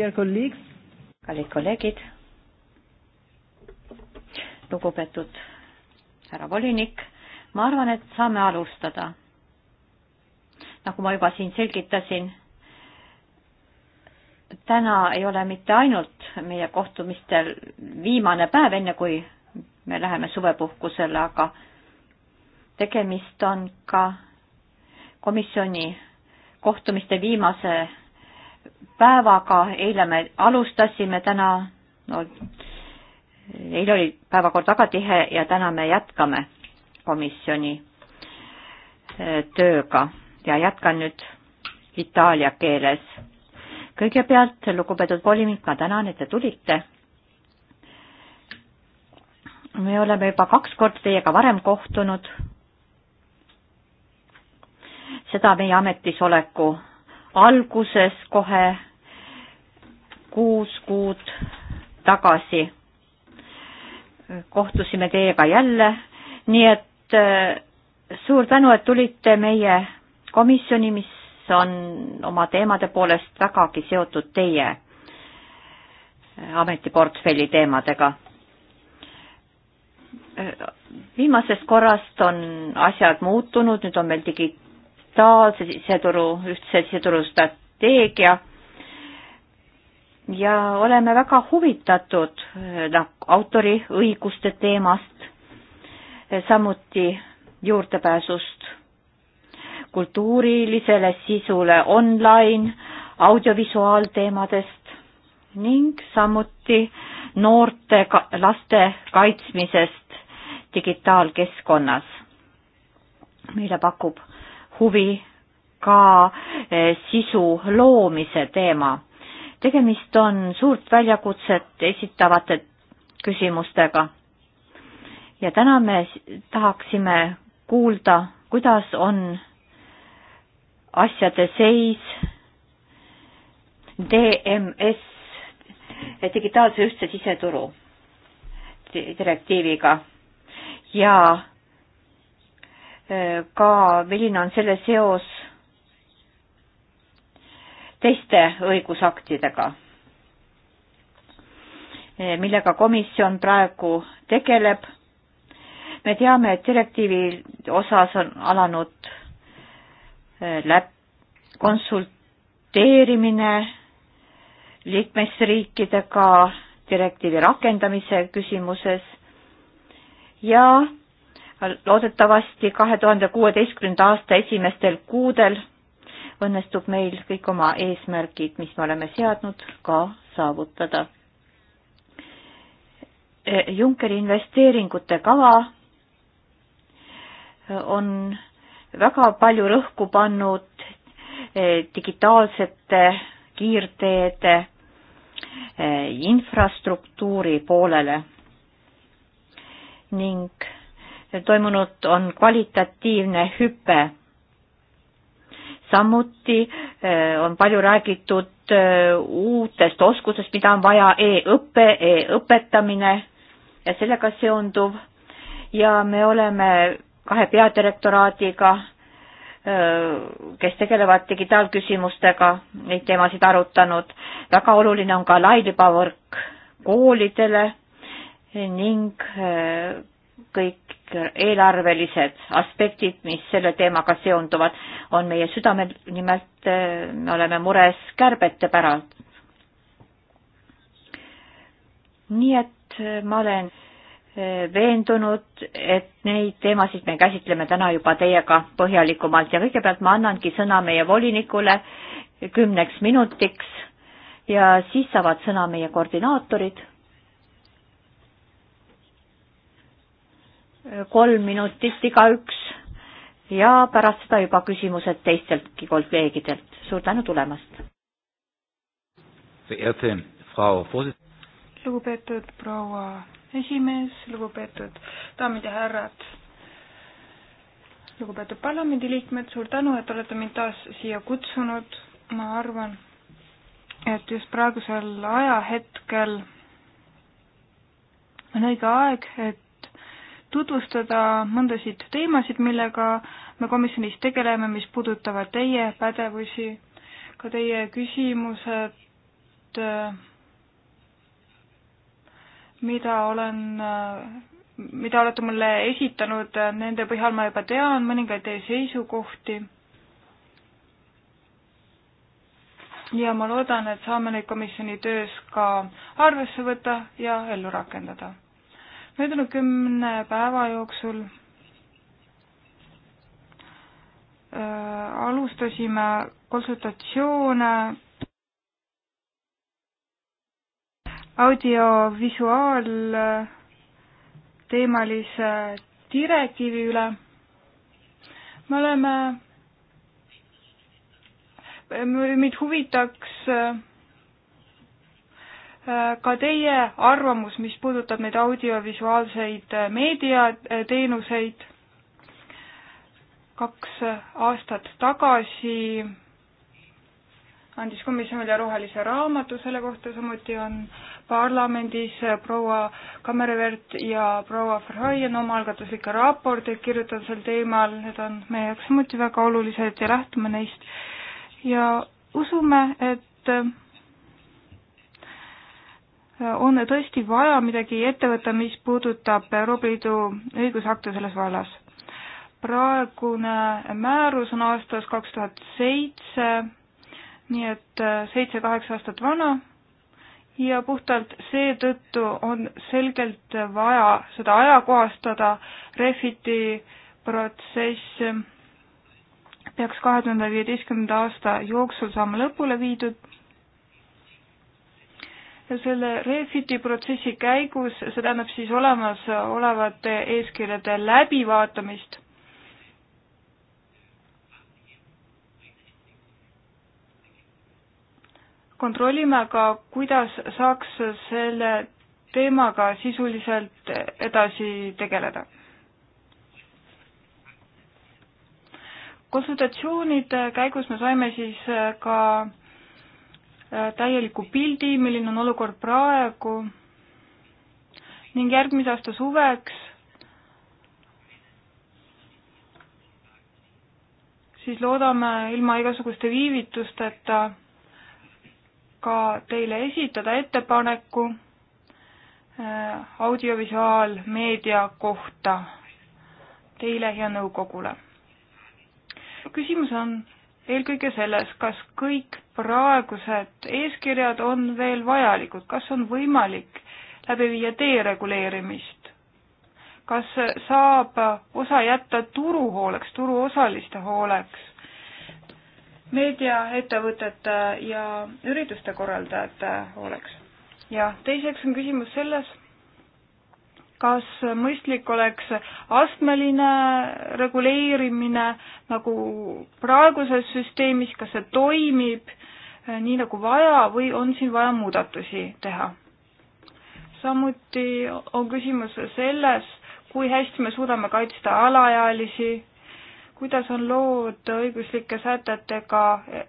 dear colleagues. kallid kolleegid. lugupeetud härra volinik, ma arvan, et saame alustada. nagu ma juba siin selgitasin, täna ei ole mitte ainult meie kohtumistel viimane päev, enne kui me läheme suvepuhkusele, aga tegemist on ka komisjoni kohtumiste viimase päevaga, eile me alustasime, täna no,, eile oli päevakord väga tihe ja täna me jätkame komisjoni äh, tööga ja jätkan nüüd itaalia keeles. kõigepealt, lugupeetud volinik, ma tänan, et te tulite. me oleme juba kaks korda teiega varem kohtunud. seda meie ametisoleku alguses kohe kuus kuud tagasi kohtusime teiega jälle, nii et äh, suur tänu, et tulite meie komisjoni, mis on oma teemade poolest vägagi seotud teie äh, ametiportfelli teemadega. Äh, viimasest korrast on asjad muutunud, nüüd on meil digi-, digitaalse siseturu, ühtse siseturu strateegia ja oleme väga huvitatud eh, noh, autoriõiguste teemast, eh, samuti juurdepääsust kultuurilisele sisule online, audiovisuaalteemadest ning samuti noorte ka, laste kaitsmisest digitaalkeskkonnas, mille pakub huvi ka eh, sisu loomise teema. tegemist on suurt väljakutset esitavate küsimustega. ja täna me tahaksime kuulda, kuidas on asjade seis DMS digitaalse ühtse siseturu direktiiviga ja ka, milline on selle seos teiste õigusaktidega, millega komisjon praegu tegeleb. me teame, et direktiivi osas on alanud eh, läb-, konsulteerimine liikmesriikidega direktiivi rakendamise küsimuses ja loodetavasti kahe tuhande kuueteistkümnenda aasta esimestel kuudel õnnestub meil kõik oma eesmärgid, mis me oleme seadnud, ka saavutada. E, Junckeri investeeringute kava on väga palju rõhku pannud e, digitaalsete kiirteede e, infrastruktuuri poolele ning toimunud on kvalitatiivne hüpe. samuti eh, on palju räägitud eh, uutest oskustest, mida on vaja e, e-õpe e, e-õpetamine ja sellega seonduv ja me oleme kahe peadirektoraadiga, eh, kes tegelevad digitaalküsimustega, neid teemasid arutanud. väga oluline on ka lailibavõrk koolidele ning kõik kõik eelarvelised aspektid, mis selle teemaga seonduvad, on meie südamel, nimelt eh, me oleme mures kärbete päralt. nii et eh, ma olen eh, veendunud, et neid teemasid me käsitleme täna juba teiega põhjalikumalt ja kõigepealt ma annangi sõna meie volinikule kümneks minutiks ja siis saavad sõna meie koordinaatorid kolm minutit igaüks ja pärast seda juba küsimused teisteltki kolleegidelt. suur tänu tulemast! lugupeetud proua esimees, lugupeetud daamid ja härrad, lugupeetud parlamendiliikmed, suur tänu, et olete mind taas siia kutsunud. ma arvan, et just praegusel ajahetkel on õige aeg, et tutvustada mõndasid teemasid, millega me komisjonis tegeleme, mis puudutavad teie pädevusi, ka teie küsimused, mida olen, mida olete mulle esitanud, nende põhjal ma juba tean mõningaid teie seisukohti. ja ma loodan, et saame neid komisjoni töös ka arvesse võtta ja ellu rakendada möödunud kümne päeva jooksul äh, alustasime konsultatsioone audiovisuaalteemalise äh, direktiivi üle. me oleme, meid huvitaks äh, ka teie arvamus, mis puudutab neid audiovisuaalseid äh, meediateenuseid. kaks äh, aastat tagasi andis komisjonile rohelise raamatu selle kohta, samuti on parlamendis äh, proua Kammerevert ja proua Verhoien omaalgatuslikke raporteid kirjutanud sel teemal, need on meie jaoks samuti väga olulised ja lähtume neist. ja usume, et on tõesti vaja midagi ette võtta, mis puudutab Euroopa Liidu õigusakte selles vallas. praegune määrus on aastast kaks tuhat seitse, nii et äh, seitse-kaheksa aastat vana ja puhtalt seetõttu on selgelt vaja seda ajakohastada, Refiti protsess peaks kahe tuhande viieteistkümnenda aasta jooksul saama lõpule viidud selle Refiti protsessi käigus, see tähendab siis olemasolevate eeskirjade läbivaatamist. kontrollime ka, kuidas saaks selle teemaga sisuliselt edasi tegeleda. konsultatsioonide käigus me saime siis ka Äh, täieliku pildi, milline on olukord praegu ning järgmise aasta suveks siis loodame ilma igasuguste viivitusteta ka teile esitada ettepaneku äh, audiovisuaalmeedia kohta teile ja nõukogule. küsimus on eelkõige selles, kas kõik praegused eeskirjad on veel vajalikud, kas on võimalik läbi viia dereguleerimist, kas saab osa jätta turu hooleks, turuosaliste hooleks, meediaettevõtete ja ürituste korraldajate hooleks. ja teiseks on küsimus selles, kas mõistlik oleks astmeline reguleerimine nagu praeguses süsteemis, kas see toimib eh, nii nagu vaja või on siin vaja muudatusi teha? samuti on küsimus selles, kui hästi me suudame kaitsta alaealisi, kuidas on lood õiguslike sätetega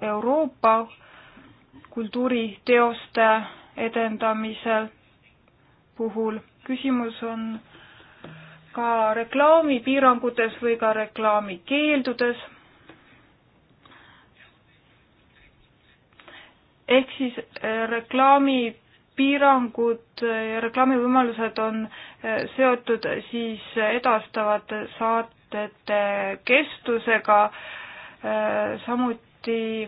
Euroopa kultuuriteoste edendamise puhul küsimus on ka reklaamipiirangutes või ka reklaamikeeldudes. ehk siis eh, reklaamipiirangud ja eh, reklaamivõimalused on eh, seotud siis edastavate saatete kestusega, samuti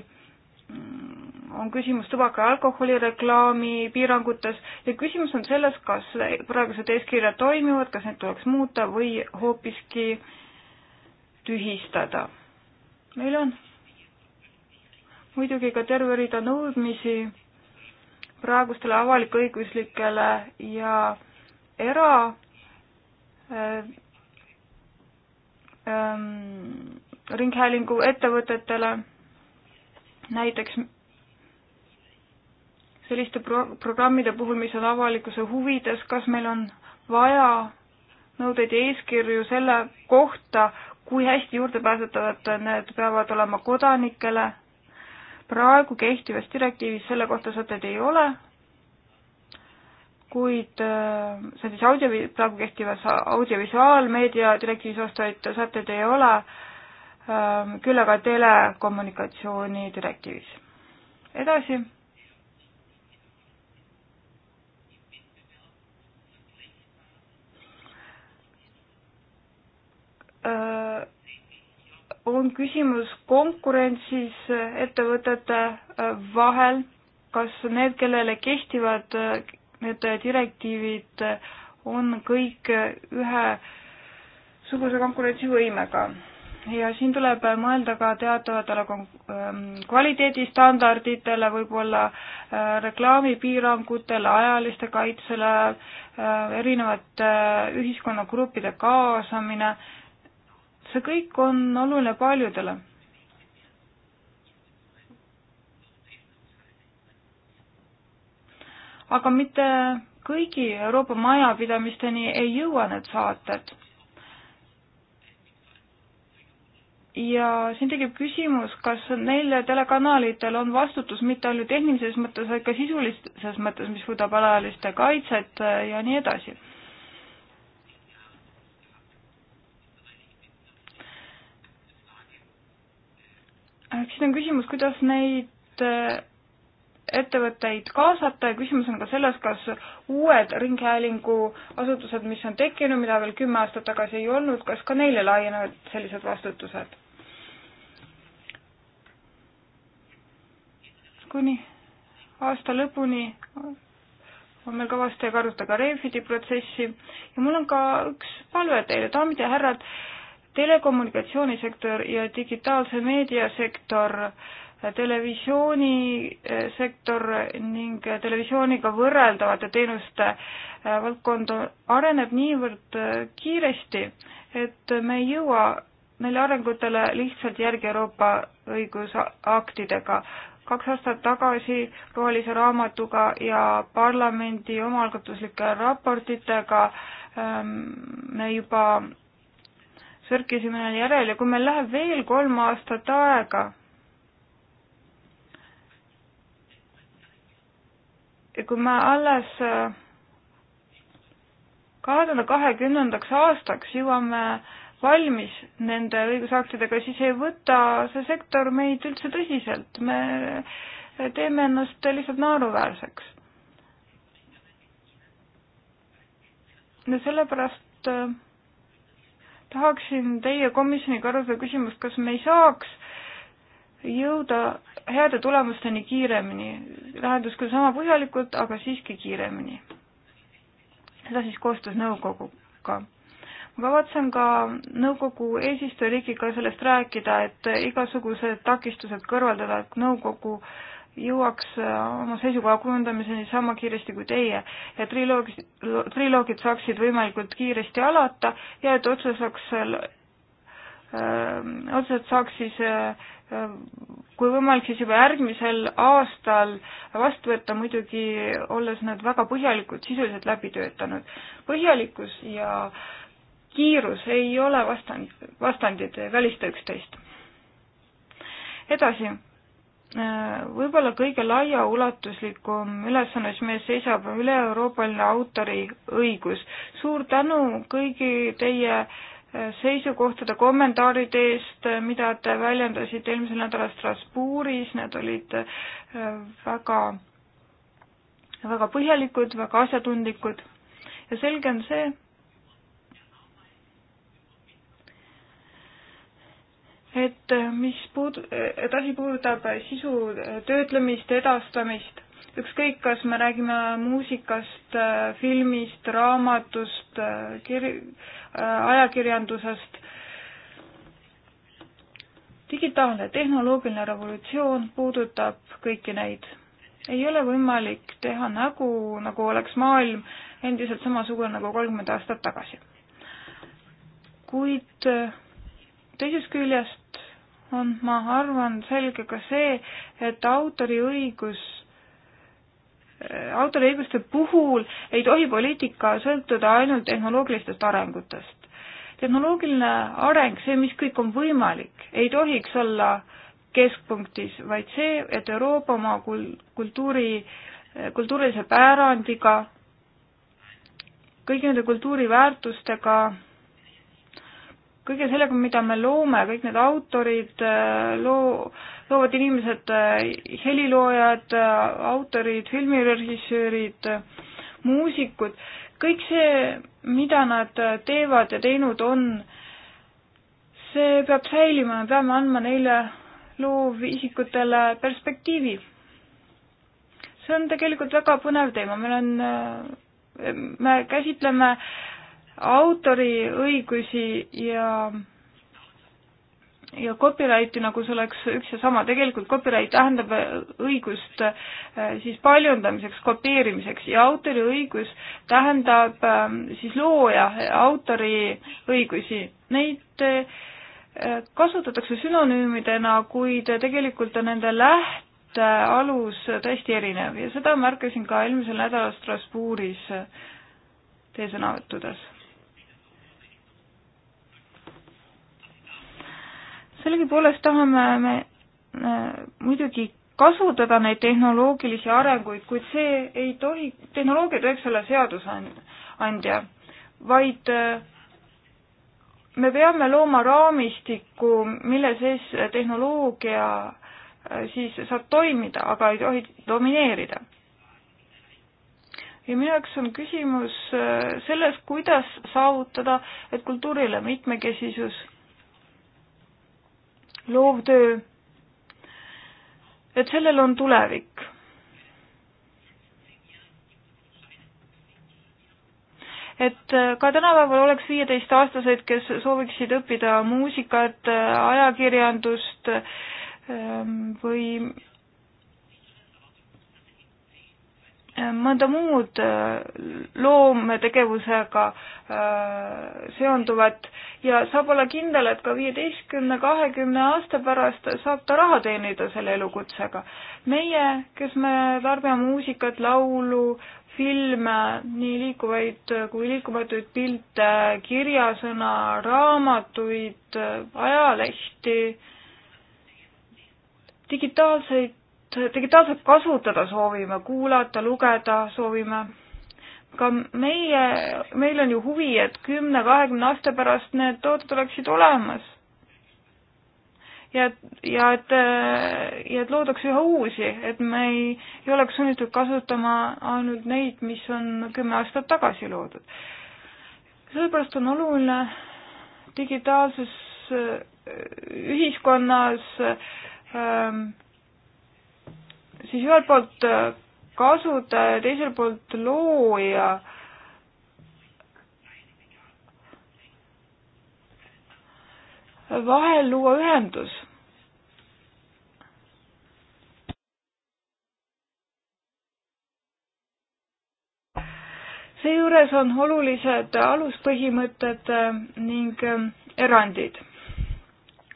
mm, on küsimus tubaka ja alkoholireklaami piirangutes ja küsimus on selles, kas praegused eeskirjad toimivad, kas need tuleks muuta või hoopiski tühistada. meil on muidugi ka terve rida nõudmisi praegustele avalik-õiguslikele ja era äh, ähm, ringhäälingu ettevõtetele näiteks selliste pro-, programmide puhul, mis on avalikkuse huvides, kas meil on vaja nõudeid ja eeskirju selle kohta, kui hästi juurdepääsetavad need peavad olema kodanikele. praegu kehtivas direktiivis selle kohta sätteid ei ole, kuid äh, see siis audio, praegu kehtivas audiovisuaalmeedia direktiivis vastavaid sätteid ei ole, ähm, küll aga telekommunikatsiooni direktiivis. edasi Äh, on küsimus konkurentsis äh, ettevõtete äh, vahel, kas need, kellele kehtivad need direktiivid, on kõik ühesuguse konkurentsivõimega. ja siin tuleb mõelda ka teatavatele ähm, kvaliteedistandarditele, võib-olla reklaamipiirangutele, ajaliste kaitsele, erinevate ühiskonnagruppide kaasamine see kõik on oluline paljudele. aga mitte kõigi Euroopa majapidamisteni ei jõua need saated. ja siin tekib küsimus, kas neil telekanalitel on vastutus mitte ainult tehnilises mõttes, vaid ka sisulises mõttes, mis puudutab alaealiste kaitset ja nii edasi ehk siin on küsimus, kuidas neid eh, ettevõtteid kaasata ja küsimus on ka selles, kas uued ringhäälinguasutused, mis on tekkinud, mida veel kümme aastat tagasi ei olnud, kas ka neile laienevad sellised vastutused? kuni aasta lõpuni on meil kavas teiega arutada Refidi protsessi ja mul on ka üks palve teile, daamid ja härrad, telekommunikatsioonisektor ja digitaalse meediasektor, televisioonisektor eh, ning eh, televisiooniga võrreldavate teenuste eh, valdkond areneb niivõrd kiiresti, et me ei jõua neile arengutele lihtsalt järgi Euroopa õigusaktidega. kaks aastat tagasi rohelise raamatuga ja parlamendi omaalgatuslike raportitega ehm, me juba sörkisime neil järel ja kui meil läheb veel kolm aastat aega, kui me alles kahe äh, tuhande kahekümnendaks aastaks jõuame valmis nende õigusaktidega, siis ei võta see sektor meid üldse tõsiselt, me teeme ennast lihtsalt naeruväärseks. ja sellepärast äh, tahaksin teie komisjoniga arutada küsimust, kas me ei saaks jõuda heade tulemusteni kiiremini, lahendus küll sama põhjalikult, aga siiski kiiremini. seda siis koostöös nõukoguga. ma kavatsen ka nõukogu eesistujariigiga sellest rääkida, et igasugused takistused kõrvaldada, et nõukogu äh, jõuaks äh, oma seisukoha kujundamiseni sama kiiresti kui teie ja triloogid, triloogid saaksid võimalikult kiiresti alata ja et otsus saaks, äh, äh, otsused saaks siis kui võimalik, siis juba järgmisel aastal vastu võtta, muidugi olles nad väga põhjalikult, sisuliselt läbi töötanud. põhjalikkus ja kiirus ei ole vastand, vastandid, välista üksteist. edasi võib-olla kõige laiaulatuslikum ülesanne, mis meie seisab, on üle-Euroopaline autoriõigus. suur tänu kõigi teie äh, seisukohtade, kommentaaride eest, äh, mida te väljendasite eelmisel nädalal Strasbourgis, need olid äh, väga, väga põhjalikud, väga asjatundlikud ja selge on see, et äh, mis puud-, et asi puudutab äh, sisu äh, töötlemist, edastamist, ükskõik, kas me räägime muusikast, filmist, raamatust, kir-, ajakirjandusest, digitaalne tehnoloogiline revolutsioon puudutab kõiki neid. ei ole võimalik teha nägu, nagu oleks maailm endiselt samasugune nagu kolmkümmend aastat tagasi. kuid teisest küljest on, ma arvan, selge ka see, et autoriõigus, autoriõiguste puhul ei tohi poliitika sõltuda ainult tehnoloogilistest arengutest. tehnoloogiline areng, see, mis kõik on võimalik, ei tohiks olla keskpunktis, vaid see, et Euroopa oma kul-, kultuuri, kultuurilise pärandiga, kõigi nende kultuuriväärtustega kõige sellega, mida me loome, kõik need autorid, äh, loo, loovad inimesed, äh, heliloojad, äh, autorid, filmirežissöörid, muusikud, kõik see, mida nad teevad ja teinud on, see peab säilima, me peame andma neile loovisikutele perspektiivi. see on tegelikult väga põnev teema, meil on, me käsitleme äh, autoriõigusi ja ja copyrighti nagu see oleks üks ja sama, tegelikult copyright tähendab õigust äh, siis paljundamiseks, kopeerimiseks ja autoriõigus tähendab ähm, siis looja, autori õigusi. Neid äh, kasutatakse sünonüümidena, kuid tegelikult on nende lähtealus äh, täiesti erinev ja seda märkasin ka eelmisel nädalal Strasbourgis teie sõnavõttudes sellegipoolest tahame me äh, muidugi kasutada neid tehnoloogilisi arenguid, kuid see ei tohi, tehnoloogia ei tohiks olla seadusandja, vaid äh, me peame looma raamistiku, mille sees tehnoloogia äh, siis saab toimida, aga ei tohi domineerida. ja minu jaoks on küsimus selles, kuidas saavutada, et kultuurile mitmekesisus loovtöö, et sellel on tulevik. et äh, ka tänapäeval oleks viieteist-aastased, kes sooviksid õppida muusikat, äh, ajakirjandust ähm, või mõnda muud äh, loometegevusega äh, seonduvat ja saab olla kindel, et ka viieteistkümne, kahekümne aasta pärast saab ta raha teenida selle elukutsega. meie, kes me tarbime muusikat, laulu, filme, nii liikuvaid kui liikumatuid pilte, kirjasõna, raamatuid, ajalehti, digitaalseid digitaalselt kasutada soovime, kuulata, lugeda soovime, ka meie, meil on ju huvi, et kümne-kahekümne aasta pärast need tooted oleksid olemas. ja, ja et, ja et loodaks üha uusi, et me ei, ei oleks sunnitud kasutama ainult neid, mis on kümme aastat tagasi loodud. sellepärast on oluline digitaalses ühiskonnas ähm, siis ühelt poolt äh, kasutaja, teiselt poolt looja. vahel luua ühendus. seejuures on olulised aluspõhimõtted äh, ning äh, erandid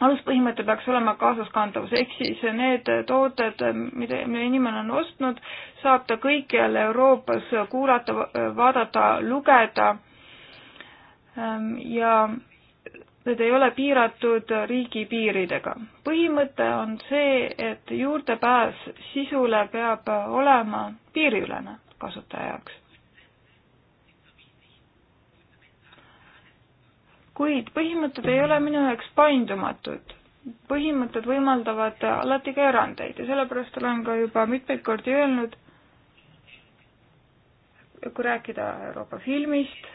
aluspõhimõte peaks olema kaasaskantavus, ehk siis need tooted, mida inimene on ostnud, saab ta kõikjal Euroopas kuulata, vaadata, lugeda ehm, ja need ei ole piiratud riigipiiridega. põhimõte on see, et juurdepääs sisule peab olema piiriülene kasutaja jaoks kuid põhimõtted ei ole minu jaoks paindumatud. põhimõtted võimaldavad alati ka erandeid ja sellepärast olen ka juba mitmeid kordi öelnud, kui rääkida Euroopa filmist,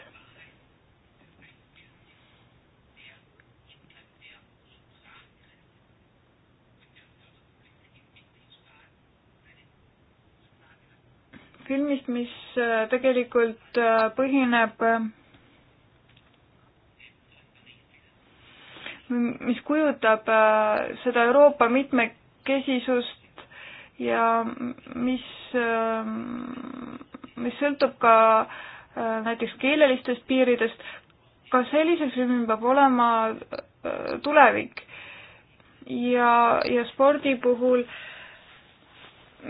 filmist, mis äh, tegelikult äh, põhineb äh, mis kujutab äh, seda Euroopa mitmekesisust ja mis, ähm, mis sõltub ka äh, näiteks keelelistest piiridest, ka selliseks rühmil peab olema äh, tulevik. ja, ja spordi puhul,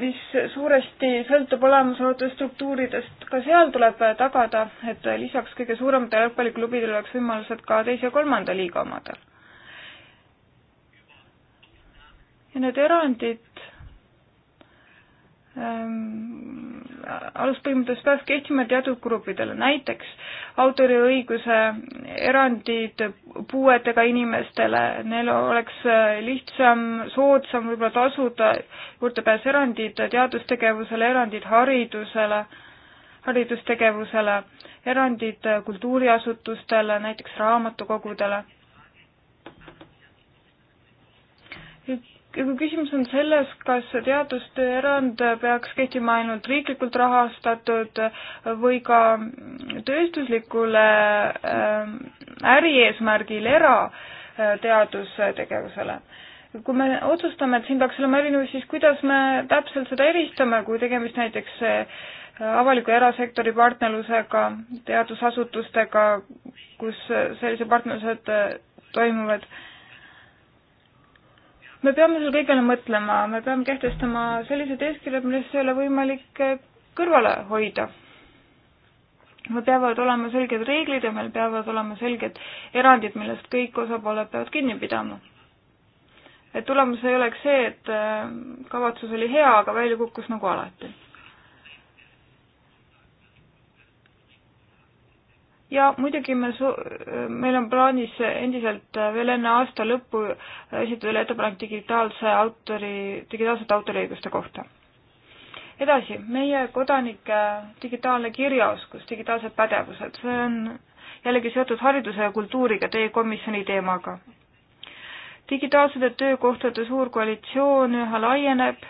mis suuresti sõltub olemasolevatest struktuuridest, ka seal tuleb tagada, et lisaks kõige suurematele jalgpalliklubidele oleks võimalused ka teise ja kolmanda liiga omadel ja need erandid ähm, aluspõhimõtteliselt peaks kehtima teatud gruppidele, näiteks autoriõiguse erandid puuetega inimestele, neil oleks äh, lihtsam, soodsam võib-olla tasuda juurdepääs erandid teadustegevusele, erandid haridusele, haridustegevusele, erandid äh, kultuuriasutustele, näiteks raamatukogudele küsimus on selles, kas teaduste erand peaks kehtima ainult riiklikult rahastatud või ka tööstuslikule ähm, ärieesmärgil erateadustegevusele. kui me otsustame, et siin peaks olema erinevus, siis kuidas me täpselt seda eristame, kui tegemist näiteks äh, avaliku ja erasektori partnerlusega, teadusasutustega, kus sellised partnerlused äh, toimuvad me peame selle kõigele mõtlema, me peame kehtestama sellised eeskirjad, millest ei ole võimalik kõrvale hoida. meil peavad olema selged reeglid ja meil peavad olema selged erandid, millest kõik osapooled peavad kinni pidama. et tulemus ei oleks see, et äh, kavatsus oli hea, aga välja kukkus nagu alati ja muidugi me su-, meil on plaanis endiselt veel enne aasta lõppu esitada veel ettepanek digitaalse autori, digitaalsete autoriõiguste kohta. edasi, meie kodanike digitaalne kirjaoskus, digitaalsed pädevused, see on jällegi seotud hariduse ja kultuuriga, teie komisjoni teemaga. digitaalsete töökohtade suur koalitsioon üha laieneb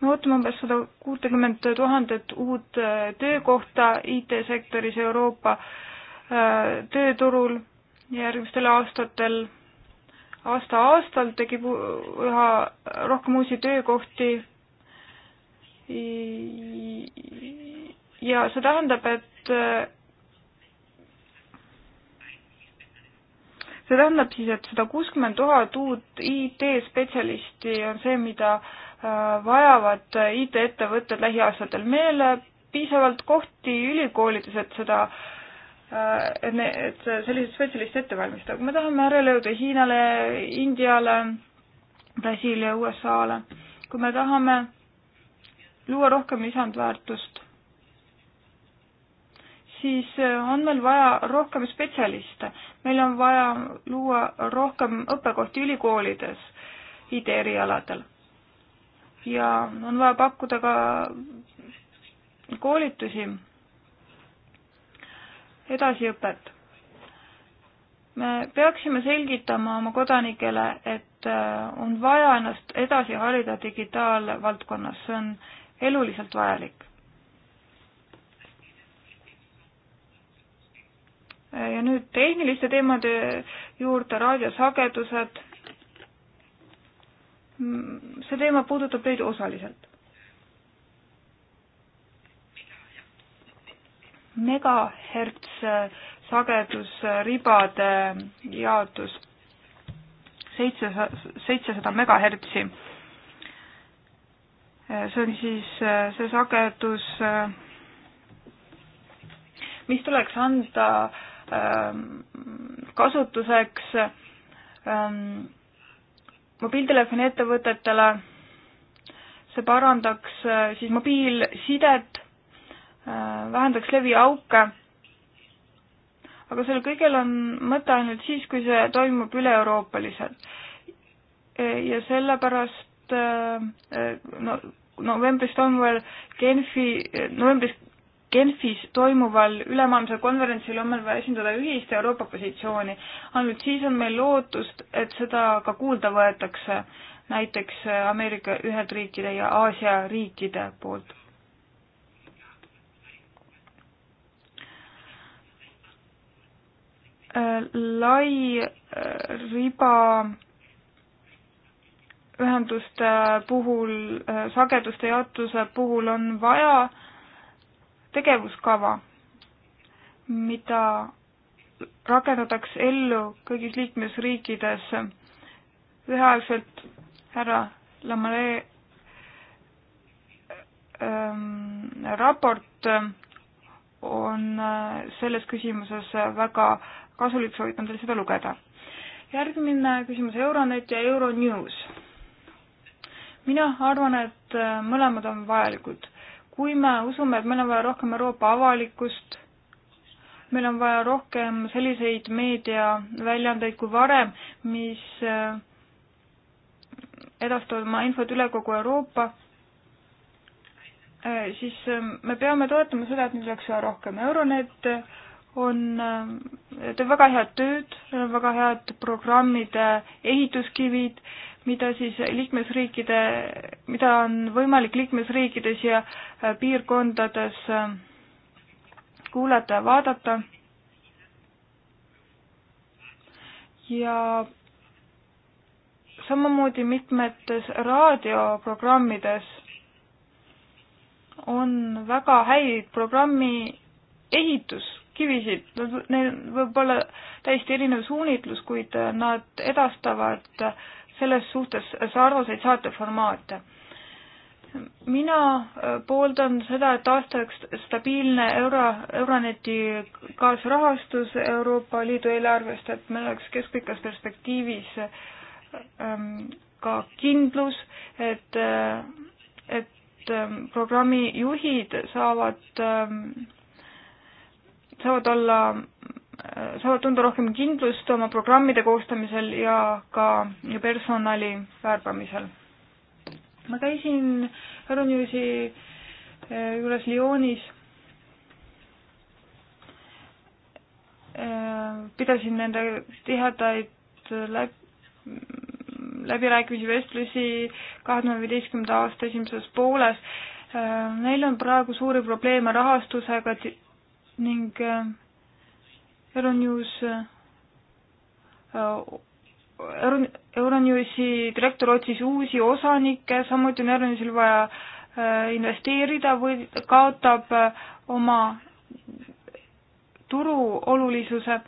me ootame umbes sada kuutekümmet tuhandet uut äh, töökohta IT-sektoris Euroopa äh, tööturul järgmistel aastatel. aasta-aastalt tekib üha rohkem uusi töökohti. ja see tähendab, et see tähendab siis, et sada kuuskümmend tuhat uut IT-spetsialisti on see, mida äh, Äh, vajavad äh, IT-ettevõtted lähiaastatel. meil piisavalt kohti ülikoolides, et seda äh, et ne-, et selliseid spetsialiste ette valmistada, kui me tahame järele jõuda Hiinale, Indiale, Brasiilia, USA-le, kui me tahame luua rohkem lisandväärtust, siis on meil vaja rohkem spetsialiste. meil on vaja luua rohkem õppekohti ülikoolides IT-erialadel ja on vaja pakkuda ka koolitusi, edasiõpet. me peaksime selgitama oma kodanikele, et äh, on vaja ennast edasi harida digitaalvaldkonnas, see on eluliselt vajalik. ja nüüd tehniliste teemade juurde, raadiosagedused Mm, see teema puudutab teid osaliselt. megahertz äh, sagedusribade äh, äh, jaotus seitsesada, seitsesada megahertsi. see on siis see sagedus, mis tuleks anda kasutuseks ähm, mobiiltelefoniettevõtetele, see parandaks äh, siis mobiilsidet, äh, vähendaks leviauke, aga sellel kõigel on mõte ainult siis, kui see toimub üle-euroopaliselt. E, ja sellepärast äh, e, no novembris toimuval Genfi, novembris Genfis toimuval ülemaailmsel konverentsil on meil vaja esindada ühist Euroopa positsiooni. ainult siis on meil lootust, et seda ka kuulda võetakse, näiteks Ameerika Ühendriikide ja Aasia riikide poolt. lai äh, riba ühenduste puhul, äh, sageduste jaotuse puhul on vaja äh, tegevuskava, mida rakendatakse ellu kõigis liikmesriikides üheaegselt härra Lamalee ähm, raport on äh, selles küsimuses väga kasulik, soovitan teil seda lugeda. järgmine küsimus, Euronet ja Euronews. mina arvan, et äh, mõlemad on vajalikud kui me usume, et meil on vaja rohkem Euroopa avalikkust, meil on vaja rohkem selliseid meediaväljaandeid kui varem, mis äh, edastavad oma infot üle kogu Euroopa, äh, siis äh, me peame toetama seda, et neid oleks vaja rohkem. Euronet on, teeb väga head tööd, väga head programmide ehituskivid mida siis liikmesriikide, mida on võimalik liikmesriikides ja äh, piirkondades äh, kuulata ja vaadata. ja samamoodi mitmetes raadioprogrammides on väga häid programmi ehituskivisid, neil võib olla täiesti erinev suunitlus, kuid äh, nad edastavad äh, selles suhtes sarnaseid saateformaate. mina äh, pooldan seda, et aastaks stabiilne euro, Euroneti kaasrahastus Euroopa Liidu eelarvest, et meil oleks keskpikas perspektiivis ähm, ka kindlus, et, äh, et ähm, programmi juhid saavad, ähm, saavad olla saavad tunda rohkem kindlust oma programmide koostamisel ja ka personali värbamisel. ma käisin Euronewsi eh, juures Lyonis. Eh, pidasin nende tihedaid läb-, läbirääkimisi, vestlusi kahe tuhande viieteistkümnenda aasta esimeses pooles. Eh, neil on praegu suuri probleeme rahastusega ning Euronews, äh, Euro-, Euronewsi direktor otsis uusi osanikke, samuti on Euronewsil vaja äh, investeerida või kaotab äh, oma turu olulisuse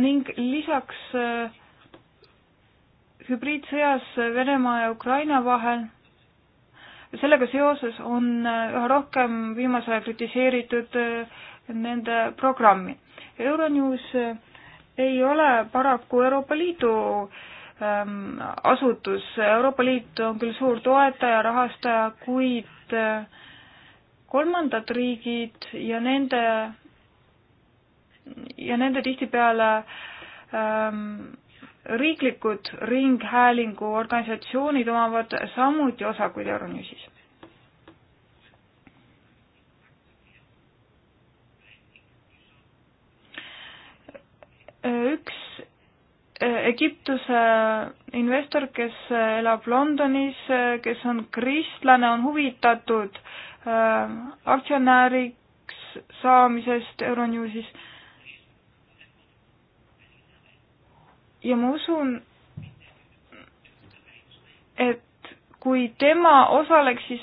ning lisaks hübriidsõjas Venemaa ja Ukraina vahel sellega seoses on üha rohkem viimasel ajal kritiseeritud nende programmi. Euronews eh, ei ole paraku Euroopa Liidu ähm, asutus, Euroopa Liit on küll suur toetaja, rahastaja, kuid äh, kolmandad riigid ja nende ja nende tihtipeale ähm, riiklikud ringhäälingu organisatsioonid omavad samuti osakuid Euronewsis. üks e, Egiptuse investor, kes e, elab Londonis, e, kes on kristlane, on huvitatud aktsionäriks saamisest Euronewsis. ja ma usun, et kui tema osaleks, siis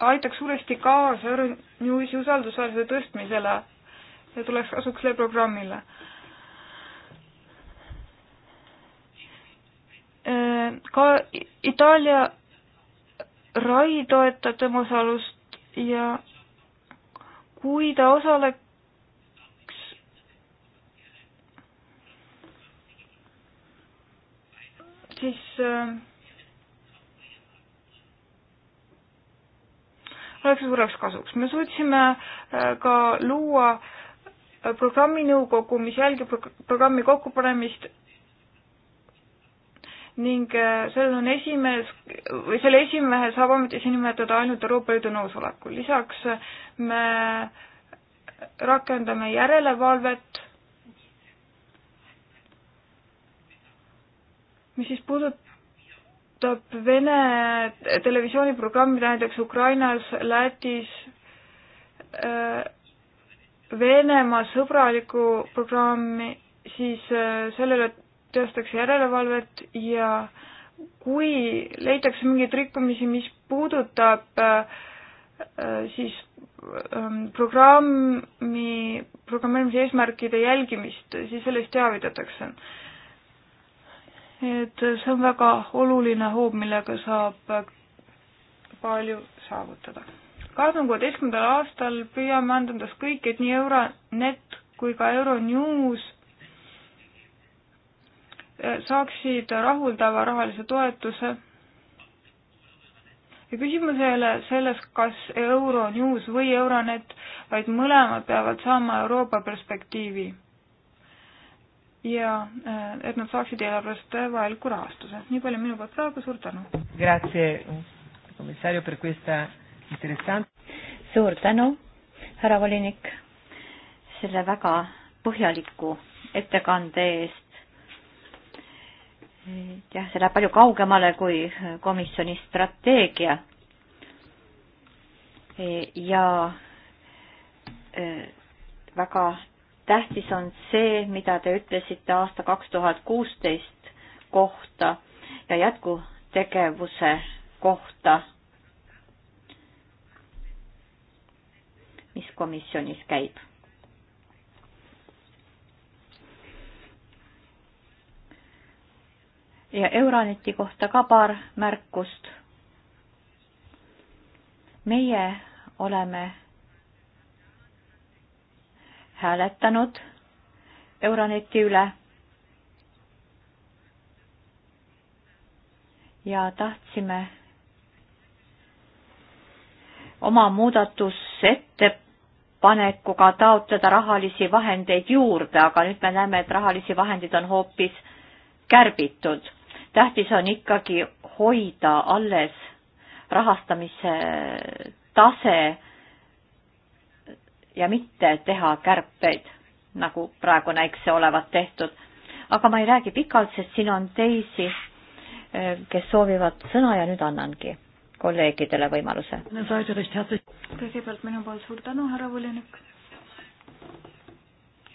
aitaks suuresti kaasa Euronewsi usaldusväärsuse tõstmisele ja tuleks kasuks sellele programmile Äh, ka Itaalia Rai toetab tema osalust ja kui ta osaleks siis äh, oleks suureks kasuks. me suutsime äh, ka luua äh, programminõukogu, mis jälgib programmi kokkupanemist ning äh, sellel on esimees või selle esimehe saab ametisse nimetada ainult Euroopa Liidu nõusolekul. lisaks äh, me rakendame järelevalvet, mis siis puudutab Vene televisiooniprogrammide näiteks Ukrainas, Lätis äh,, Venemaa sõbralikku programmi, siis äh, sellele teostaks järelevalvet ja kui leitakse mingeid rikkumisi, mis puudutab äh, siis ähm, programmi, programmeerimise eesmärkide jälgimist, siis sellest teavitatakse. et see on väga oluline hoob, millega saab palju saavutada. kahe tuhande kuueteistkümnendal aastal püüame anda endast kõik, et nii Euronet kui ka Euronews Äh, saaksid rahuldava rahalise toetuse. ja küsimus ei ole selles, kas euro on juhus või euronet, vaid mõlemad peavad saama Euroopa perspektiivi. ja äh, et nad saaksid eelarvest vajaliku rahastuse. nii palju minu poolt praegu, suur tänu! suur tänu, härra volinik, selle väga põhjaliku ettekande eest jah, see läheb palju kaugemale kui komisjoni strateegia. E, ja e, väga tähtis on see, mida te ütlesite aasta kaks tuhat kuusteist kohta ja jätkutegevuse kohta, mis komisjonis käib ja Euroneti kohta ka paar märkust. meie oleme hääletanud Euroneti üle. ja tahtsime oma muudatusettepanekuga taotleda rahalisi vahendeid juurde, aga nüüd me näeme, et rahalisi vahendeid on hoopis kärbitud tähtis on ikkagi hoida alles rahastamise tase ja mitte teha kärpeid, nagu praegu näiks olevat tehtud. aga ma ei räägi pikalt, sest siin on teisi, eh, kes soovivad sõna ja nüüd annangi kolleegidele võimaluse. kõigepealt minu poolt suur tänu, härra volinik,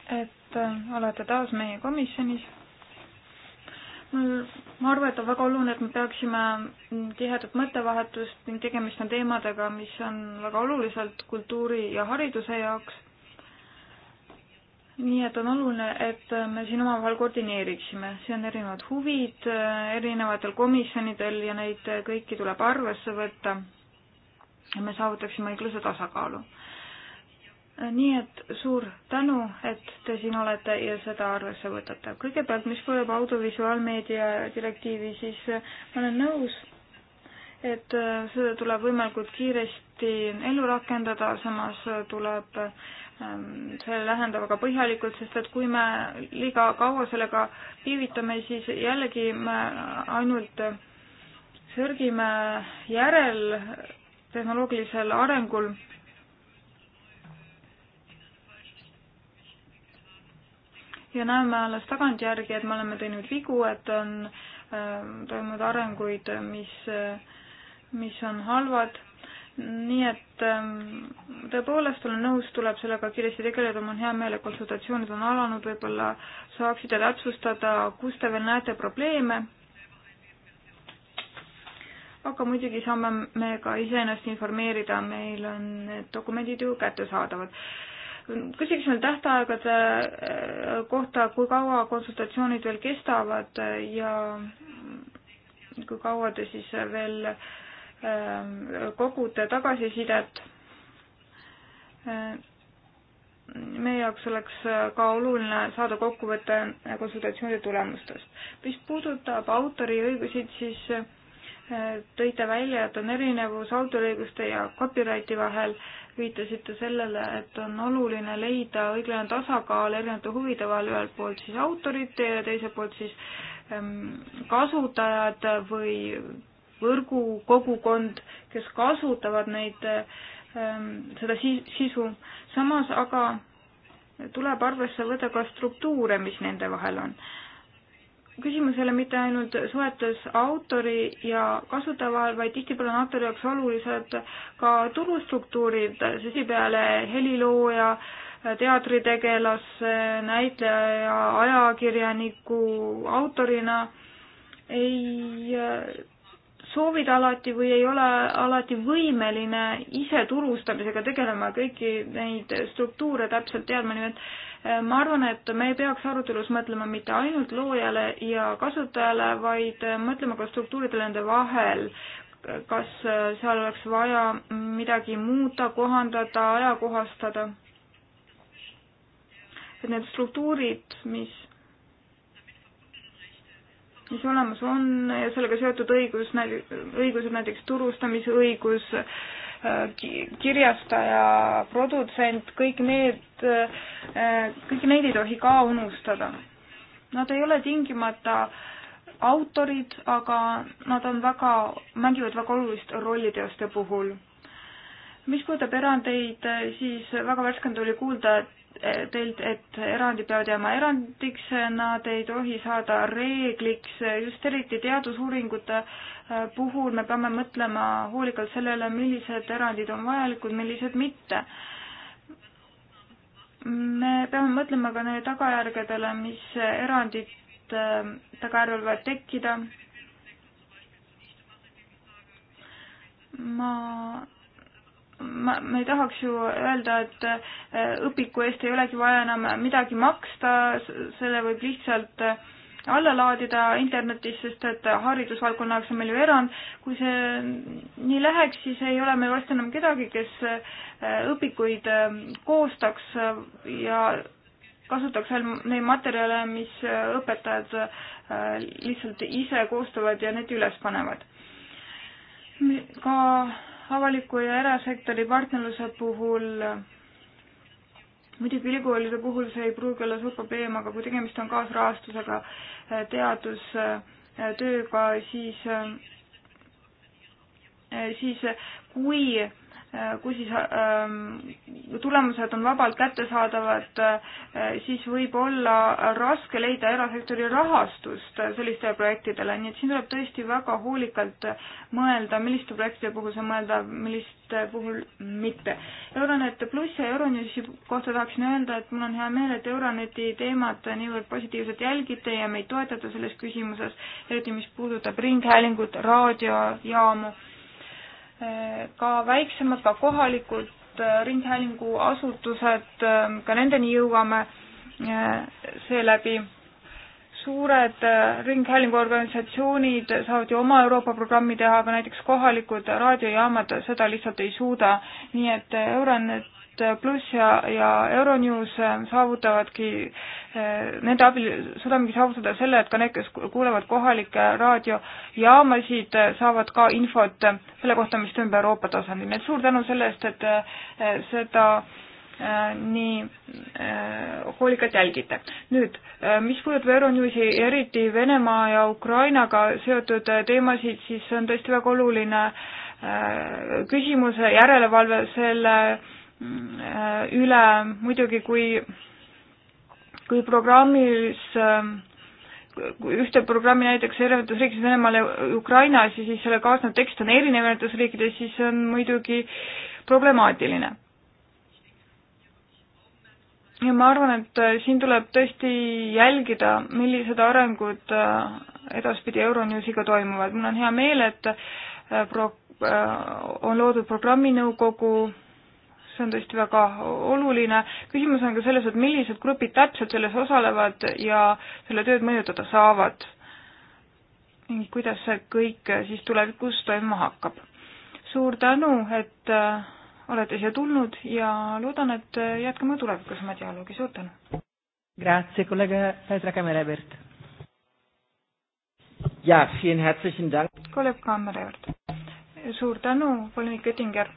et eh, olete taas meie komisjonis ma arvan, et on väga oluline, et me peaksime tihedat mõttevahetust ning tegemist on teemadega, mis on väga oluliselt kultuuri ja hariduse jaoks. nii et on oluline, et me siin omavahel koordineeriksime, see on erinevad huvid erinevatel komisjonidel ja neid kõiki tuleb arvesse võtta ja me saavutaksime õiglase tasakaalu nii et suur tänu, et te siin olete ja seda arvesse võtate. kõigepealt, mis puudutab audiovisuaalmeedia direktiivi, siis ma olen nõus, et seda tuleb võimalikult kiiresti ellu rakendada, samas tuleb ähm, see lähendada väga põhjalikult, sest et kui me liiga kaua sellega viivitame, siis jällegi me ainult sörgime järel tehnoloogilisel arengul ja näeme alles tagantjärgi, et me oleme teinud vigu, et on äh, toimunud arenguid, mis, äh, mis on halvad. nii et ähm, tõepoolest olen nõus, tuleb sellega kiiresti tegeleda, mul on hea meel, et konsultatsioonid on alanud, võib-olla saaksite täpsustada, kus te veel näete probleeme. aga muidugi saame me ka iseennast informeerida, meil on need dokumendid ju kättesaadavad küsiksin tähtaegade äh, kohta, kui kaua konsultatsioonid veel kestavad äh, ja kui kaua te siis veel äh, kogute tagasisidet. meie jaoks oleks ka oluline saada kokkuvõte konsultatsiooni tulemustest. mis puudutab autoriõigusid, siis tõite välja, et on erinevus autoriõiguste ja copyrighti vahel viitasite sellele, et on oluline leida õiglane tasakaal erinevate huvide vahel, ühelt poolt siis autorite ja teiselt poolt siis ähm, kasutajad või võrgukogukond, kes kasutavad neid, ähm, seda sisu. samas aga tuleb arvesse võtta ka struktuure, mis nende vahel on küsimus ei ole mitte ainult suhetes autori ja kasutaja vahel, vaid tihtipeale on autori jaoks olulised ka turustruktuurid, tihtipeale helilooja, teatritegelase, näitleja, ajakirjaniku, autorina ei äh, soovid alati või ei ole alati võimeline ise turustamisega tegelema, kõiki neid struktuure täpselt teadma, nii et ma arvan, et me ei peaks arutelus mõtlema mitte ainult loojale ja kasutajale, vaid mõtlema ka struktuuridele nende vahel, kas seal oleks vaja midagi muuta, kohandada, ajakohastada. et need struktuurid, mis, mis olemas on ja sellega seotud õigus, õigused näiteks turustamise õigus, kirjastaja, produtsent, kõik need, kõiki neid ei tohi ka unustada. Nad ei ole tingimata autorid, aga nad on väga, mängivad väga olulist rolli teoste puhul mis puudutab erandeid, siis väga värskend oli kuulda, et teilt, et erandid peavad jääma erandiks, nad ei tohi saada reegliks, just eriti teadusuuringute äh, puhul me peame mõtlema hoolikalt sellele, millised erandid on vajalikud, millised mitte. me peame mõtlema ka neile tagajärgedele, mis erandid äh, tagajärjel võivad tekkida. ma ma, me ei tahaks ju öelda, et äh, õpiku eest ei olegi vaja enam midagi maksta, selle võib lihtsalt äh, alla laadida internetis, sest et haridusvaldkonna jaoks on meil ju erand. kui see nii läheks, siis ei ole meil vast enam kedagi, kes äh, õpikuid koostaks ja kasutaks ainult neid materjale, mis õpetajad lihtsalt ise koostavad ja need üles panevad. ka avaliku ja erasektori partnerluse puhul muidugi ülikoolide puhul see ei pruugi olla supapeem, aga kui tegemist on kaasrahastusega eh, teadustööga, eh, siis, eh, siis kui Äh, kui siis ähm, tulemused on vabalt kättesaadavad, äh, siis võib olla raske leida erasektori rahastust sellistele projektidele, nii et siin tuleb tõesti väga hoolikalt mõelda, milliste projektide puhul see mõeldav, milliste puhul mitte. Euronet pluss ja Euronewsi kohta tahaksin öelda, et mul on hea meel, et Euroneti teemat niivõrd positiivselt jälgite ja meid toetate selles küsimuses, eriti mis puudutab ringhäälingut, raadiojaamu ka väiksemad, ka kohalikud äh, ringhäälinguasutused, äh, ka nendeni jõuame äh, seeläbi. suured ringhäälinguorganisatsioonid saavad ju oma Euroopa programmi teha, aga näiteks kohalikud raadiojaamad seda lihtsalt ei suuda. nii et Euronet pluss ja, ja Euronews ähm, saavutavadki, äh, nende abil suudamegi saavutada selle, et ka need, kes kuulevad kohalikke raadiojaamasid, äh, saavad ka infot äh, selle kohta, mis toimub Euroopa tasandil, nii et suur tänu selle eest, et seda nii hoolikalt jälgite. nüüd, mis puudutab Euronewsi, eriti Venemaa ja Ukrainaga seotud teemasid, siis see on tõesti väga oluline küsimuse järelevalve selle Äh, üle, muidugi kui, kui programmis äh, ühte programmi näiteks erinevates riikides, Venemaal ja Ukrainas ja siis selle kaasnev tekst on erinev erinevates riikides, siis see on muidugi problemaatiline. ja ma arvan, et äh, siin tuleb tõesti jälgida, millised arengud edaspidi Euronewsiga toimuvad. mul on hea meel, et pro-, on loodud programminõukogu see on tõesti väga oluline. küsimus on ka selles, et millised grupid täpselt selles osalevad ja selle tööd mõjutada saavad ning kuidas see kõik siis tulevikus toimuma hakkab. suur tänu, et äh, olete siia tulnud ja loodan, et äh, jätkame tulevikus oma dialoogi, suur tänu! Grazie, kolleeg Petra Kammerevert. jaa, vielen herzlichen Dank. kolleeg Kammerevert, suur tänu, volinik Oettinger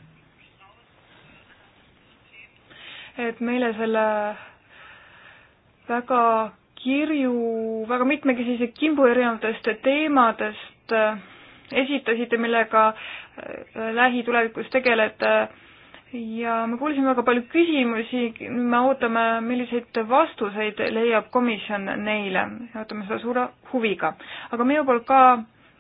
et meile selle väga kirju, väga mitmekesise kimbu erinevatest teemadest äh, esitasite, millega äh, lähitulevikus tegelete ja me kuulsime väga palju küsimusi, nüüd me ootame, milliseid vastuseid leiab komisjon neile, ootame seda suure huviga. aga minu poolt ka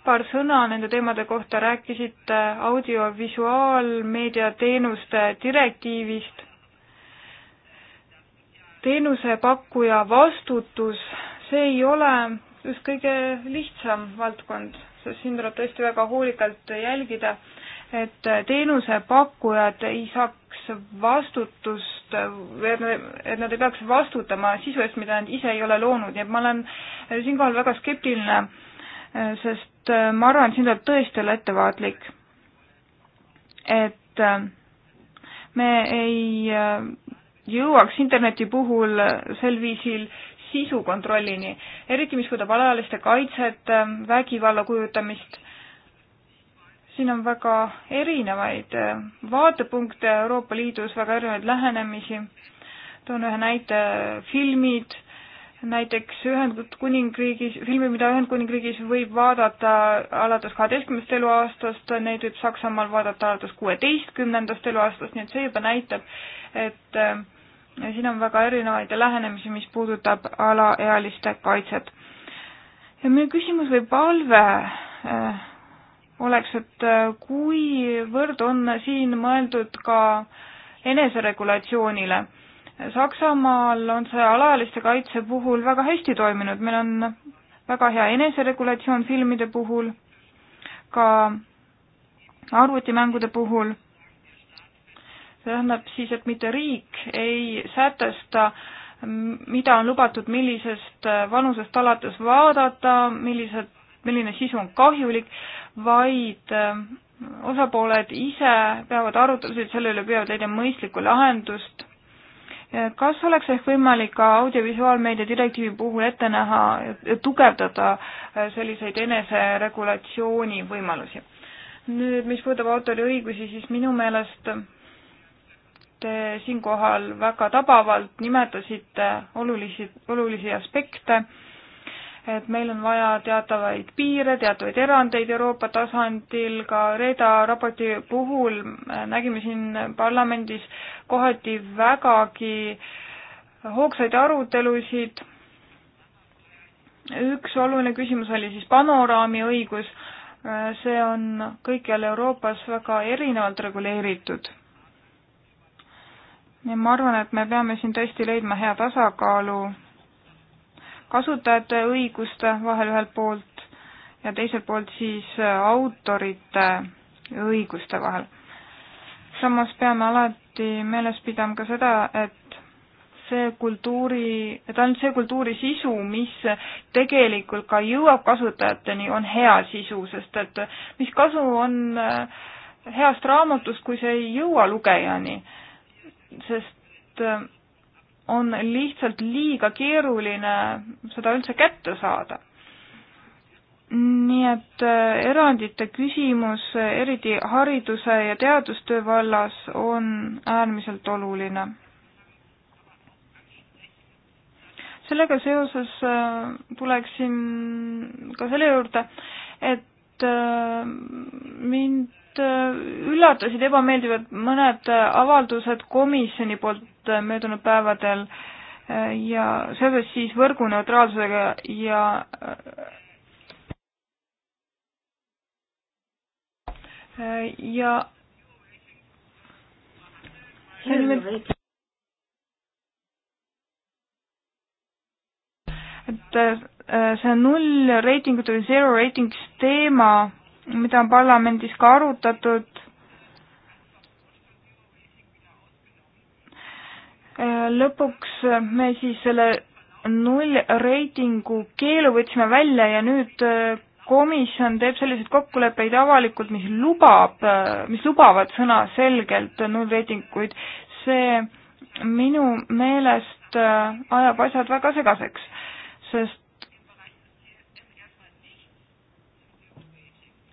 paar sõna nende teemade kohta, rääkisite audiovisuaalmeedia teenuste direktiivist teenusepakkuja vastutus, see ei ole just kõige lihtsam valdkond, sest siin tuleb tõesti väga hoolikalt jälgida, et teenusepakkujad ei saaks vastutust, et nad ei peaks vastutama sisu eest, mida nad ise ei ole loonud, nii et ma olen siinkohal väga skeptiline, sest ma arvan, et siin tuleb tõesti olla ettevaatlik. et me ei jõuaks interneti puhul sel viisil sisukontrollini, eriti mis puudutab alaealiste kaitset, ähm, vägivalla kujutamist. siin on väga erinevaid ähm, vaatepunkte Euroopa Liidus, väga erinevaid lähenemisi. toon ühe näite, filmid, näiteks Ühendkuningriigis, filmi, mida Ühendkuningriigis võib vaadata alates kaheteistkümnest eluaastast, neid võib Saksamaal vaadata alates kuueteistkümnendast eluaastast, nii et see juba näitab, et äh, ja siin on väga erinevaid lähenemisi, mis puudutab alaealiste kaitset. ja minu küsimus või palve äh, oleks, et äh, kuivõrd on siin mõeldud ka eneseregulatsioonile. Saksamaal on see alaealiste kaitse puhul väga hästi toiminud, meil on väga hea eneseregulatsioon filmide puhul, ka arvutimängude puhul see tähendab siis, et mitte riik ei sätesta, mida on lubatud, millisest vanusest alates vaadata, millised, milline sisu on kahjulik, vaid äh, osapooled ise peavad arutlusid selle üle, püüavad leida mõistlikku lahendust. kas oleks ehk võimalik ka audiovisuaalmeedia direktiivi puhul ette näha ja tugevdada äh, selliseid eneseregulatsiooni võimalusi? nüüd, mis puudutab autoriõigusi, siis minu meelest Te eh, siinkohal väga tabavalt nimetasite olulisi, olulisi aspekte, et meil on vaja teatavaid piire, teatavaid erandeid Euroopa tasandil, ka Reeda raporti puhul eh, nägime siin parlamendis kohati vägagi hoogsaid arutelusid. üks oluline küsimus oli siis panoraami õigus eh, see on kõikjal Euroopas väga erinevalt reguleeritud ja ma arvan, et me peame siin tõesti leidma hea tasakaalu kasutajate õiguste vahel ühelt poolt ja teiselt poolt siis äh, autorite õiguste vahel. samas peame alati meeles pidama ka seda, et see kultuuri, et ainult see kultuuri sisu, mis tegelikult ka jõuab kasutajateni, on hea sisu, sest et mis kasu on äh, heast raamatust, kui see ei jõua lugejani sest äh, on lihtsalt liiga keeruline seda üldse kätte saada. nii et äh, erandite küsimus, eriti hariduse ja teadustöö vallas, on äärmiselt oluline. sellega seoses äh, tuleksin ka selle juurde, et mind mind äh, üllatasid ebameeldivad mõned äh, avaldused komisjoni poolt äh, möödunud päevadel ja seoses siis võrguneutraalsusega ja ja et see null reitingute või zero ratings teema mida on parlamendis ka arutatud. lõpuks me siis selle nullreitingu keelu võtsime välja ja nüüd komisjon teeb selliseid kokkuleppeid avalikult, mis lubab, mis lubavad sõnaselgelt nullreitinguid, see minu meelest ajab asjad väga segaseks, sest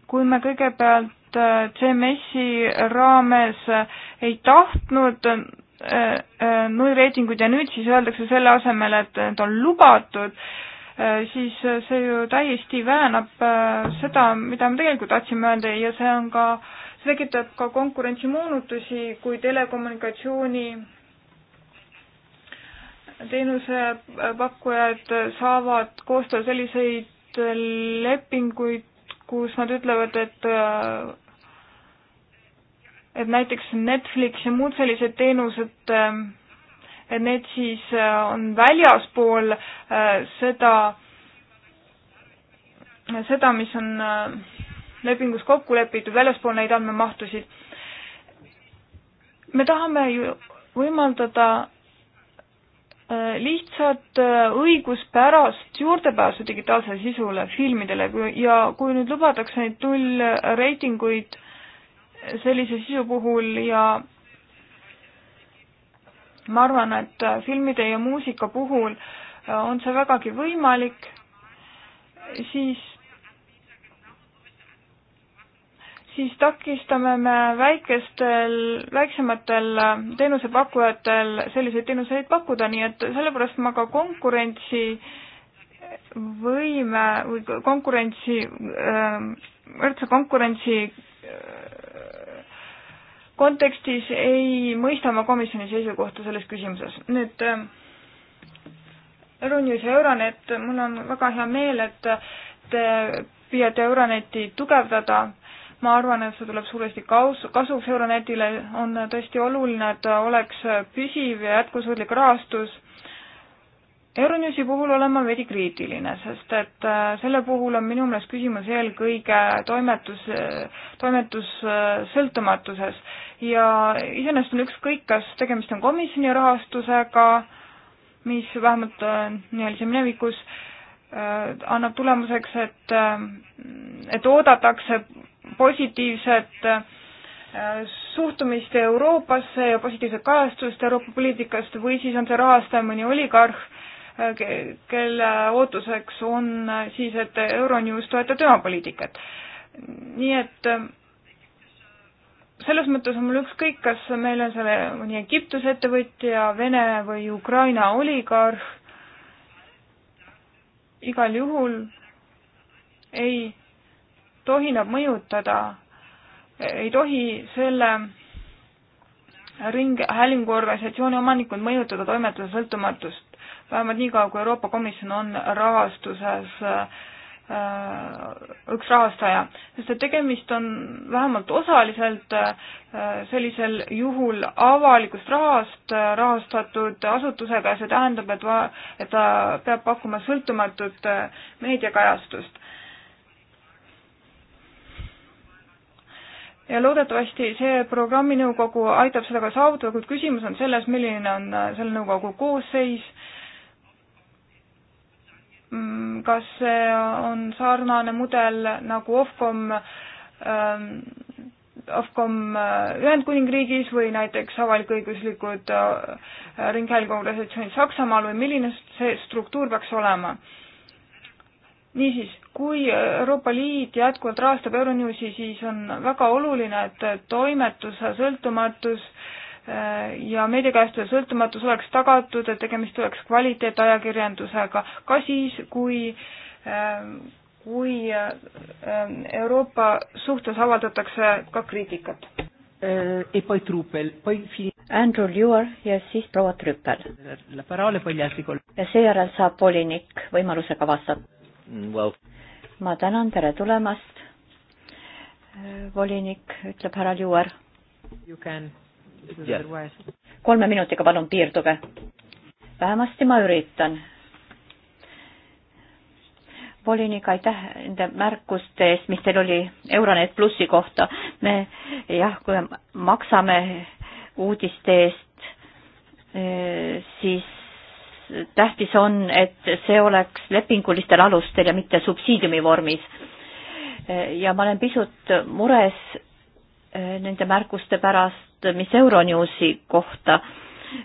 kui me kõigepealt CMS-i äh, raames äh, ei tahtnud äh, nullreitinguid ja nüüd siis öeldakse selle asemel, et need on lubatud, siis see ju täiesti väänab seda, mida me tegelikult tahtsime öelda ja see on ka, see tekitab ka konkurentsimoonutusi, kui telekommunikatsiooni teenusepakkujad saavad koostada selliseid lepinguid, kus nad ütlevad, et äh, et näiteks Netflix ja muud sellised teenused, äh, et need siis äh, on väljaspool seda, seda, mis on lepingus kokku lepitud, väljaspool neid andmemahtusid. me tahame ju võimaldada Äh, lihtsat äh, õiguspärast juurdepääsu digitaalsele sisule, filmidele ja kui nüüd lubatakse neid nullreitinguid sellise sisu puhul ja ma arvan, et äh, filmide ja muusika puhul on see vägagi võimalik, siis siis takistame me väikestel, väiksematel teenusepakkujatel selliseid teenuseid pakkuda, nii et sellepärast ma ka konkurentsi võime või konkurentsi, ähm, võrdse konkurentsi äh, kontekstis ei mõista oma komisjoni seisukohta selles küsimuses. nüüd ähm, Runius ja Euronet, mul on väga hea meel, et te püüate Euroneti tugevdada ma arvan, et see tuleb suuresti kaus-, kasuks Euronetile, on tõesti oluline, et oleks püsiv ja jätkusuutlik rahastus. Euronewsi puhul olen ma veidi kriitiline, sest et äh, selle puhul on minu meelest küsimus eelkõige toimetus, toimetussõltumatuses äh, ja iseenesest on ükskõik, kas tegemist on komisjoni rahastusega, mis vähemalt äh, nii-öelda minevikus annab tulemuseks, et, et oodatakse positiivset äh, suhtumist Euroopasse ja positiivset kajastust Euroopa poliitikast või siis on see rahastaja mõni oligarh, äh, kelle ootuseks on äh, siis, et Euronews toetab tema poliitikat. nii et selles mõttes on mul ükskõik, kas meil on selle mõni Egiptuse ettevõtja, Vene või Ukraina oligarh, igal juhul ei tohi nad mõjutada, ei tohi selle ring, häälinguorganisatsiooni omanikud mõjutada toimetuse sõltumatust, vähemalt niikaua, kui Euroopa Komisjon on rahastuses äh, üks rahastaja, sest et tegemist on vähemalt osaliselt äh, sellisel juhul avalikust rahast äh, rahastatud asutusega ja see tähendab, et va-, et ta peab pakkuma sõltumatut meediakajastust. ja loodetavasti see programminõukogu aitab sellega saavutada, kuid küsimus on selles, milline on äh, selle nõukogu koosseis, mm, kas see on sarnane mudel nagu Ofcom ähm, Ofcom äh, Ühendkuningriigis või näiteks avalik-õiguslikud äh, ringhäälingu organisatsioonid Saksamaal või milline see struktuur peaks olema? niisiis, kui Euroopa Liit jätkuvalt rahastab Euronewsi, siis on väga oluline, et toimetuse sõltumatus äh, ja meediakajastuse sõltumatus oleks tagatud, et tegemist oleks kvaliteetajakirjandusega ka siis, kui, ähm, kui ähm, Euroopa suhtes avaldatakse ka kriitikat. Äh, e Andrew Luer ja siis proua Trüppel. ja seejärel saab volinik võimalusega vastata well. ma tänan, tere tulemast. volinik ütleb härra Juuer. Yes. kolme minutiga palun piirduge. vähemasti ma üritan. volinik, aitäh nende märkuste eest, mis teil oli Euronet plussi kohta. me jah, kui maksame uudiste eest, eh, siis tähtis on, et see oleks lepingulistel alustel ja mitte subsiidiumi vormis. ja ma olen pisut mures eh, nende märkuste pärast, mis Euronewsi kohta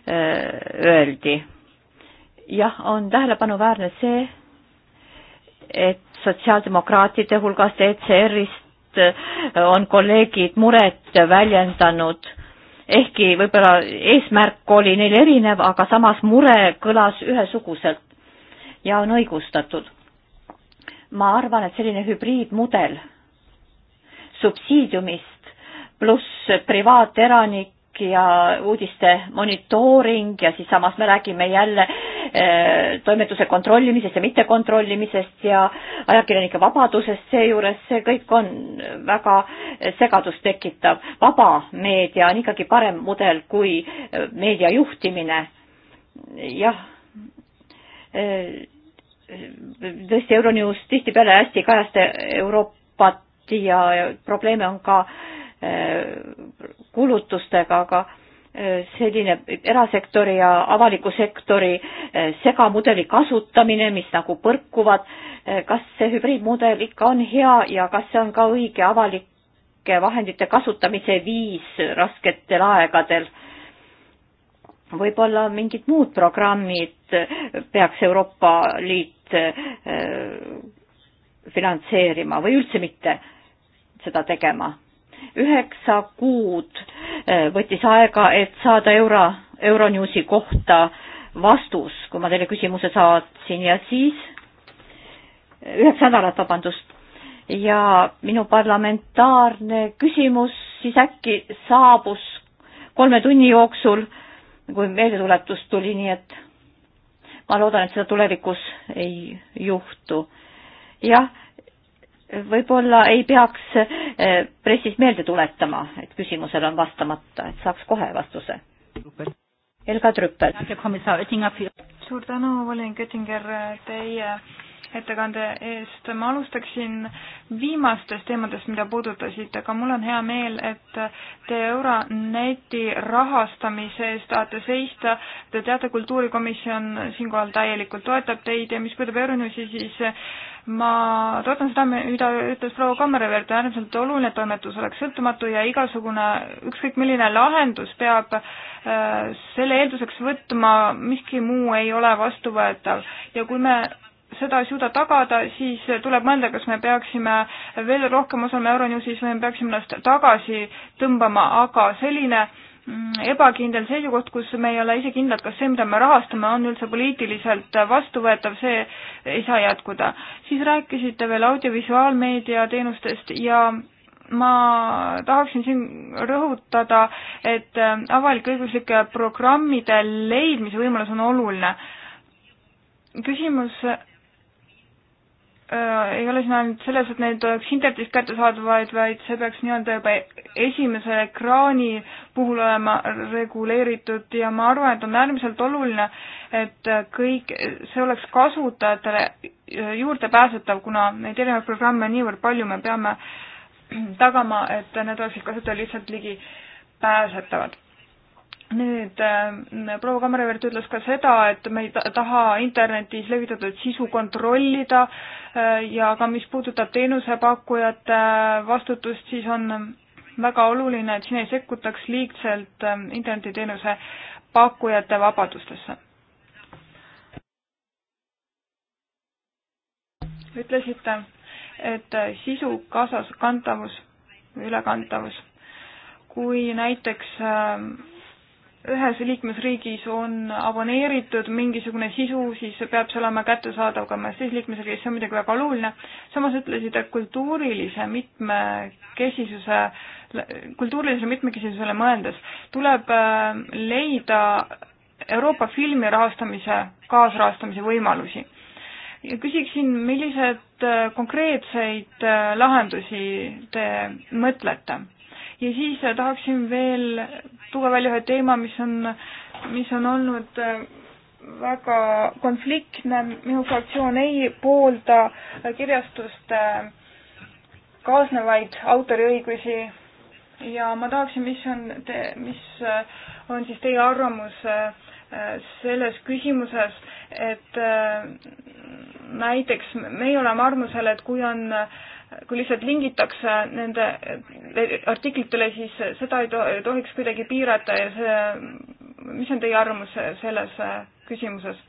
eh, öeldi. jah, on tähelepanuväärne see, et sotsiaaldemokraatide hulgast ECR-ist eh, on kolleegid muret väljendanud ehkki võib-olla eesmärk oli neil erinev, aga samas mure kõlas ühesuguselt ja on õigustatud. ma arvan, et selline hübriidmudel subsiidiumist pluss privaateraniku riik ja uudiste monitooring ja siis samas me räägime jälle Äh, toimetuse kontrollimisest ja mittekontrollimisest ja ajakirjanike vabadusest seejuures, see kõik on väga segadust tekitav. vaba meedia on ikkagi parem mudel kui äh, meedia juhtimine. jah äh, tõesti Euronews tihtipeale hästi kajasta Euroopat ja probleeme on ka kulutustega, aga selline erasektori ja avaliku sektori eh, segamudeli kasutamine, mis nagu põrkuvad. Eh, kas see hübriidmudel ikka on hea ja kas see on ka õige avalike vahendite kasutamise viis rasketel aegadel? võib-olla mingid muud programmid peaks Euroopa Liit eh, finantseerima või üldse mitte seda tegema üheksa kuud eh, võttis aega, et saada euro, Euronewsi kohta vastus, kui ma teile küsimuse saatsin ja siis, üheksa nädalat, vabandust, ja minu parlamentaarne küsimus siis äkki saabus kolme tunni jooksul, kui meeldetuletus tuli, nii et ma loodan, et seda tulevikus ei juhtu. jah võib-olla ei peaks eh, pressis meelde tuletama, et küsimusel on vastamata, et saaks kohe vastuse. Helga Trüppel. suur tänu, Volin Köttinger, teie ettekande eest. ma alustaksin viimastest teemadest, mida puudutasite, aga mul on hea meel, et te Euroneti rahastamise eest tahate seista. Te teate, kultuurikomisjon siinkohal täielikult toetab teid ja mis puudutab Euroneti, siis ma toetan seda, mida ütles proua Kammerevert, äärmiselt oluline, et toimetus oleks sõltumatu ja igasugune, ükskõik milline lahendus peab äh, selle eelduseks võtma, miski muu ei ole vastuvõetav ja kui me seda ei suuda tagada, siis tuleb mõelda, kas me peaksime veel rohkem osalema Euronewsis või me peaksime ennast tagasi tõmbama, aga selline mm, ebakindel seisukoht, kus me ei ole ise kindlad, kas see, mida me rahastame, on üldse poliitiliselt vastuvõetav, see ei saa jätkuda. siis rääkisite veel audiovisuaalmeedia teenustest ja ma tahaksin siin rõhutada, et äh, avalik-õiguslike programmide leidmise võimalus on oluline. küsimus Äh, ei ole siin ainult selles, et need oleks internetist kättesaadavad, vaid see peaks nii-öelda juba esimese ekraani puhul olema reguleeritud ja ma arvan, et on äärmiselt oluline, et kõik, see oleks kasutajatele juurdepääsetav, kuna neid erinevaid programme on niivõrd palju, me peame tagama, et need oleksid kasutajale lihtsalt ligipääsetavad nüüd äh, proua Kammerevert ütles ka seda, et me ei taha internetis levitatud sisu kontrollida äh, ja ka mis puudutab teenusepakkujate äh, vastutust, siis on väga oluline, et siin ei sekkutaks liigselt äh, internetiteenuse pakkujate vabadustesse. ütlesite, et äh, sisu kaasas kantavus või ülekantavus, kui näiteks äh, ühes liikmesriigis on aboneeritud mingisugune sisu, siis see peab see olema kättesaadav ka meil siis liikmesriigis, see on muidugi väga oluline. samas ütlesid, et kultuurilise mitmekesisuse, kultuurilisele mitmekesisusele mõeldes tuleb äh, leida Euroopa filmi rahastamise, kaasrahastamise võimalusi. küsiksin, millised äh, konkreetseid äh, lahendusi te mõtlete? ja siis äh, tahaksin veel tuua välja ühe teema, mis on, mis on olnud äh, väga konfliktne, minu fraktsioon ei poolda äh, kirjastuste kaasnevaid autoriõigusi ja ma tahaksin, mis on, mis on siis teie arvamus selles küsimuses, et näiteks meie oleme arvamusel, et kui on äh, kui lihtsalt lingitakse nende artiklitele, siis seda ei, to ei tohiks kuidagi piirata ja see, mis on teie arvamus selles küsimuses?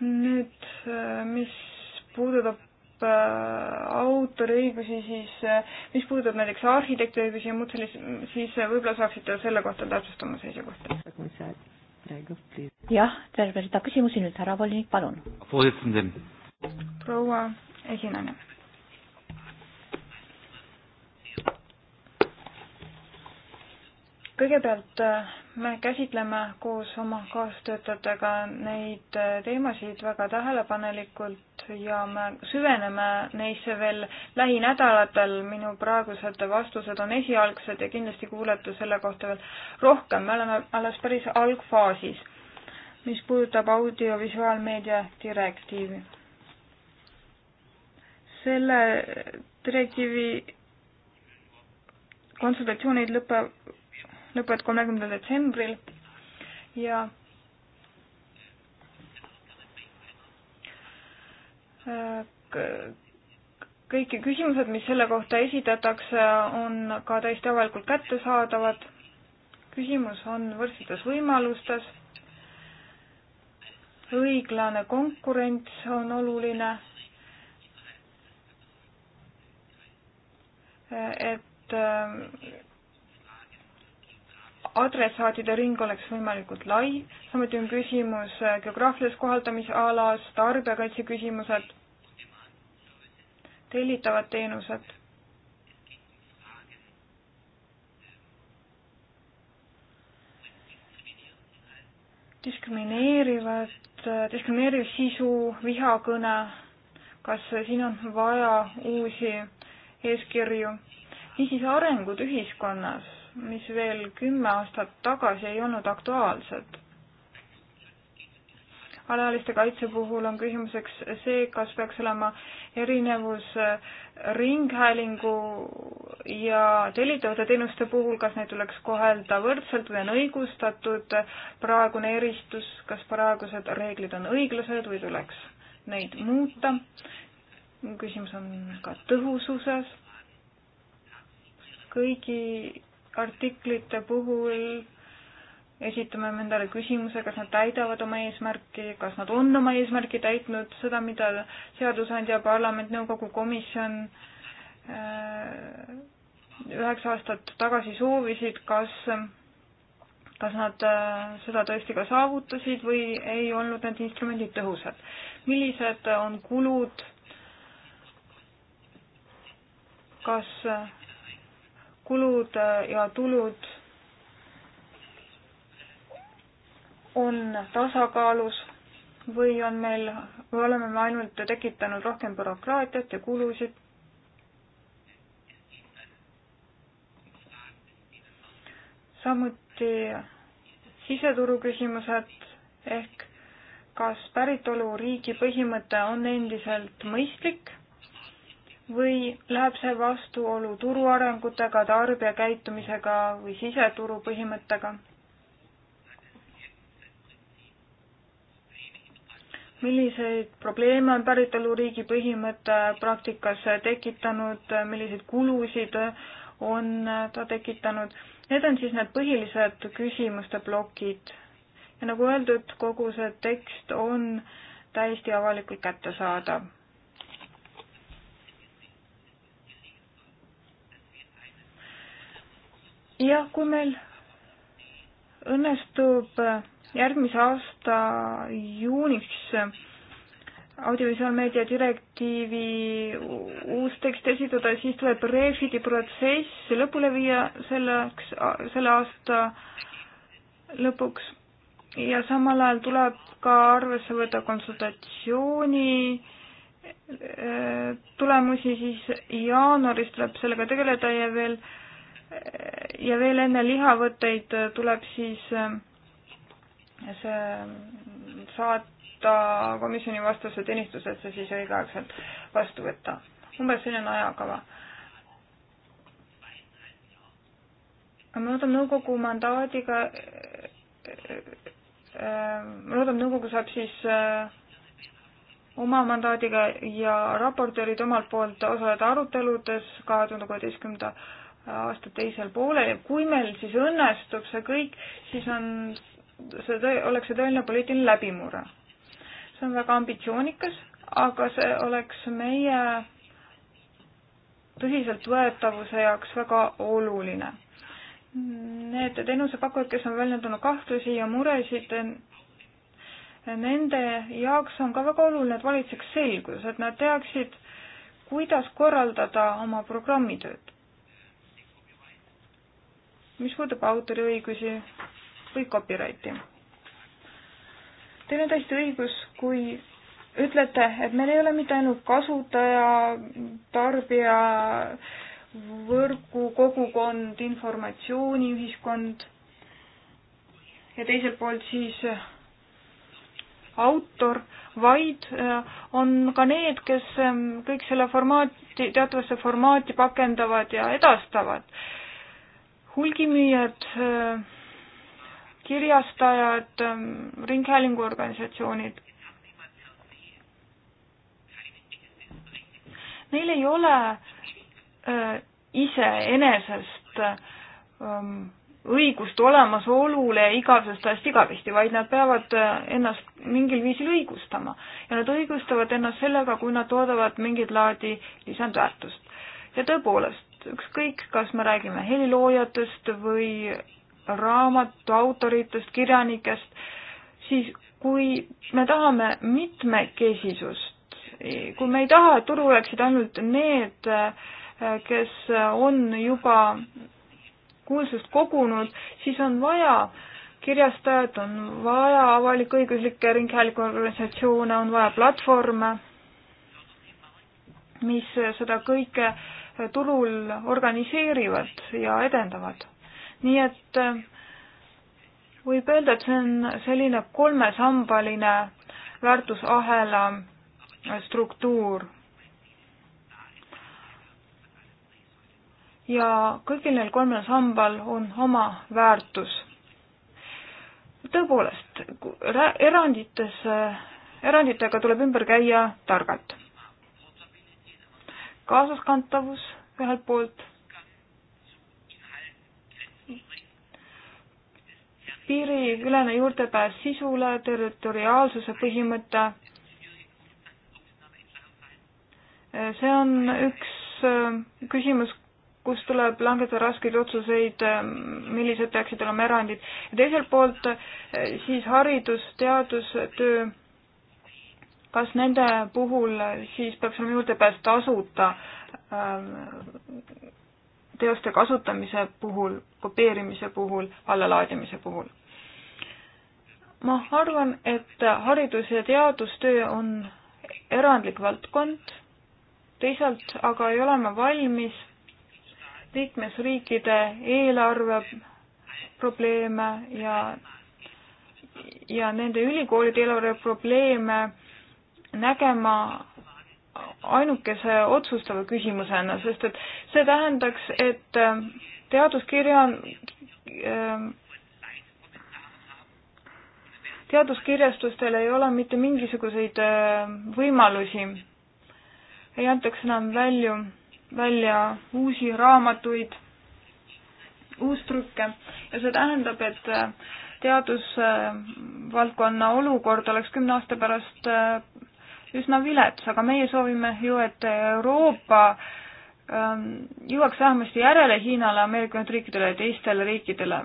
nüüd, mis puudutab äh, autoriõigusi, siis äh, mis puudutab näiteks arhitekti õigusi ja muud sellist, siis äh, võib-olla saaksite selle kohta täpsustama seisukohta jah, terve rida küsimusi nüüd, härra volinik, palun. proua esinejana. kõigepealt me käsitleme koos oma kaastöötajatega neid äh, teemasid väga tähelepanelikult ja me süveneme neisse veel lähinädalatel. minu praegused vastused on esialgsed ja kindlasti kuulete selle kohta veel rohkem. me oleme alles päris algfaasis, mis puudutab audiovisuaalmeedia direktiivi. selle direktiivi konsultatsioonid lõpevad lõpevad kolmekümnendal detsembril ja kõik küsimused, mis selle kohta esitatakse, on ka täiesti avalikult kättesaadavad. küsimus on võrdsetes võimalustes. õiglane konkurents on oluline. et adressaatide ring oleks võimalikult lai, samuti on küsimus äh, geograafilises kohaldamisalas, tarbijakaitse küsimused, tellitavad teenused. diskrimineerivad, äh, diskrimineeriv sisu, vihakõne, kas siin on vaja uusi eeskirju? niisiis arengud ühiskonnas mis veel kümme aastat tagasi ei olnud aktuaalsed. alaealiste kaitse puhul on küsimuseks see, kas peaks olema erinevus äh, ringhäälingu ja tellitavate teenuste puhul, kas neid tuleks kohelda võrdselt või on õigustatud äh, praegune eristus, kas praegused reeglid on õiglased või tuleks neid muuta. küsimus on ka tõhususes kõigi artiklite puhul esitame me endale küsimuse, kas nad täidavad oma eesmärki, kas nad on oma eesmärki täitnud, seda, mida seadusandja, parlament, nõukogu komisjon äh, üheksa aastat tagasi soovisid, kas, kas nad äh, seda tõesti ka saavutasid või ei olnud need instrumendid tõhusad. millised on kulud, kas äh, kulud äh, ja tulud on tasakaalus või on meil, või oleme me ainult tekitanud rohkem bürokraatiat ja kulusid. samuti siseturu küsimused ehk kas päritoluriigi põhimõte on endiselt mõistlik või läheb see vastuolu turu arengutega, tarbija käitumisega või siseturu põhimõttega? milliseid probleeme on päritoluriigi põhimõte praktikas tekitanud, milliseid kulusid on ta tekitanud? Need on siis need põhilised küsimuste plokid. ja nagu öeldud, kogu see tekst on täiesti avalikult kättesaadav ja kui meil õnnestub järgmise aasta juuniks audiovisuaalmeedia direktiivi uus tekst esitada, siis tuleb Refidi protsess lõpule viia selleks, selle aasta lõpuks ja samal ajal tuleb ka arvesse võtta konsultatsiooni äh, tulemusi, siis jaanuaris tuleb sellega tegeleda ja veel ja veel enne lihavõtteid tuleb siis äh, see saata komisjoni vastuse teenistusesse siis õigeaegselt vastu võtta. umbes selline ajakava. me ootame nõukogu mandaadiga, me äh, äh, loodame, nõukogu saab siis oma mandaadiga ja raportöörid omalt poolt osaleda aruteludes kahe tuhande kuueteistkümnenda aasta teisel poolel ja kui meil siis õnnestub see kõik, siis on see, oleks see tõeline poliitiline läbimurre. see on väga ambitsioonikas, aga see oleks meie tõsiseltvõetavuse jaoks väga oluline. Need teenusepakkujad, kes on väljendanud kahtlusi ja muresid, nende jaoks on ka väga oluline, et valitseks selgus, et nad teaksid, kuidas korraldada oma programmitööd mis puudutab autoriõigusi või copyrighti. Teil on täiesti õigus, kui ütlete, et meil ei ole mitte ainult kasutaja, tarbija, võrgu, kogukond, informatsiooniühiskond ja teiselt poolt siis autor, vaid äh, on ka need, kes ähm, kõik selle formaati, teatavasse formaati pakendavad ja edastavad hulgimüüjad, kirjastajad, ringhäälinguorganisatsioonid. Neil ei ole äh, iseenesest ähm, õigust olemasolule igavesest ajast igavesti, vaid nad peavad äh, ennast mingil viisil õigustama. ja nad õigustavad ennast sellega, kui nad toodavad mingit laadi lisandväärtust. ja tõepoolest, tegevust, ükskõik, kas me räägime heliloojatest või raamatu autoritest, kirjanikest, siis kui me tahame mitmekesisust, kui me ei taha, et turul oleksid ainult need, kes on juba kuulsust kogunud, siis on vaja kirjastajat, on vaja avalik-õiguslikke ringhäälingu organisatsioone, on vaja platvorme, mis seda kõike äh, turul organiseerivad ja edendavad. nii et äh, võib öelda, et see on selline kolmesambaline väärtusahela struktuur. ja kõigil neil kolmel sambal on oma väärtus. tõepoolest, eranditesse, eranditega tuleb ümber käia targalt kaasaskantavus ühelt poolt, piiriülene juurdepääs sisule, territoriaalsuse põhimõte, see on üks äh, küsimus, kus tuleb langetada raskeid otsuseid, äh, millised peaksid olema erandid. ja teiselt poolt äh, siis haridus, teadustöö kas nende puhul siis peaks olema juurdepääs tasuta ähm, teoste kasutamise puhul, kopeerimise puhul, allalaadimise puhul? ma arvan, et haridus- ja teadustöö on erandlik valdkond, teisalt aga ei ole ma valmis liikmesriikide eelarve probleeme ja, ja nende ülikoolide eelarve probleeme nägema ainukese otsustava küsimusena, sest et see tähendaks, et ähm, teaduskirja on ähm, teaduskirjastustel ei ole mitte mingisuguseid ähm, võimalusi, ei antaks enam välju, välja uusi raamatuid, uustrükke ja see tähendab, et äh, teadusvaldkonna olukord oleks kümne aasta pärast äh, üsna vilets, aga meie soovime ju, et Euroopa ähm, jõuaks vähemasti järele Hiinale, Ameerika Ühendriikidele ja teistele riikidele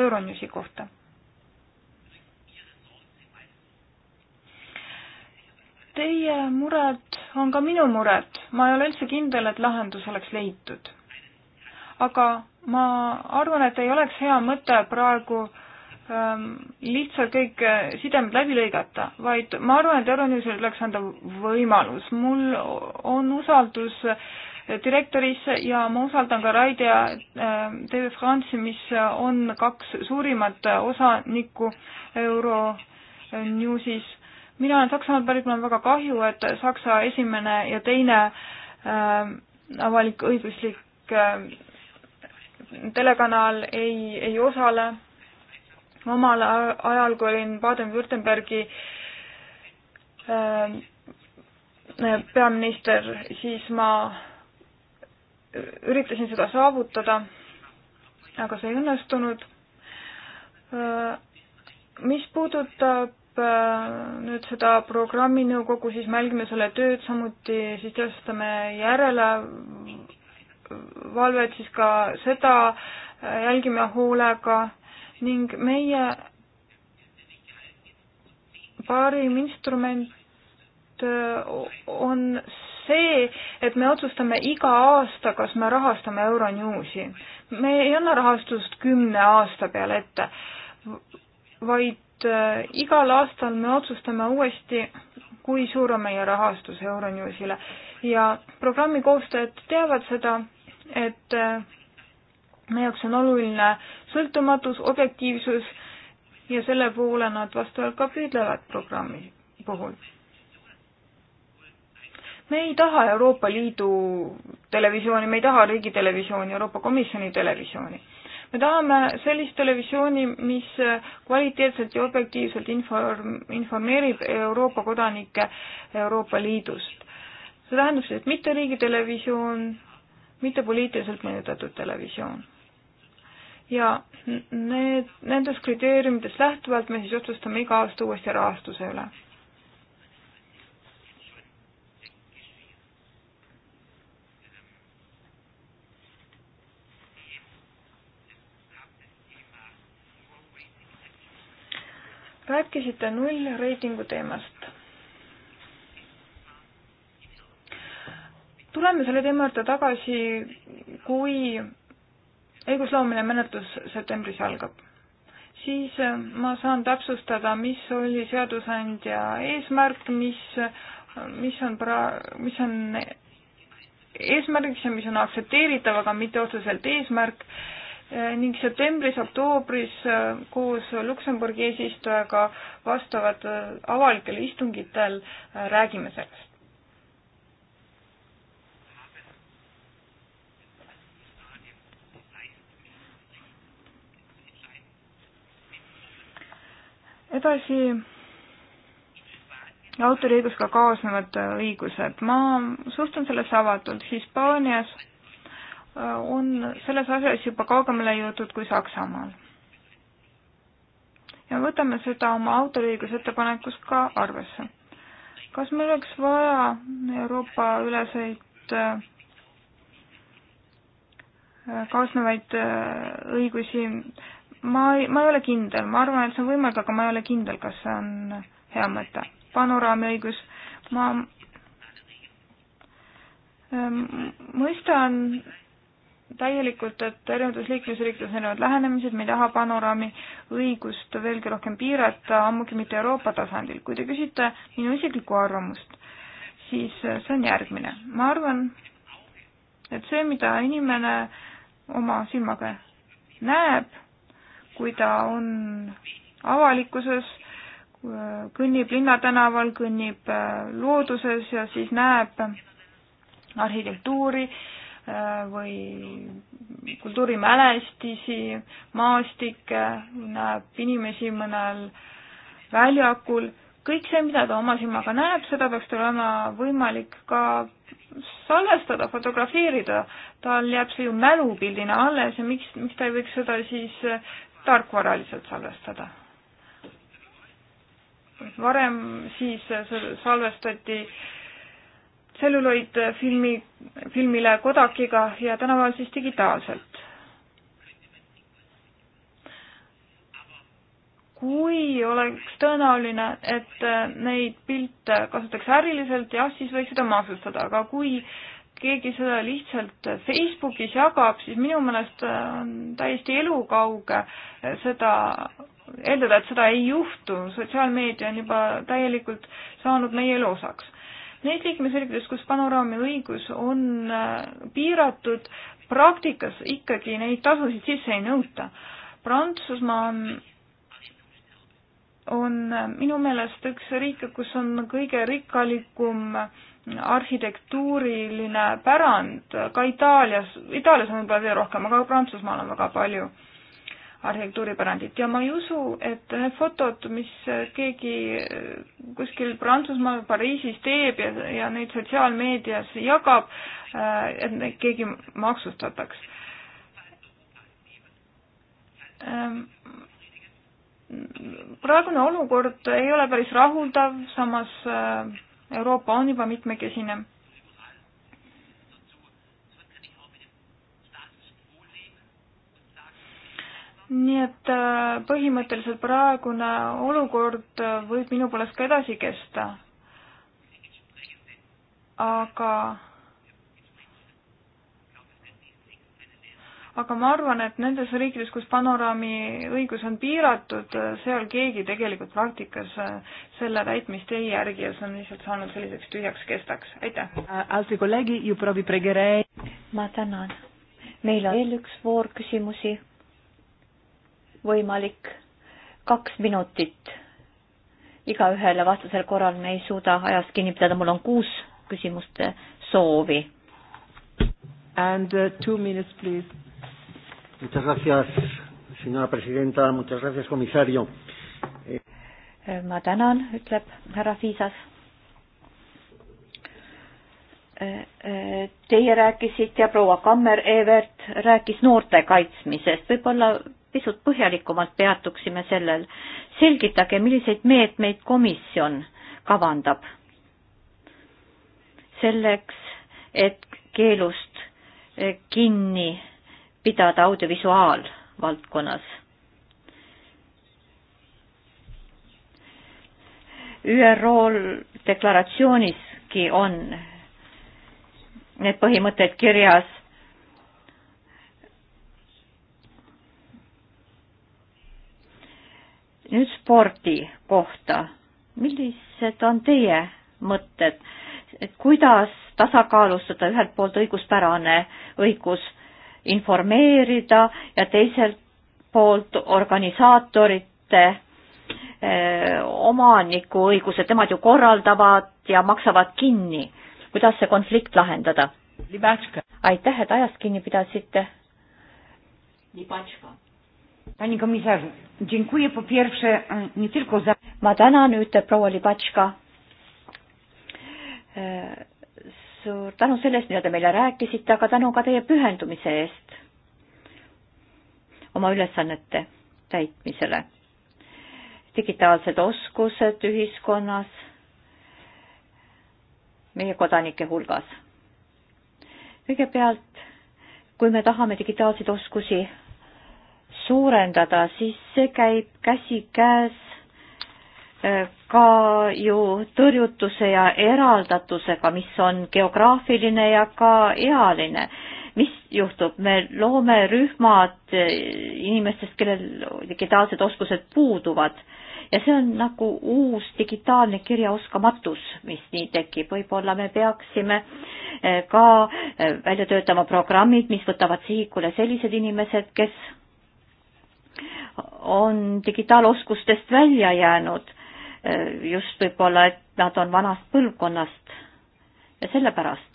Euronewsi kohta. Teie mured on ka minu mured, ma ei ole üldse kindel, et lahendus oleks leitud. aga ma arvan, et ei oleks hea mõte praegu äh, Ähm, lihtsalt kõik äh, sidemed läbi lõigata, vaid ma arvan, et Euronewsile tuleks anda võimalus. mul on usaldus äh, direktorisse ja ma usaldan ka Raid ja äh, TV France'i, mis on kaks suurimat osanikku Euronewsis. mina olen Saksamaalt pärit, mul on väga kahju, et Saksa esimene ja teine äh, avalik-õiguslik äh, telekanal ei, ei osale omal ajal, kui olin Baden-Württembergi ähm, peaminister, siis ma üritasin seda saavutada, aga see ei õnnestunud. Äh, mis puudutab äh, nüüd seda programminõukogu, siis me jälgime selle tööd, samuti siis teostame järelevalvet, siis ka seda jälgime hoolega ning meie parim instrument äh, on see, et me otsustame iga aasta, kas me rahastame Euronewsi. me ei anna rahastust kümne aasta peale ette, vaid äh, igal aastal me otsustame uuesti, kui suur on meie rahastus Euronewsile ja programmi koostajad teavad seda, et äh, meie jaoks on oluline sõltumatus, objektiivsus ja selle poole nad vastavalt ka püüdlevad programmi puhul. me ei taha Euroopa Liidu televisiooni, me ei taha riigitelevisiooni, Euroopa Komisjoni televisiooni. me tahame sellist televisiooni, mis kvaliteetselt ja objektiivselt inform-, informeerib Euroopa kodanikke Euroopa Liidust. see tähendab siis, et mitte riigitelevisioon, mitte poliitiliselt mõjutatud televisioon ja need, nendest kriteeriumidest lähtuvalt me siis otsustame iga aasta uuesti rahastuse üle. rääkisite nullreitingu teemast. tuleme selle teema juurde tagasi, kui õigusloomine menetlus septembris algab. siis äh, ma saan täpsustada, mis oli seadusandja eesmärk, mis, mis on pra-, mis on eesmärgiks ja mis on aktsepteeritav, aga mitte otseselt eesmärk äh, ning septembris-oktoobris äh, koos Luksemburgi eesistujaga vastavad avalikel istungitel räägime sellest. edasi autoriõigusega kaasnevad äh, õigused. ma suhtun sellesse avatult. Hispaanias äh, on selles asjas juba kaugemale jõutud kui Saksamaal. ja võtame seda oma autoriõiguse ettepanekus ka arvesse. kas meil oleks vaja Euroopa üleseid äh, kaasnevaid õigusi ma ei, ma ei ole kindel, ma arvan, et see on võimalik, aga ma ei ole kindel, kas see on hea mõte. panoraamiõigus, ma ähm, mõistan täielikult, et erinevates liiklusriikides on erinevad lähenemised, me ei taha panoraami õigust veelgi rohkem piirata, ammugi mitte Euroopa tasandil. kui te küsite minu isiklikku arvamust, siis see on järgmine. ma arvan, et see, mida inimene oma silmaga näeb kui ta on avalikkuses, kõnnib linnatänaval, kõnnib äh, looduses ja siis näeb arhitektuuri äh, või kultuurimälestisi, maastikke, näeb inimesi mõnel väljakul, kõik see, mida ta oma silmaga näeb, seda peaks tal olema võimalik ka salvestada, fotografeerida. tal jääb see ju mälupildina alles ja miks, miks ta ei võiks seda siis tarkvaraliselt salvestada. varem siis salvestati tselluloidfilmi, filmile Kodakiga ja tänapäeval siis digitaalselt. kui oleks tõenäoline, et neid pilte kasutatakse äriliselt, jah, siis võiks seda maksustada, aga kui äh, keegi seda lihtsalt Facebookis jagab, siis minu meelest on täiesti elukauge seda, eeldada, et seda ei juhtu, sotsiaalmeedia on juba täielikult saanud meie elu osaks. Neis liikmesriikides, kus panoraami õigus on äh, piiratud, praktikas ikkagi neid tasusid sisse ei nõuta. Prantsusmaa on on äh, minu meelest üks riike, kus on kõige rikkalikum äh, arhitektuuriline pärand ka Itaalias, Itaalias on võib-olla veel rohkem, aga Prantsusmaal on väga palju arhitektuuripärandit ja ma ei usu, et need fotod, mis keegi eh, kuskil Prantsusmaal, Pariisis teeb ja, ja neid sotsiaalmeedias jagab, eh, et neid keegi maksustataks. Ehm, praegune olukord ei ole päris rahuldav, samas eh, Euroopa on juba mitmekesine. nii et äh, põhimõtteliselt praegune olukord äh, võib minu poolest ka edasi kesta. aga aga ma arvan, et nendes riikides, kus panoraami õigus on piiratud, seal keegi tegelikult praktikas äh, selle täitmist ei järgi ja see on lihtsalt saanud selliseks tühjaks kestaks. aitäh! Äh, ma tänan. meil on veel üks voor küsimusi. võimalik kaks minutit igaühele, vastasel korral me ei suuda ajast kinni pidada, mul on kuus küsimuste soovi. And uh, two minutes please Muchas gracias, señora presidenta, muchas gracias, komissario. Eh, ma tänan, ütleb härra Fiisas. Eh, eh, teie rääkisite ja proua Kammer-Evert rääkis noorte kaitsmisest, võib-olla pisut põhjalikumalt peatuksime sellel. selgitage, milliseid meetmeid komisjon kavandab selleks, et keelust kinni pidada audiovisuaalvaldkonnas. ÜRO-l deklaratsiooniski on need põhimõtted kirjas nüüd spordi kohta, millised on teie mõtted, et kuidas tasakaalustada ühelt poolt õiguspärane õigus informeerida ja teiselt poolt organisaatorite eh, omanikuõigused, nemad ju korraldavad ja maksavad kinni. kuidas see konflikt lahendada? aitäh, et ajast kinni pidasite. Mm, ma tänan, ütleb proua Libatška eh, suur tänu selle eest, mida te meile rääkisite, aga tänu ka teie pühendumise eest oma ülesannete täitmisele. digitaalsed oskused ühiskonnas, meie kodanike hulgas. kõigepealt, kui me tahame digitaalseid oskusi suurendada, siis see käib käsikäes ka ju tõrjutuse ja eraldatusega, mis on geograafiline ja ka ealine. mis juhtub, me loome rühmad eh, inimestest, kellel digitaalsed oskused puuduvad ja see on nagu uus digitaalne kirjaoskamatus, mis nii tekib, võib-olla me peaksime eh, ka eh, välja töötama programmid, mis võtavad sihikule sellised inimesed, kes on digitaaloskustest välja jäänud Eh, just võib-olla, et nad on vanast põlvkonnast ja sellepärast.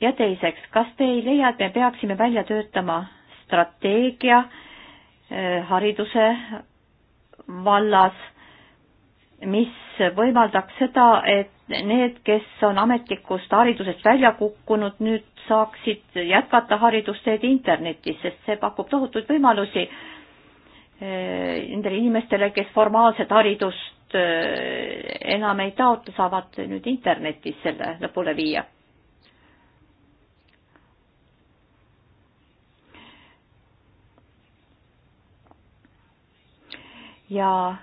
ja teiseks, kas te ei leia, et me peaksime välja töötama strateegia eh, hariduse vallas, mis võimaldaks seda, et need, kes on ametlikust haridusest välja kukkunud, nüüd saaksid jätkata haridusteed internetis, sest see pakub tohutuid võimalusi eh, nendele inimestele, kes formaalset haridust nad eh, enam ei taotle, saavad nüüd internetis selle lõpule viia. ja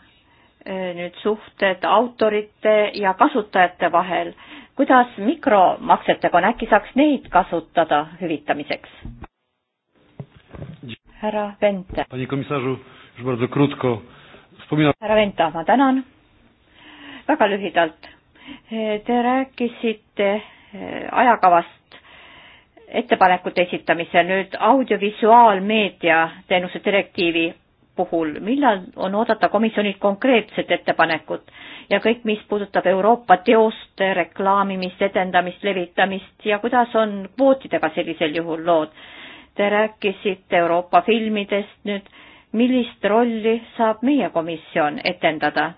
eh, nüüd suhted autorite ja kasutajate vahel. kuidas mikromaksetega on, äkki saaks neid kasutada hüvitamiseks? härra Vente. härra Venta, ma tänan väga lühidalt. Te rääkisite eh, ajakavast ettepanekute esitamisel nüüd audiovisuaalmeedia teenuse direktiivi puhul, millal on oodata komisjonilt konkreetset ettepanekut ja kõik, mis puudutab Euroopa teoste reklaamimist, edendamist, levitamist ja kuidas on kvootidega sellisel juhul lood? Te rääkisite Euroopa filmidest nüüd, millist rolli saab meie komisjon etendada?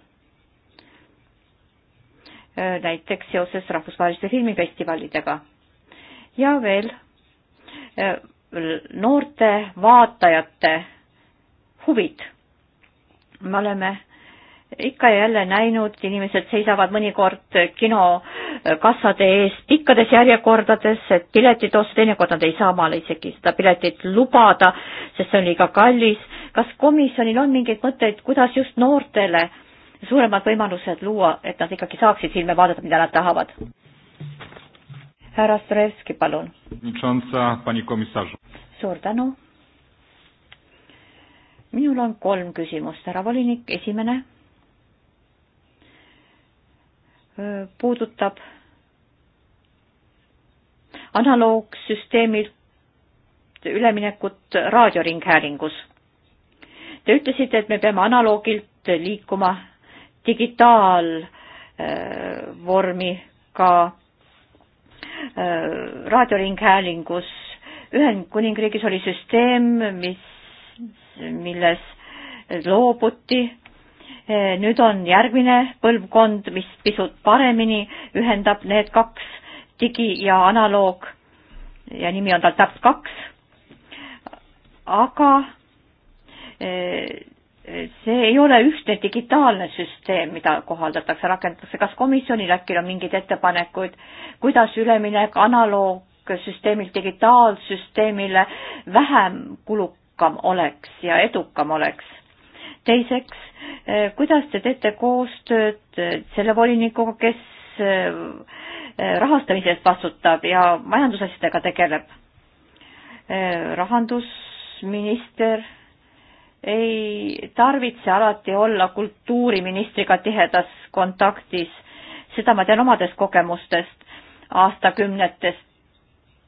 näiteks seoses rahvusvaheliste filmifestivalidega. ja veel noorte vaatajate huvid. me oleme ikka ja jälle näinud, inimesed seisavad mõnikord kinokassade ees pikkades järjekordades, et piletit osta, teinekord nad ei saa omale isegi seda piletit lubada, sest see on liiga kallis. kas komisjonil on mingeid mõtteid, kuidas just noortele äh, suuremad võimalused luua, et nad ikkagi saaksid silme vaadata, mida nad tahavad. härra Strelski, palun. suur tänu. minul on kolm küsimust, härra volinik, esimene puudutab analoogsüsteemilt üleminekut raadioringhäälingus. Te ütlesite, et me peame analoogilt liikuma digitaalvormi äh, ka äh, raadioringhäälingus. Ühendkuningriigis oli süsteem, mis, milles loobuti. Äh, nüüd on järgmine põlvkond, mis pisut paremini ühendab need kaks, digi- ja analoog- ja nimi on tal TAP kaks, aga see ei ole ühtne digitaalne süsteem, mida kohaldatakse, rakendatakse. kas komisjonil äkki on mingeid ettepanekuid, kuidas üleminek analoogsüsteemilt digitaalsüsteemile vähem kulukam oleks ja edukam oleks? teiseks, eh, kuidas te teete koostööd eh, selle volinikuga, kes eh, rahastamise eest vastutab ja majandusasjadega tegeleb? rahandusminister ei tarvitse alati olla kultuuriministriga tihedas kontaktis, seda ma tean omadest kogemustest, aastakümnetest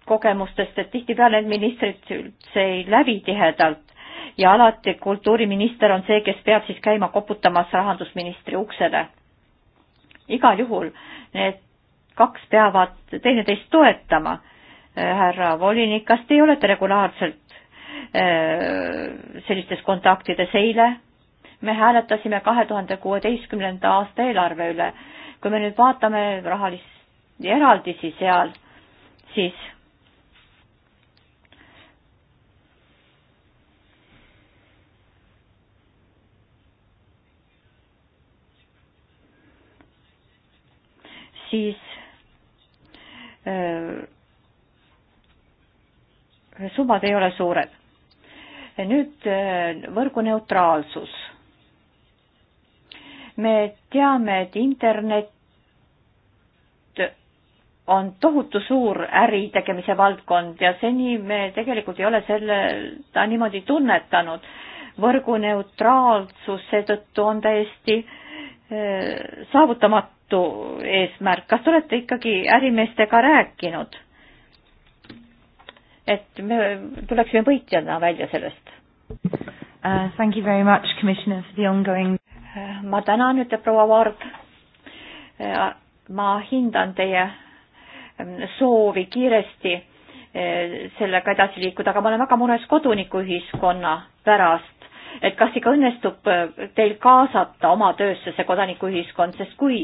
kogemustest, et tihtipeale need ministrid üldse ei lävi tihedalt ja alati kultuuriminister on see, kes peab siis käima koputamas rahandusministri uksele. igal juhul need kaks peavad teineteist toetama. härra volinik, kas te olete regulaarselt Äh, sellistes kontaktides eile. me hääletasime kahe tuhande kuueteistkümnenda aasta eelarve üle. kui me nüüd vaatame rahalisi eraldisi seal, siis siis öö, äh, summad ei ole suured nüüd äh, võrguneutraalsus. me teame, et internet on tohutu suur äri tegemise valdkond ja seni me tegelikult ei ole selle, ta niimoodi tunnetanud. võrguneutraalsus seetõttu on täiesti äh, saavutamatu eesmärk. kas te olete ikkagi ärimeestega rääkinud? et me tuleksime võitjana välja sellest uh,. Thank you very much, commissioner, for the ongoing uh,. ma tänan, ütleb proua Varg uh,. ma hindan teie um, soovi kiiresti uh, sellega edasi liikuda, aga ma olen väga mures kodanikuühiskonna pärast, et kas ikka õnnestub uh, teil kaasata oma töösse see kodanikuühiskond, sest kui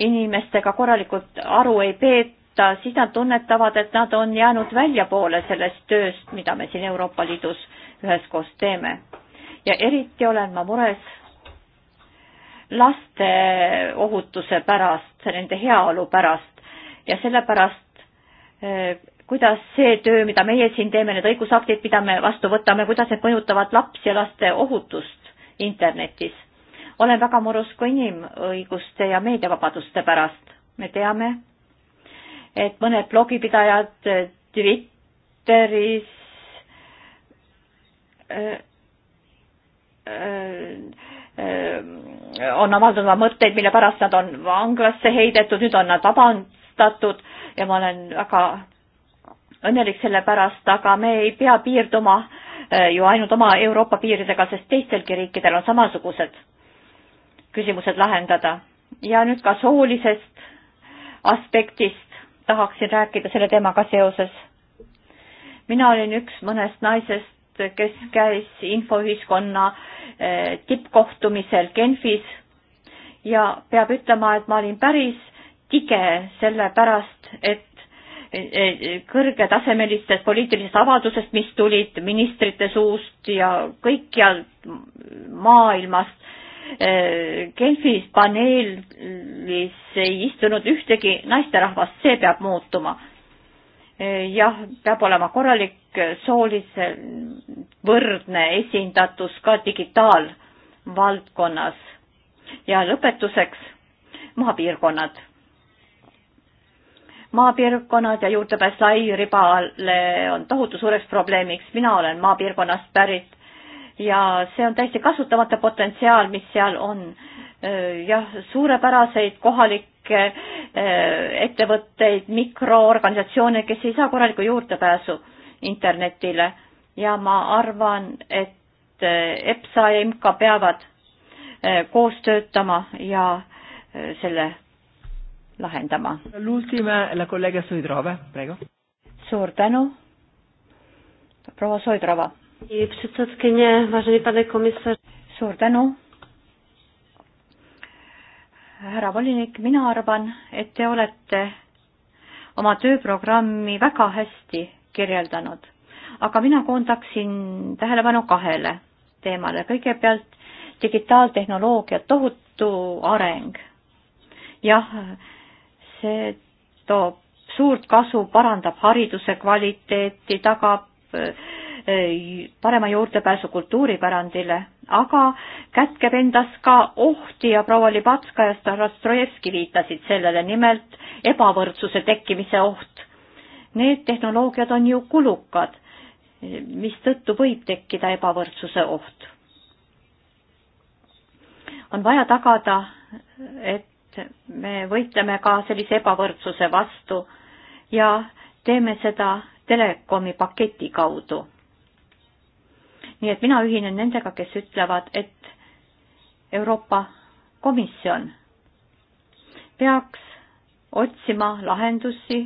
inimestega korralikult aru ei peeta, kohta, siis nad tunnetavad, et nad on jäänud väljapoole sellest tööst, mida me siin Euroopa Liidus üheskoos teeme. ja eriti olen ma mures laste ohutuse pärast, nende heaolu pärast ja sellepärast, eh, kuidas see töö, mida meie siin teeme, need õigusaktid, mida me vastu võtame, kuidas need mõjutavad lapsi ja laste ohutust internetis. olen väga murus ka inimõiguste ja meediavabaduste pärast. me teame, et mõned blogipidajad äh, Twitteris äh, äh, on avaldanud oma mõtteid, mille pärast nad on vanglasse heidetud, nüüd on nad vabandatud ja ma olen väga õnnelik selle pärast, aga me ei pea piirduma ju ainult oma Euroopa piiridega, sest teistelgi riikidel on samasugused küsimused lahendada. ja nüüd ka soolisest aspektist tahaksin rääkida selle teemaga seoses. mina olin üks mõnest naisest, kes käis infoühiskonna eh, tippkohtumisel Genfis ja peab ütlema, et ma olin päris tige sellepärast, et eh, kõrgetasemelistest poliitilisest avaldusest, mis tulid ministrite suust ja kõikjalt maailmast, Eh, Genfis paneelis ei istunud ühtegi naisterahvast, see peab muutuma. Eh, jah, peab olema korralik soolise võrdne esindatus ka digitaalvaldkonnas. ja lõpetuseks maapiirkonnad. maapiirkonnad ja juurdepääs lairibale on tohutu suureks probleemiks, mina olen maapiirkonnast pärit ja see on täiesti kasutamata potentsiaal, mis seal on. Äh, jah, suurepäraseid kohalikke äh, ettevõtteid, mikroorganisatsioone, kes ei saa korralikku juurdepääsu internetile ja ma arvan, et äh, EPSA ja IMCA peavad koos töötama ja selle lahendama. suur tänu, proua Soidrova suur tänu. härra volinik, mina arvan, et te olete oma tööprogrammi väga hästi kirjeldanud, aga mina koondaksin tähelepanu kahele teemale. kõigepealt digitaaltehnoloogia tohutu areng. jah, see toob suurt kasu, parandab hariduse kvaliteeti, tagab parema juurdepääsu kultuuripärandile, aga kätkeb endas ka ohti ja proua Libatska ja Starostroevski viitasid sellele, nimelt ebavõrdsuse tekkimise oht. Need tehnoloogiad on ju kulukad, mistõttu võib tekkida ebavõrdsuse oht. on vaja tagada, et me võitleme ka sellise ebavõrdsuse vastu ja teeme seda telekomi paketi kaudu nii et mina ühinen nendega, kes ütlevad, et Euroopa Komisjon peaks otsima lahendusi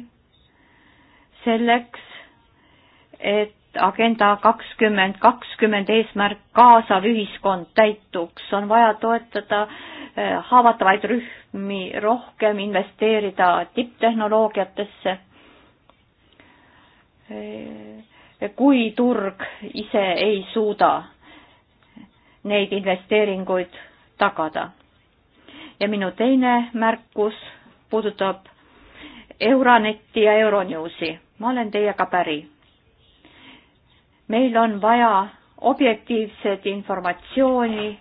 selleks, et agenda kakskümmend kakskümmend eesmärk kaasav ühiskond täituks, on vaja toetada eh, haavatavaid rühmi rohkem, investeerida tipptehnoloogiatesse. Eh, kui turg ise ei suuda neid investeeringuid tagada. ja minu teine märkus puudutab Euronetti ja Euronewsi. ma olen teiega päri. meil on vaja objektiivset informatsiooni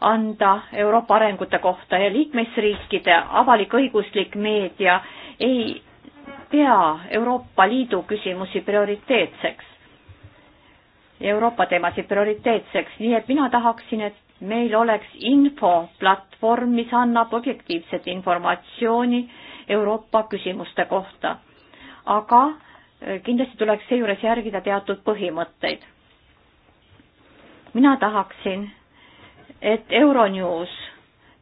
anda Euroopa arengute kohta ja liikmesriikide avalik-õiguslik meedia ei pea Euroopa Liidu küsimusi prioriteetseks. Euroopa teemasid prioriteetseks, nii et mina tahaksin, et meil oleks infoplatvorm, mis annab objektiivset informatsiooni Euroopa küsimuste kohta. aga eh, kindlasti tuleks seejuures järgida teatud põhimõtteid. mina tahaksin, et Euronews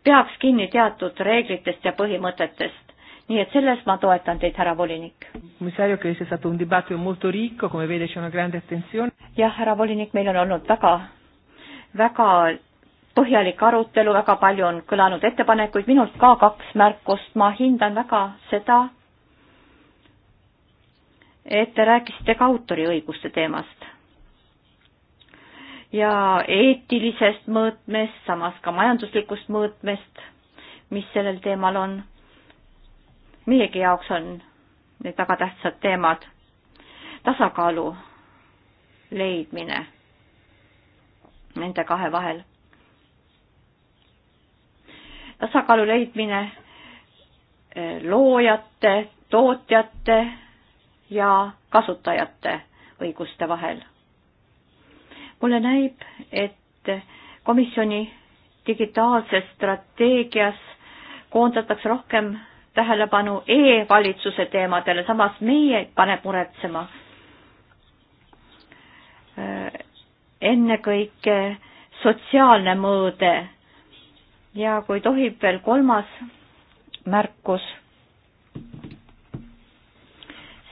peaks kinni teatud reeglitest ja põhimõtetest nii et selles ma toetan teid, härra volinik. jah, härra volinik, meil on olnud väga, väga põhjalik arutelu, väga palju on kõlanud ettepanekuid, minult ka kaks märkust, ma hindan väga seda, et te rääkisite ka autoriõiguste teemast ja eetilisest mõõtmest, samas ka majanduslikust mõõtmest, mis sellel teemal on meiegi jaoks on need väga tähtsad teemad. tasakaalu leidmine nende kahe vahel. tasakaalu leidmine eh, loojate, tootjate ja kasutajate õiguste vahel. mulle näib, et komisjoni digitaalses strateegias koondatakse rohkem tähelepanu e-valitsuse teemadele, samas meie paneb muretsema äh, ennekõike sotsiaalne mõõde. ja kui tohib, veel kolmas märkus.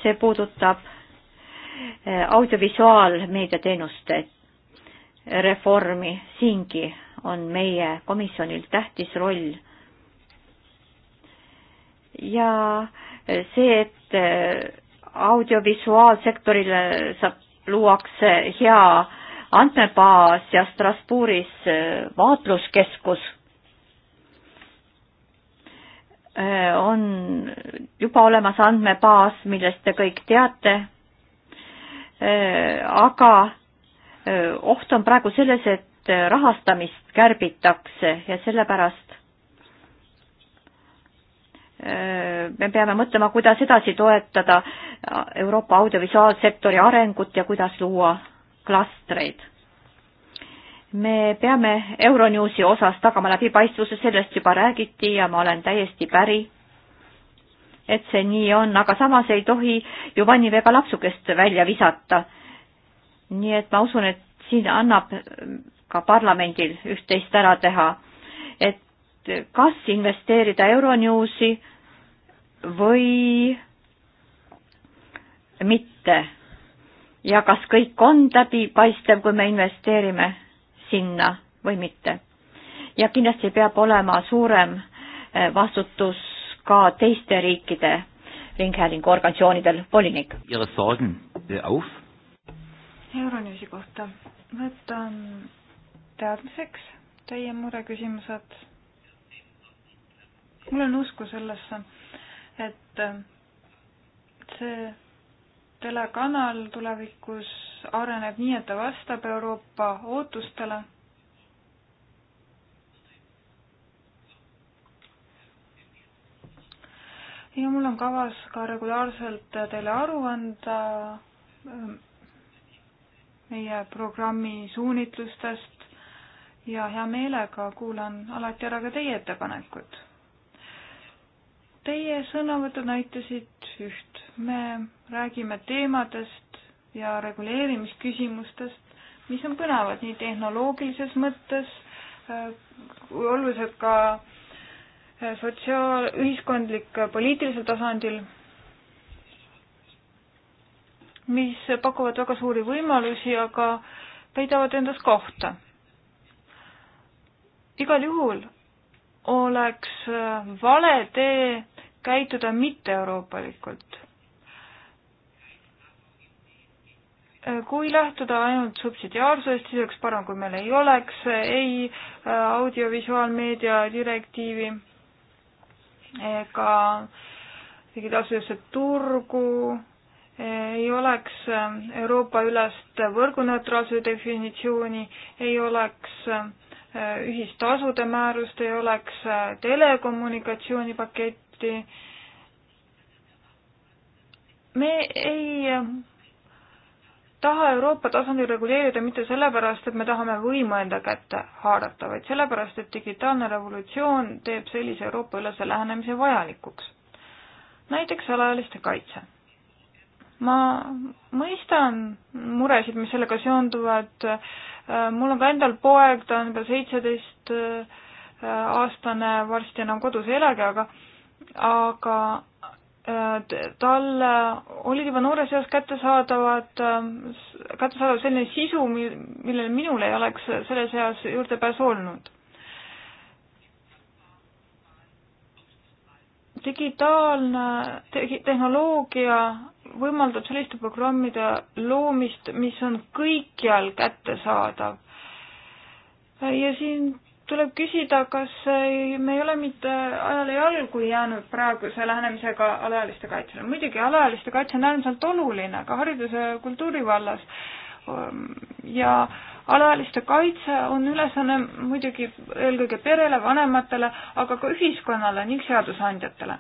see puudutab äh, audiovisuaalmeedia teenuste reformi, siingi on meie komisjonil tähtis roll ja see, et äh, audiovisuaalsektorile saab, luuakse hea andmebaas ja Strasbourgis äh, vaatluskeskus äh, on juba olemas andmebaas, millest te kõik teate. aga oht on praegu selles, et rahastamist kärbitakse ja sellepärast Äh, me peame mõtlema, kuidas edasi toetada Euroopa audiovisuaalsektori arengut ja kuidas luua klastreid. me peame Euronewsi osas tagama läbipaistvuse, sellest juba räägiti ja ma olen täiesti päri, et see nii on, aga samas ei tohi ju vanniveega lapsukest välja visata. nii et ma usun, et siin annab ka parlamendil üht-teist ära teha, et kas investeerida Euronewsi või mitte ja kas kõik on läbipaistev, kui me investeerime sinna või mitte. ja kindlasti peab olema suurem eh, vastutus ka teiste riikide ringhäälingu organisatsioonidel, volinik. Eh, Euronewsi kohta võtan teadmiseks teie mureküsimused mul on usku sellesse, et äh, see telekanal tulevikus areneb nii, et ta vastab Euroopa ootustele. ja mul on kavas ka regulaarselt teile aru anda äh, meie programmi suunitlustest ja hea meelega kuulan alati ära ka teie ettepanekud Teie sõnavõtud näitasid üht. me räägime teemadest ja reguleerimisküsimustest, mis on põnevad nii tehnoloogilises mõttes kui äh, olulised ka äh, sotsiaal, ühiskondlik, poliitilisel tasandil, mis pakuvad väga suuri võimalusi, aga peidavad endas kohta. igal juhul oleks äh, vale tee käituda mitteeuroopalikult. kui lähtuda ainult subsidiaarsusest, siis oleks parem, kui meil ei oleks ei äh, audiovisuaalmeedia direktiivi ega digitaalsesse turgu, ei oleks äh, Euroopa-ülest võrguneutraalsuse definitsiooni, ei oleks äh, ühistasude määrust, ei oleks telekommunikatsioonipakett, raporti. me ei taha Euroopa tasandil reguleerida mitte sellepärast, et me tahame võimu enda kätte haarata, vaid sellepärast, et digitaalne revolutsioon teeb sellise Euroopa-ülese lähenemise vajalikuks. näiteks alaealiste kaitse. ma mõistan muresid, mis sellega seonduvad, mul on ka endal poeg, ta on juba seitseteist äh, aastane, varsti enam kodus ei elagi, aga aga äh, tal äh, olid juba noores eas kättesaadavad, ähm, kättesaadav selline sisu, millele minul ei oleks selles eas juurdepääsu olnud. digitaalne te-, tehnoloogia võimaldab selliste programmide loomist, mis on kõikjal kättesaadav. ja siin tuleb küsida, kas me ei ole mitte ajale jalgu jäänud praeguse lähenemisega alaealiste kaitsele. muidugi alaealiste kaitse on äärmiselt oluline ka hariduse ja kultuuri vallas um, ja alaealiste kaitse on ülesanne muidugi eelkõige perele, vanematele, aga ka ühiskonnale ning seadusandjatele.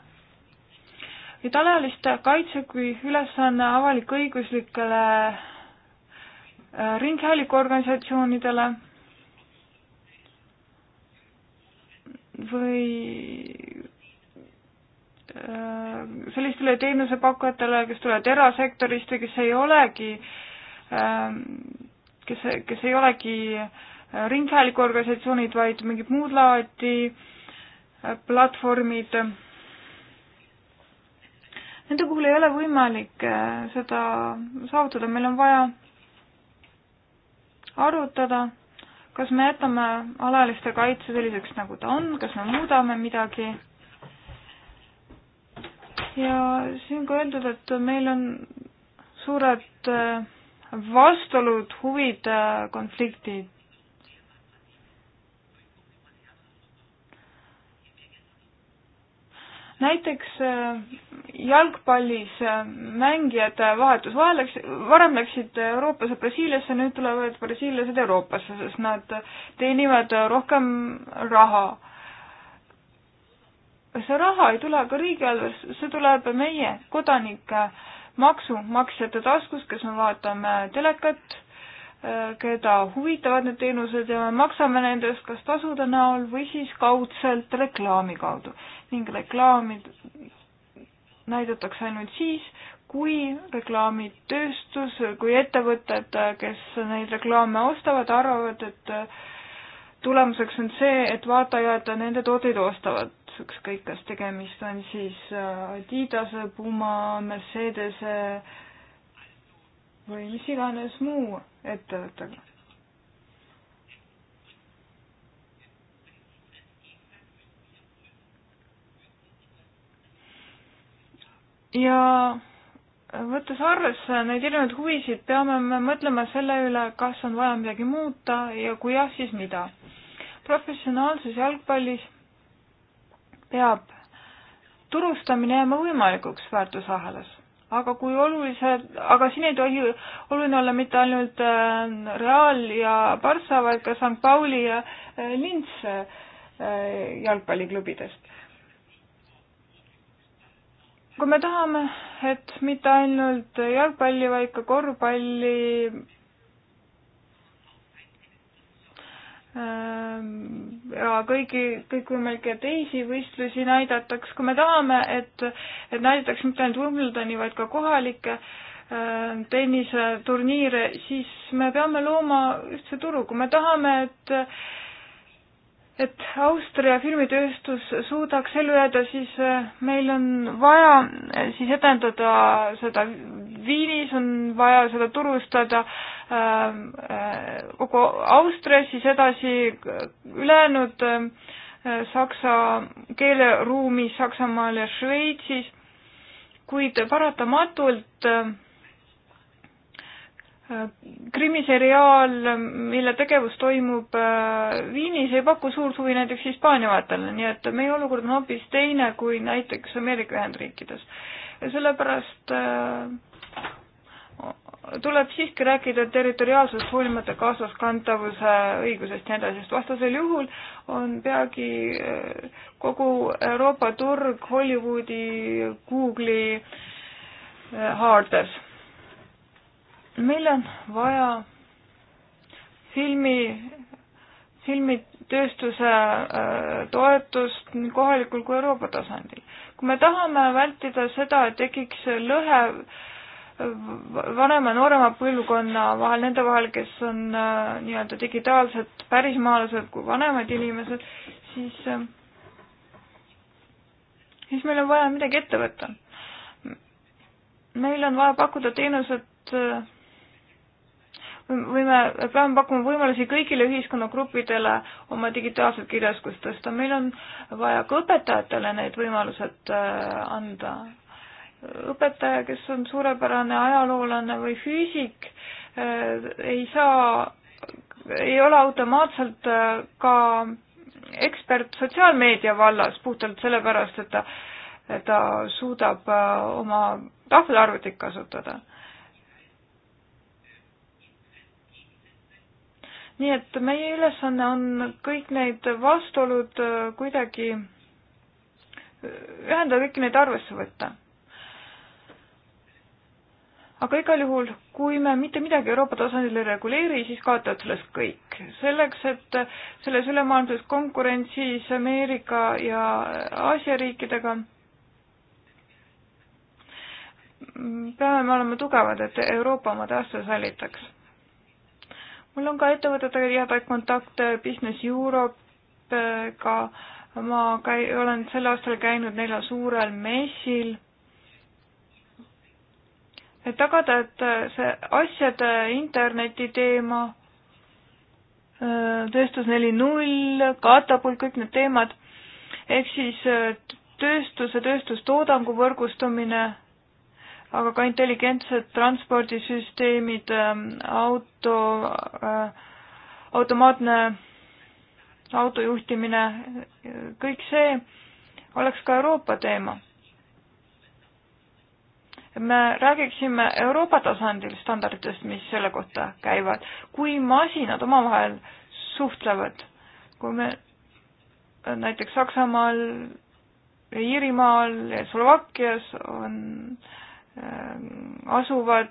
nüüd alaealiste kaitse kui ülesanne avalik-õiguslikele äh, ringhäälikuorganisatsioonidele või äh, sellistele teenusepakkujatele, kes tulevad erasektorist või kes ei olegi, ähm, kes, kes ei olegi äh, ringhäälingu organisatsioonid, vaid mingid muud laadi äh, platvormid. Nende puhul ei ole võimalik seda saavutada, meil on vaja arutada kas me jätame alaliste kaitse selliseks, nagu ta on, kas me muudame midagi? ja siin ka öeldud, et meil on suured äh, vastuolud, huvide konfliktid näiteks äh, jalgpallis äh, mängijad äh, vahetus vahel läks, varem läksid eurooplased Brasiiliasse, nüüd tulevad brasiiliased Euroopasse, sest nad teenivad rohkem raha. see raha ei tule aga riigieelarvest, see tuleb meie kodanike maksumaksjate taskust, kes me vaatame telekat Äh, keda huvitavad need teenused ja me maksame nende eest kas tasude näol või siis kaudselt reklaami kaudu. ning reklaami näidatakse ainult siis, kui reklaamitööstus, kui ettevõtted, kes neid reklaame ostavad, arvavad, et äh, tulemuseks on see, et vaatajad nende tooteid ostavad, ükskõik kas tegemist on siis äh, Adidase, Puma, Mercedese või mis iganes muu ettevõttega. ja võttes arvesse neid erinevaid huvisid, peame me mõtlema selle üle, kas on vaja midagi muuta ja kui jah, siis mida. professionaalses jalgpallis peab turustamine jääma võimalikuks väärtusahelas aga kui olulised, aga siin ei tohi oluline olla mitte ainult äh, Real ja Barca, vaid ka St Pauli ja äh, Linz äh, jalgpalliklubidest. kui me tahame, et mitte ainult jalgpalli, vaid ka korvpalli Ähm, ja kõigi, kõikvõimalikke teisi võistlusi näidataks, kui me tahame, et, et näidataks mitte ainult Wimbledoni, vaid ka kohalikke ähm, tenniseturniire, siis me peame looma ühtse turu, kui me tahame, et et Austria filmitööstus suudaks ellu jääda, siis äh, meil on vaja äh, siis edendada seda Viinis, on vaja seda turustada ähm, äh, kogu Austrias, siis edasi ülejäänud saksa keeleruumis Saksamaal ja Šveitsis, kuid paratamatult krimiseriaal, mille tegevus toimub äh, Viinis, ei paku suurt huvi näiteks Hispaania vaatajale, nii et meie olukord on hoopis teine kui näiteks Ameerika Ühendriikides. ja sellepärast äh, tuleb siiski rääkida territoriaalsest hoolimata kaasaskantavuse õigusest ja nii edasi, sest vastasel juhul on peagi äh, kogu Euroopa turg Hollywoodi, Google'i haardes meil on vaja filmi, filmitööstuse äh, toetust nii kohalikul kui Euroopa tasandil. kui me tahame vältida seda, et tekiks lõhe äh, vanema ja noorema põlvkonna vahel, nende vahel, kes on äh, nii-öelda digitaalsed pärismaalased kui vanemad inimesed, siis, siis meil on vaja midagi ette võtta. meil on vaja pakkuda teenuset võime, peame pakkuma võimalusi kõigile ühiskonnagruppidele oma digitaalset kirjaskust tõsta, meil on vaja ka õpetajatele need võimalused äh, anda. õpetaja, kes on suurepärane ajaloolane või füüsik, äh, ei saa, ei ole automaatselt äh, ka ekspert sotsiaalmeedia vallas puhtalt sellepärast, et ta, ta suudab oma tahvelarvutit kasutada nii et meie ülesanne on kõik need vastuolud äh, kuidagi äh, ühendada, kõiki neid arvesse võtta. aga igal juhul, kui me mitte midagi Euroopa tasandil ei reguleeri, siis kaotavad sellest kõik. selleks, et selles ülemaailmses konkurentsis Ameerika ja Aasia riikidega peame me olema tugevad, et Euroopa oma taastus säilitaks mul on ka ettevõtetega tihedaid kontakte, eh, Business Europe'ga, ma käi-, olen sel aastal käinud neljal suurel messil, et tagada, et eh, see asjade interneti teema, eh, tööstus neli null, katapult, kõik need teemad, ehk siis tööstuse, tööstustoodangu võrgustumine aga ka intelligentsed transpordisüsteemid, ähm, auto, äh, automaatne autojuhtimine, kõik see oleks ka Euroopa teema. me räägiksime Euroopa tasandil standarditest, mis selle kohta käivad, kui masinad omavahel suhtlevad, kui me näiteks Saksamaal, Iirimaal ja Slovakkias on äh, Ehm, asuvad,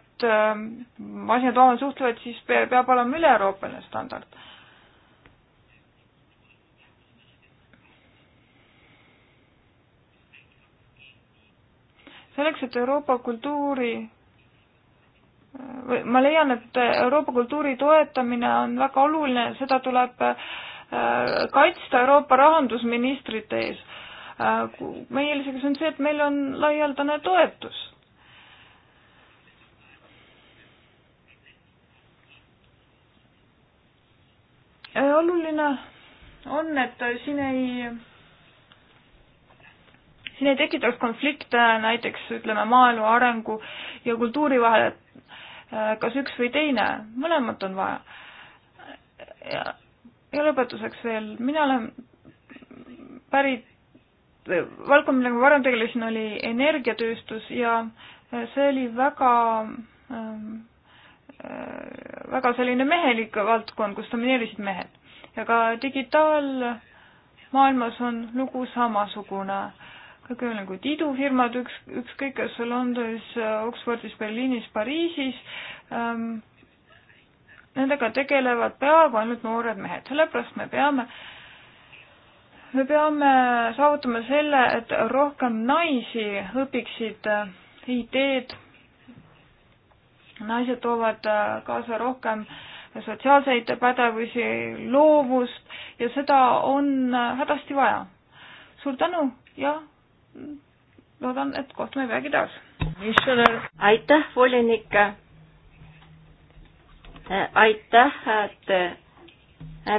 masinad ehm, omavahel suhtlevad, siis peab olema üle-euroopaline standard. selleks, et Euroopa kultuuri või ma leian, et Euroopa kultuuri toetamine on väga oluline, seda tuleb ehm, kaitsta Euroopa rahandusministrite ees. meie eeliseks on see, et meil on laialdane toetus Äh, oluline on, et siin ei, siin ei tekitaks konflikte näiteks ütleme, maaelu arengu ja kultuuri vahel, et äh, kas üks või teine, mõlemat on vaja. ja, ja lõpetuseks veel, mina olen pärit, valdkond, millega ma varem tegelesin, oli energiatööstus ja äh, see oli väga ähm, Äh, väga selline mehelik valdkond, kus domineerisid mehed. ja ka digitaalmaailmas on lugu samasugune. kõik on nagu idufirmad, üks, ükskõik kas Londonis, Oxfordis, Berliinis, Pariisis ähm,, nendega tegelevad peaaegu ainult noored mehed, sellepärast me peame me peame saavutama selle, et rohkem naisi õpiksid äh, ideed naised toovad äh, kaasa rohkem sotsiaalseid pädevusi, loovust ja seda on äh, hädasti vaja. suur tänu ja loodan, et kohtume peagi taas. aitäh, volinik. Äh, aitäh, et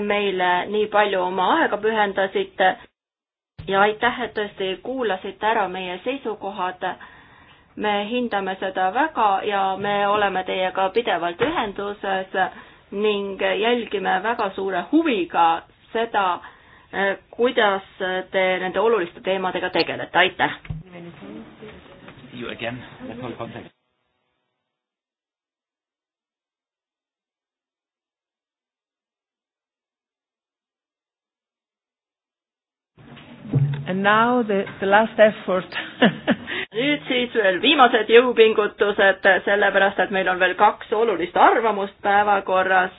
meile nii palju oma aega pühendasite ja aitäh, et tõesti kuulasite ära meie seisukohad me hindame seda väga ja me oleme teiega pidevalt ühenduses ning jälgime väga suure huviga seda, eh, kuidas te nende oluliste teemadega tegelete, aitäh! And now the, the last effort nüüd siis veel viimased jõupingutused, sellepärast et meil on veel kaks olulist arvamust päevakorras.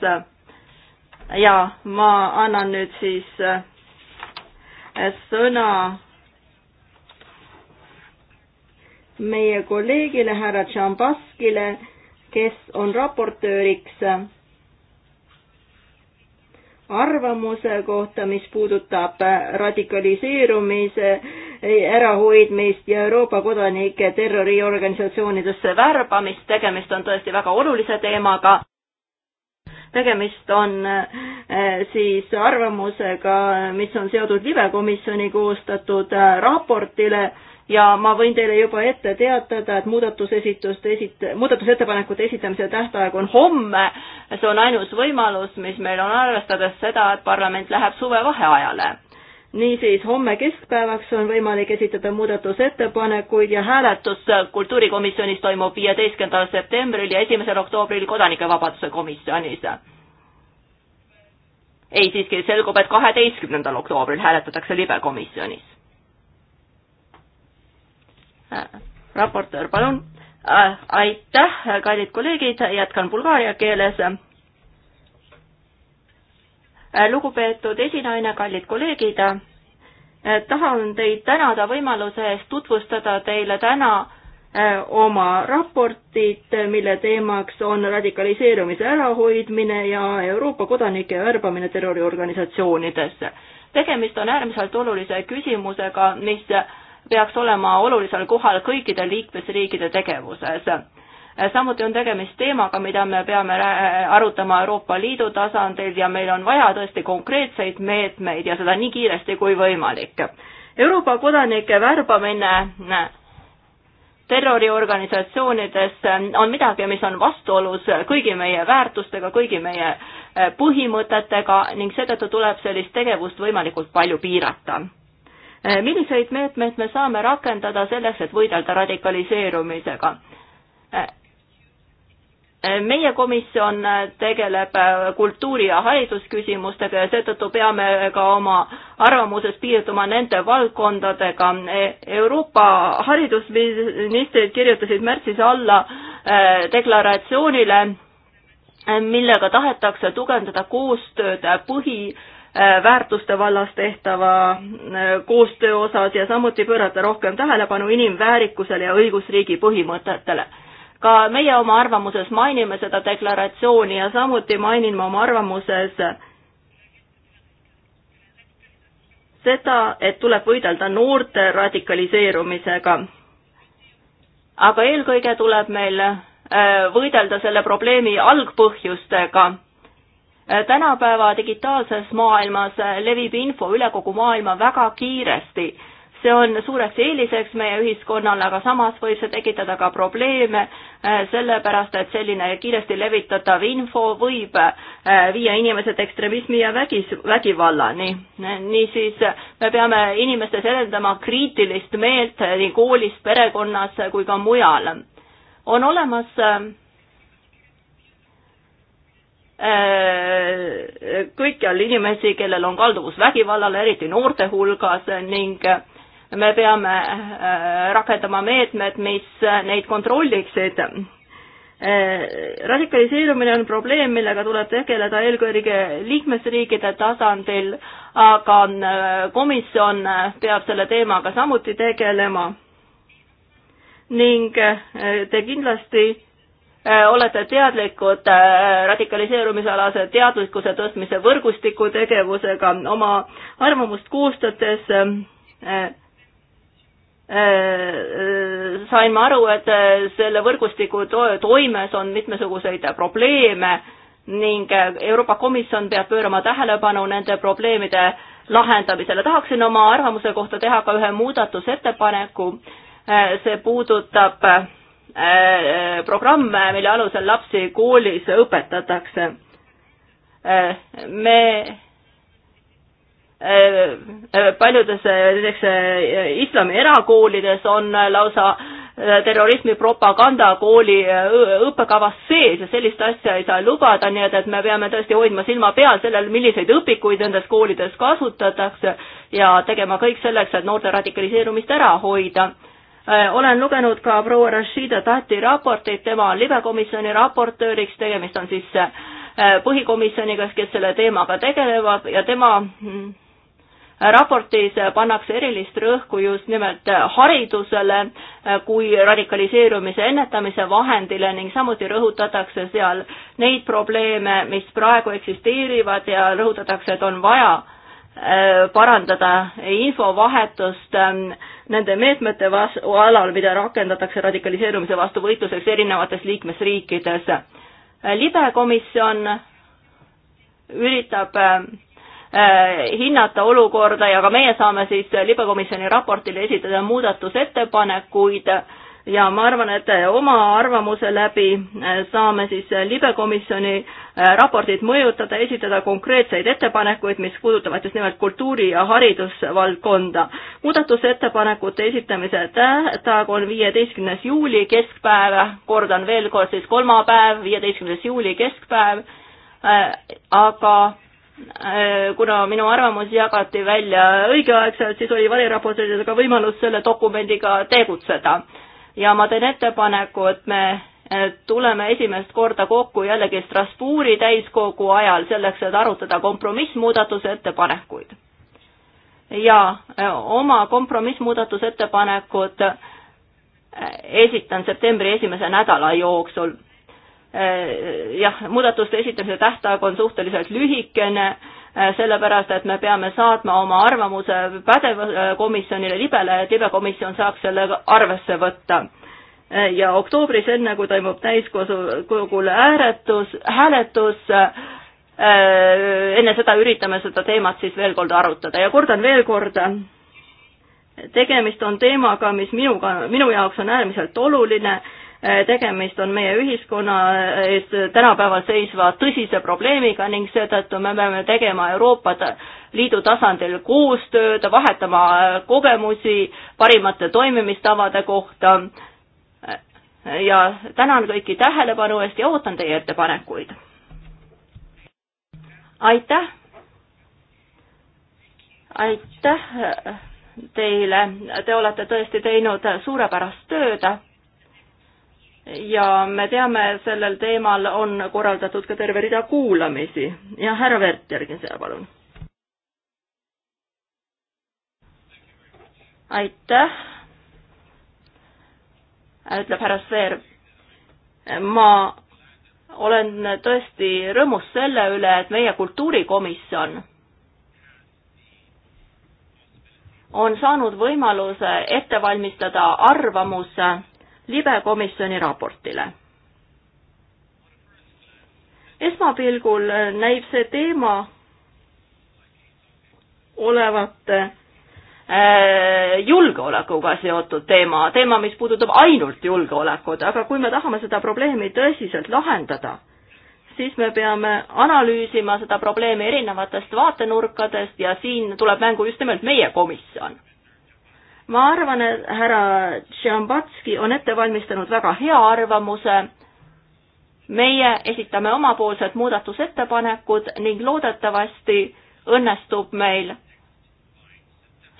ja ma annan nüüd siis eh, sõna meie kolleegile härra Tšambaskile, kes on raportööriks arvamuse kohta, mis puudutab radikaliseerumise ärahoidmist ja Euroopa kodanike terroriorganisatsioonidesse värbamist, tegemist on tõesti väga olulise teemaga. tegemist on eh, siis arvamusega, mis on seotud libekomisjoni koostatud eh, raportile ja ma võin teile juba ette teatada, et muudatusesituste esit-, muudatusettepanekute esitamise tähtaeg on homme. see on ainus võimalus, mis meil on, arvestades seda, et parlament läheb suvevaheajale. niisiis, homme keskpäevaks on võimalik esitada muudatusettepanekuid ja hääletus kultuurikomisjonis toimub viieteistkümnendal septembril ja esimesel oktoobril Kodanikevabaduse komisjonis ei, siiski selgub, et kaheteistkümnendal oktoobril hääletatakse libekomisjonis raportöör, palun. Äh, aitäh, kallid kolleegid, jätkan bulgaaria keeles. Äh, lugupeetud esinaine, kallid kolleegid, äh, tahan teid tänada võimaluse eest tutvustada teile täna oma raportit, mille teemaks on radikaliseerumise ärahoidmine ja Euroopa kodanike värbamine terroriorganisatsioonidesse. tegemist on äärmiselt olulise küsimusega, mis peaks olema olulisel kohal kõikide liikmesriikide tegevuses. samuti on tegemist teemaga, mida me peame arutama Euroopa Liidu tasandil ja meil on vaja tõesti konkreetseid meetmeid ja seda nii kiiresti kui võimalik. Euroopa kodanike värbamine terroriorganisatsioonides on midagi, mis on vastuolus kõigi meie väärtustega, kõigi meie eh, põhimõtetega ning seetõttu tuleb sellist tegevust võimalikult palju piirata Eh, milliseid meetmeid me saame rakendada selleks, et võidelda radikaliseerumisega? Eh, eh, meie komisjon tegeleb kultuuri- ja haridusküsimustega ja seetõttu peame ka oma arvamuses piirduma nende valdkondadega. Euroopa haridusministrid kirjutasid märtsis alla deklaratsioonile, millega tahetakse tugevdada koostööd põhi- Äh, väärtuste vallas tehtava äh, koostöö osas ja samuti pöörata rohkem tähelepanu inimväärikusele ja õigusriigi põhimõtetele. ka meie oma arvamuses mainime seda deklaratsiooni ja samuti mainin ma oma arvamuses seda, et tuleb võidelda noorte radikaliseerumisega. aga eelkõige tuleb meil äh, võidelda selle probleemi algpõhjustega Äh, tänapäeva digitaalses maailmas äh, levib info üle kogu maailma väga kiiresti. see on suureks eeliseks meie ühiskonnale, aga samas võib see tekitada ka probleeme, äh, sellepärast et selline kiiresti levitatav info võib viia inimesed ekstremismi ja vägis, vägivallani. niisiis me peame inimestes edendama kriitilist meelt nii koolis, perekonnas kui ka mujal. on olemas Äh, kõikjal inimesi, kellel on kalduvus vägivallale, eriti noorte hulgas ning me peame äh, rakendama meetmed, mis neid kontrolliksid. Äh, radikaliseerumine on probleem, millega tuleb tegeleda eelkõige liikmesriikide tasandil, aga komisjon peab selle teemaga samuti tegelema. ning te kindlasti Äh, olete teadlikud äh, radikaliseerumisalase teadlikkuse tõstmise võrgustiku tegevusega oma arvamust koostades ähm, äh, sain ma aru, et selle võrgustiku toimes on mitmesuguseid probleeme ning Euroopa Komisjon peab pöörama tähelepanu nende probleemide lahendamisele. tahaksin oma arvamuse kohta teha ka ühe muudatusettepaneku. see puudutab Äh, programme, mille alusel lapsi koolis õpetatakse. Äh, me äh, paljudes näiteks islami erakoolides on lausa terrorismi propagandakooli õppekavas sees ja sellist asja ei saa lubada, nii et, et me peame tõesti hoidma silma peal sellel, milliseid õpikuid nendes koolides kasutatakse ja tegema kõik selleks, et noorte radikaliseerumist ära hoida Äh, olen lugenud ka proua Rashida Tati raportit, tema on libekomisjoni raportööriks, tegemist on siis äh, põhikomisjoniga, kes selle teemaga tegelevad ja tema mm, raportis pannakse erilist rõhku just nimelt äh, haridusele kui radikaliseerumise ennetamise vahendile ning samuti rõhutatakse seal neid probleeme, mis praegu eksisteerivad ja rõhutatakse, et on vaja parandada infovahetust ähm, nende meetmete vas-, alal, mida rakendatakse radikaliseerumise vastu võitluseks erinevates liikmesriikides. libekomisjon üritab äh, hinnata olukorda ja ka meie saame siis libekomisjoni raportile esitada muudatusettepanekuid ja ma arvan, et eh, oma arvamuse läbi eh, saame siis eh, libekomisjoni raportit mõjutada, esitada konkreetseid ettepanekuid, mis puudutavad just nimelt kultuuri- ja haridusvaldkonda. muudatusettepanekute esitamise tähtaeg on viieteistkümnes juuli keskpäev, kordan veel kord siis kolmapäev, viieteistkümnes juuli keskpäev, aga kuna minu arvamus jagati välja õigeaegselt, siis oli valiraportööridega võimalus selle dokumendiga tegutseda ja ma teen ettepaneku, et me eh, tuleme esimest korda kokku jällegi Strasbourgi täiskogu ajal selleks, et arutada kompromissmuudatuse ettepanekuid. ja eh, oma kompromissmuudatusettepanekud eh, esitan septembri esimese nädala jooksul jah, muudatuste esitamise tähtaeg on suhteliselt lühikene Äh, sellepärast et me peame saatma oma arvamuse pädeva äh, komisjonile, libele, et libekomisjon saaks selle arvesse võtta. Äh, ja oktoobris, enne kui toimub täiskogul hääletus, hääletus, enne seda üritame seda teemat siis veel kord arutada ja kordan veel kord, tegemist on teemaga, mis minuga, minu jaoks on äärmiselt oluline Äh, tegemist on meie ühiskonna äh, ees tänapäeval seisva tõsise probleemiga ning seetõttu me peame tegema Euroopa Liidu tasandil koostööd, vahetama äh, kogemusi parimate toimimistavade kohta ja tänan kõiki tähelepanu eest ja ootan teie ettepanekuid. aitäh! aitäh teile, te olete tõesti teinud suurepärast tööd ja me teame, sellel teemal on korraldatud ka terve rida kuulamisi ja härra Vert järgmisena, palun. aitäh, ütleb härra Sveer. ma olen tõesti rõõmus selle üle, et meie kultuurikomisjon on saanud võimaluse ette valmistada arvamuse libekomisjoni raportile. esmapilgul näib see teema olevat äh, julgeolekuga seotud teema, teema, mis puudutab ainult julgeolekut, aga kui me tahame seda probleemi tõsiselt lahendada, siis me peame analüüsima seda probleemi erinevatest vaatenurkadest ja siin tuleb mängu just nimelt meie komisjon ma arvan, et härra Tšambatski on ette valmistanud väga hea arvamuse. meie esitame omapoolsed muudatusettepanekud ning loodetavasti õnnestub meil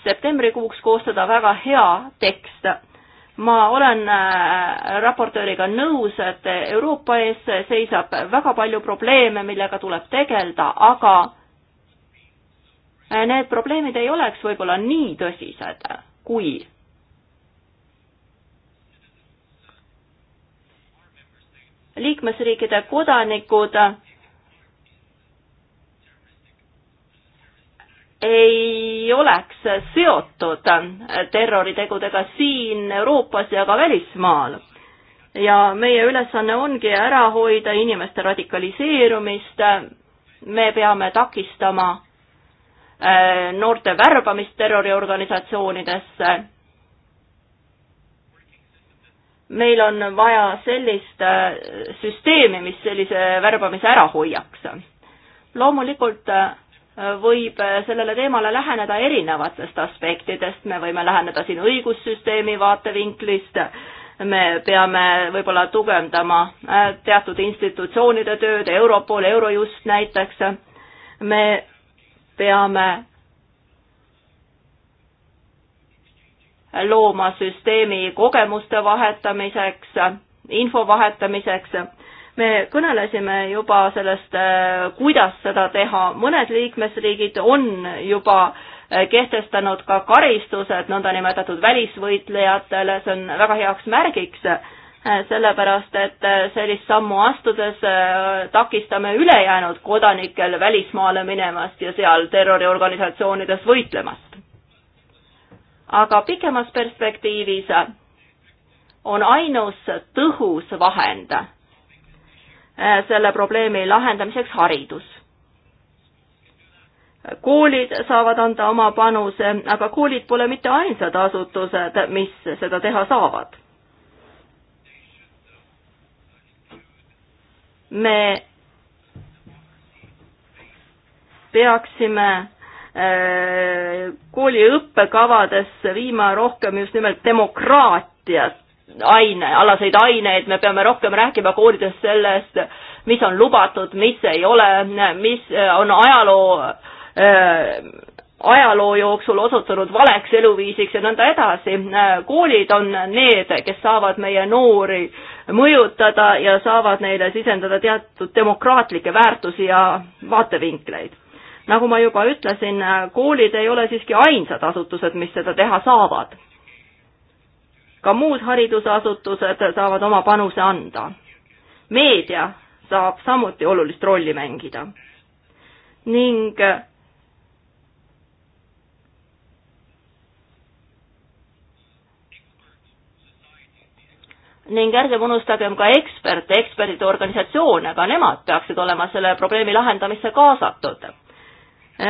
septembrikuuks koostada väga hea tekst. ma olen äh, raportööriga nõus, et Euroopa ees seisab väga palju probleeme, millega tuleb tegeleda, aga äh, need probleemid ei oleks võib-olla nii tõsised kui liikmesriikide kodanikud ei oleks seotud terroritegudega siin Euroopas ja ka välismaal. ja meie ülesanne ongi ära hoida inimeste radikaliseerumist, me peame takistama Äh, noorte värbamist terroriorganisatsioonidesse. meil on vaja sellist äh, süsteemi, mis sellise värbamise ära hoiaks. loomulikult äh, võib sellele teemale läheneda erinevatest aspektidest, me võime läheneda siin õigussüsteemi vaatevinklist, me peame võib-olla tugevdama teatud institutsioonide tööd, Europol, Eurojust näiteks, me peame looma süsteemi kogemuste vahetamiseks, info vahetamiseks. me kõnelesime juba sellest, äh, kuidas seda teha, mõned liikmesriigid on juba äh, kehtestanud ka karistused nõndanimetatud välisvõitlejatele, see on väga heaks märgiks Äh, sellepärast et äh, sellist sammu astudes äh, takistame ülejäänud kodanikel välismaale minemast ja seal terroriorganisatsioonides võitlemast. aga pikemas perspektiivis on ainus tõhus vahend selle probleemi lahendamiseks haridus. koolid saavad anda oma panuse, aga koolid pole mitte ainsad asutused, mis seda teha saavad me peaksime äh, kooli õppekavadesse viima rohkem just nimelt demokraatiat, aine, alaseid aineid, me peame rohkem rääkima koolides sellest, mis on lubatud, mis ei ole, mis äh, on ajaloo, äh, ajaloo jooksul osutunud valeks eluviisiks ja nõnda edasi. koolid on need, kes saavad meie noori mõjutada ja saavad neile sisendada teatud demokraatlikke väärtusi ja vaatevinkleid. nagu ma juba ütlesin, koolid ei ole siiski ainsad asutused, mis seda teha saavad. ka muud haridusasutused saavad oma panuse anda. meedia saab samuti olulist rolli mängida. ning ning ärgem unustagem ka eksperte, ekspertide organisatsioone, ka nemad peaksid olema selle probleemi lahendamisse kaasatud.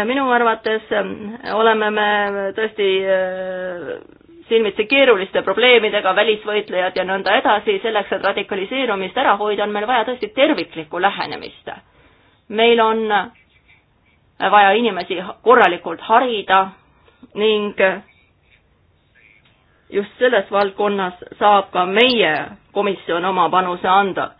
minu arvates ähm, oleme me tõesti äh, silmitsi keeruliste probleemidega, välisvõitlejad ja nõnda edasi, selleks, et radikaliseerumist ära hoida, on meil vaja tõesti terviklikku lähenemist. meil on vaja inimesi korralikult harida ning äh, just selles valdkonnas saab ka meie komisjon oma panuse anda.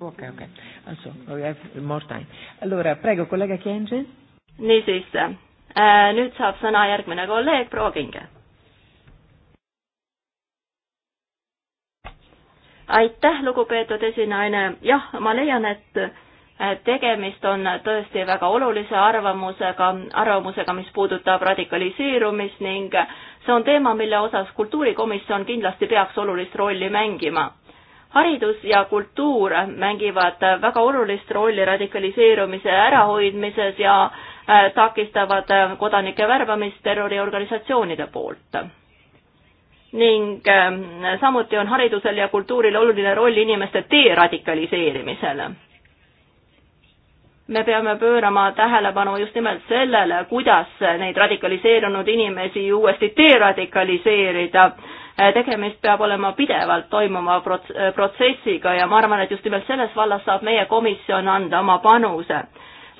okei okay,, okei okay., also we have more time. Allora praegu kolleeg Kienge. niisiis äh,, nüüd saab sõna järgmine kolleeg, proua Kinge. aitäh, lugupeetud esinaine, jah, ma leian, et tegemist on tõesti väga olulise arvamusega, arvamusega, mis puudutab radikaliseerumist ning see on teema, mille osas kultuurikomisjon kindlasti peaks olulist rolli mängima. haridus ja kultuur mängivad väga olulist rolli radikaliseerumise ärahoidmises ja äh, takistavad äh, kodanike värbamist terroriorganisatsioonide poolt ning äh, samuti on haridusel ja kultuuril oluline roll inimeste deradikaliseerimisel me peame pöörama tähelepanu just nimelt sellele, kuidas neid radikaliseerunud inimesi uuesti deradikaliseerida. tegemist peab olema pidevalt toimuma prots-, protsessiga ja ma arvan, et just nimelt selles vallas saab meie komisjon anda oma panuse.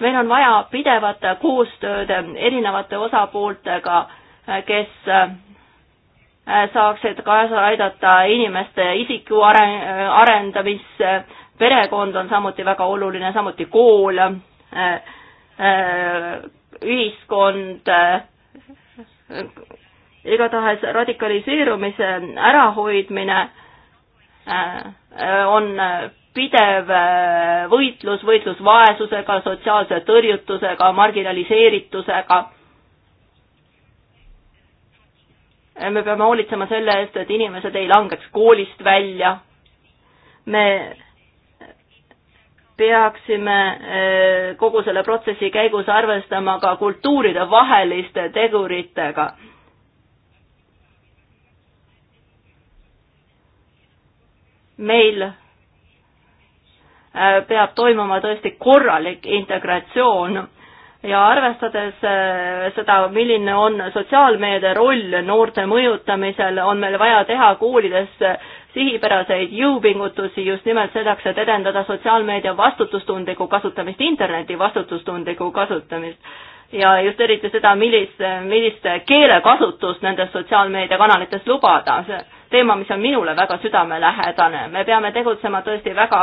meil on vaja pidevat koostööd erinevate osapooltega, kes äh, saaksid kaasa aidata inimeste isiku are-, arendamisse perekond on samuti väga oluline, samuti kool, äh, äh, ühiskond, äh, igatahes radikaliseerumise ärahoidmine on pidev võitlus, võitlus vaesusega, sotsiaalse tõrjutusega, marginaliseeritusega. me peame hoolitsema selle eest, et inimesed ei langeks koolist välja. me peaksime eh, kogu selle protsessi käigus arvestama ka kultuuride vaheliste teguritega. meil eh, peab toimuma tõesti korralik integratsioon ja arvestades eh, seda, milline on sotsiaalmeedia roll noorte mõjutamisel, on meil vaja teha koolides sihipäraseid jõupingutusi just nimelt selleks, et edendada sotsiaalmeedia vastutustundlikku kasutamist, interneti vastutustundlikku kasutamist ja just eriti seda, millist, millist keelekasutust nendes sotsiaalmeediakanalites lubada, see teema, mis on minule väga südamelähedane, me peame tegutsema tõesti väga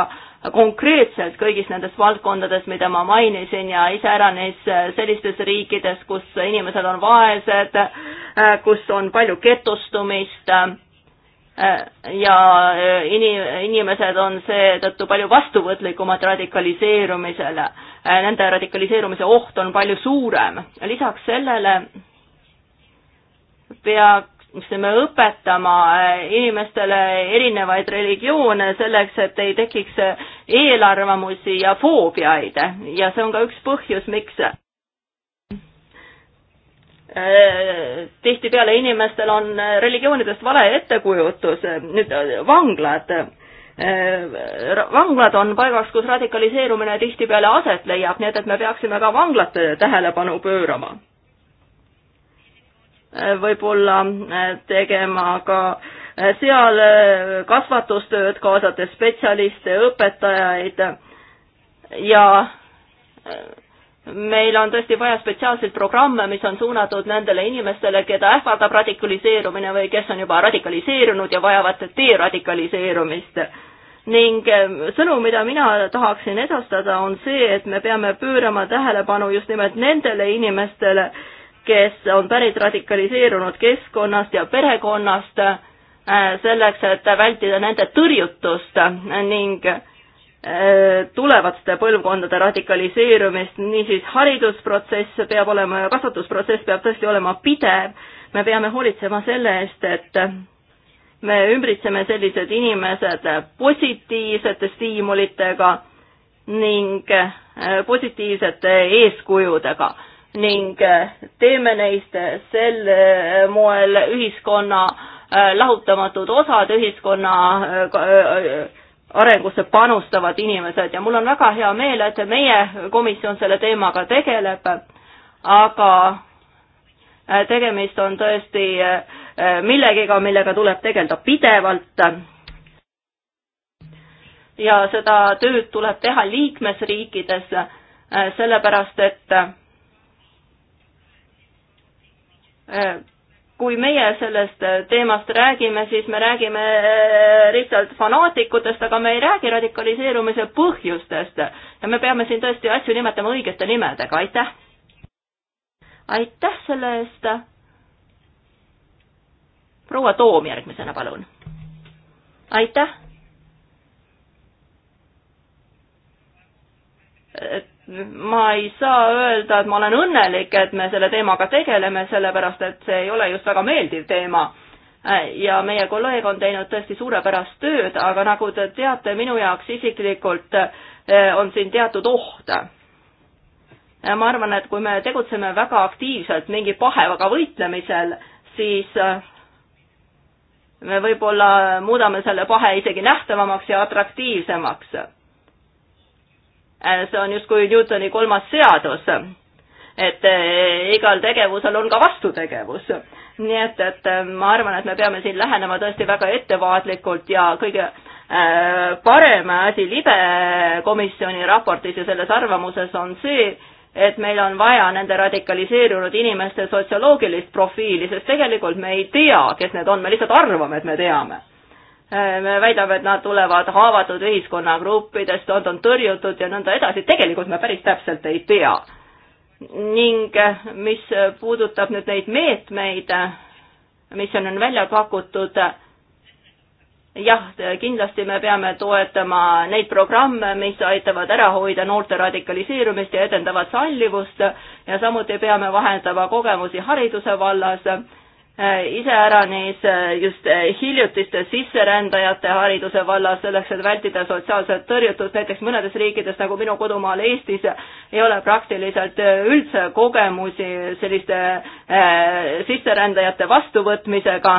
konkreetselt kõigis nendes valdkondades, mida ma mainisin ja iseäranis sellistes riikides, kus inimesed on vaesed, kus on palju getostumist Äh, ja äh, ini-, inimesed on seetõttu palju vastuvõtlikumad radikaliseerumisele. Äh, nende radikaliseerumise oht on palju suurem. lisaks sellele peaksime õpetama inimestele erinevaid religioone selleks, et ei tekiks eelarvamusi ja foobiaid ja see on ka üks põhjus, miks Äh, tihtipeale inimestel on äh, religioonidest vale ettekujutus, äh, nüüd vanglad, vanglad on paigaks, kus radikaliseerumine tihtipeale aset leiab, nii et, et me peaksime ka vanglate tähelepanu pöörama. võib-olla tegema ka seal kasvatustööd, kaasates spetsialiste, õpetajaid ja meil on tõesti vaja spetsiaalseid programme, mis on suunatud nendele inimestele, keda ähvardab radikaliseerumine või kes on juba radikaliseerunud ja vajavad deradikaliseerumist. ning ähm, sõnum, mida mina tahaksin edastada, on see, et me peame pöörama tähelepanu just nimelt nendele inimestele, kes on pärit radikaliseerunud keskkonnast ja perekonnast, äh, selleks, et vältida nende tõrjutust ning Äh, tulevaste põlvkondade radikaliseerumist, niisiis haridusprotsess peab olema ja kasvatusprotsess peab tõesti olema pidev. me peame hoolitsema selle eest, et me ümbritseme sellised inimesed positiivsete stiimulitega ning äh, positiivsete eeskujudega ning äh, teeme neist sel moel ühiskonna lahutamatud osad, ühiskonna arengusse panustavad inimesed ja mul on väga hea meel, et meie komisjon selle teemaga tegeleb, aga äh, tegemist on tõesti äh, millegiga, millega tuleb tegeleda pidevalt. ja seda tööd tuleb teha liikmesriikides, äh, sellepärast et kui meie sellest äh, teemast räägime, siis me räägime äh, lihtsalt fanaatikutest, aga me ei räägi radikaliseerumise põhjustest ja me peame siin tõesti asju nimetama õigete nimedega, aitäh! aitäh selle eest! proua Toom järgmisena, palun! aitäh! Äh, ma ei saa öelda, et ma olen õnnelik, et me selle teemaga tegeleme, sellepärast et see ei ole just väga meeldiv teema. ja meie kolleeg on teinud tõesti suurepärast tööd, aga nagu te teate, minu jaoks isiklikult eh, on siin teatud oht. ma arvan, et kui me tegutseme väga aktiivselt mingi pahevaga võitlemisel, siis eh, me võib-olla muudame selle pahe isegi nähtavamaks ja atraktiivsemaks Äh, see on justkui Newtoni kolmas seadus, et äh, igal tegevusel on ka vastutegevus. nii et, et äh, ma arvan, et me peame siin lähenema tõesti väga ettevaatlikult ja kõige parem asi libe komisjoni raportis ja selles arvamuses on see, et meil on vaja nende radikaliseerunud inimeste sotsioloogilist profiili, sest tegelikult me ei tea, kes need on, me lihtsalt arvame, et me teame Äh, me väidame, et nad tulevad haavatud ühiskonnagruppidest, nad on tõrjutud ja nõnda edasi, tegelikult me päris täpselt ei tea. ning äh, mis puudutab nüüd neid meetmeid, äh, mis on välja pakutud, jah, kindlasti me peame toetama neid programme, mis aitavad ära hoida noorte radikaliseerumist ja edendavad sallivust ja samuti peame vahendama kogemusi hariduse vallas Äh, iseäranis äh, just äh, hiljutiste sisserändajate hariduse vallas, selleks et vältida sotsiaalset tõrjutust, näiteks mõnedes riikides nagu minu kodumaal Eestis ei ole praktiliselt üldse kogemusi selliste sisserändajate vastuvõtmisega.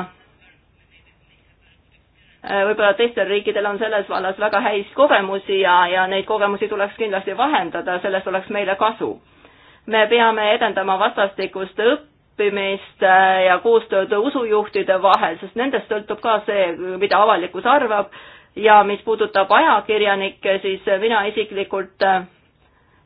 võib-olla teistel riikidel on selles vallas väga häid kogemusi ja, ja neid kogemusi tuleks kindlasti vahendada, sellest oleks meile kasu. me peame edendama vastastikust õppimist õppimist äh, ja koostööd usujuhtide vahel, sest nendest sõltub ka see, mida avalikkus arvab ja mis puudutab ajakirjanikke, siis mina isiklikult äh,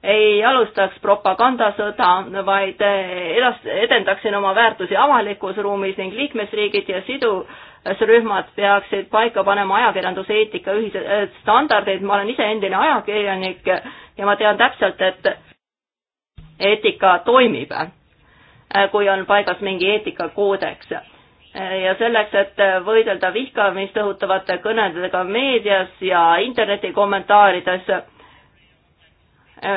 ei alustaks propagandasõda, vaid äh, edas-, edendaksin oma väärtusi avalikus ruumis ning liikmesriigid ja sidusrühmad peaksid paika panema ajakirjanduse eetika ühised standardid, ma olen ise endine ajakirjanik ja ma tean täpselt, et eetika toimib Äh, kui on paigas mingi eetikakoodeks. Äh, ja selleks, et äh, võidelda vihkamist õhutavate kõnedega meedias ja internetikommentaarides,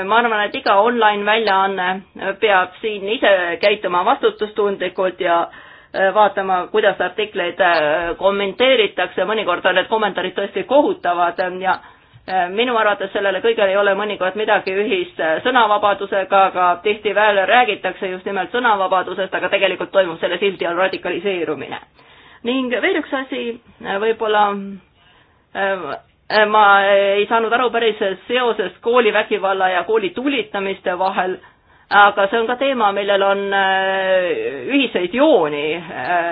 ma arvan, et iga online väljaanne peab siin ise käituma vastutustundlikult ja vaatama, kuidas artikleid kommenteeritakse, mõnikord on need kommentaarid tõesti kohutavad ja Äh, minu arvates sellele kõigele ei ole mõnikord midagi ühist äh, sõnavabadusega, aga tihtipeale räägitakse just nimelt sõnavabadusest, aga tegelikult toimub selle sildi all radikaliseerumine. ning veel üks asi, äh, võib-olla ma ei saanud aru päris seosest koolivägivalla ja kooli tulitamiste vahel, aga see on ka teema, millel on ühiseid jooni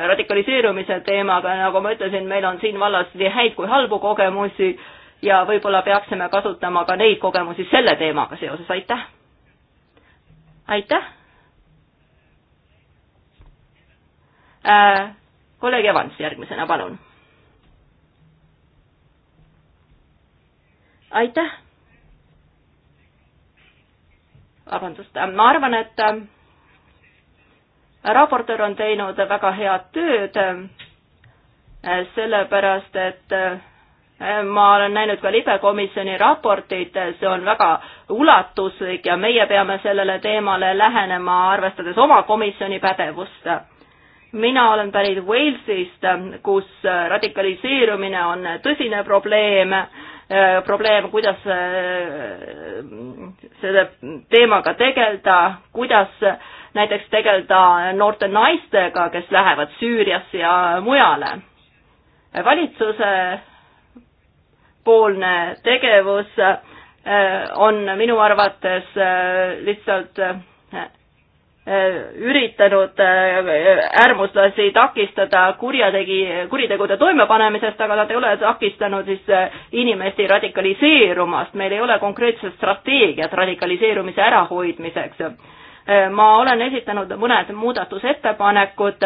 radikaliseerumise teemaga, nagu ma ütlesin, meil on siin vallas nii häid kui halbu kogemusi ja võib-olla peaksime kasutama ka neid kogemusi selle teemaga seoses, aitäh! aitäh äh,! kolleeg Evans järgmisena, palun! aitäh! vabandust, äh, ma arvan, et äh, raportöör on teinud väga head tööd, äh, sellepärast et äh, ma olen näinud ka libekomisjoni raportit, see on väga ulatuslik ja meie peame sellele teemale lähenema, arvestades oma komisjoni pädevust. mina olen pärit Walesist, kus radikaliseerumine on tõsine probleem, probleem, kuidas äh, selle teemaga tegeleda, kuidas näiteks tegeleda noorte naistega, kes lähevad Süüriasse ja mujale. valitsuse poolne tegevus eh, on minu arvates eh, lihtsalt eh, üritanud äärmuslasi takistada kurjategi, kuritegude toimepanemisest, aga nad ei ole takistanud siis inimesi radikaliseerumast, meil ei ole konkreetset strateegiat radikaliseerumise ärahoidmiseks. ma olen esitanud mõned muudatusettepanekud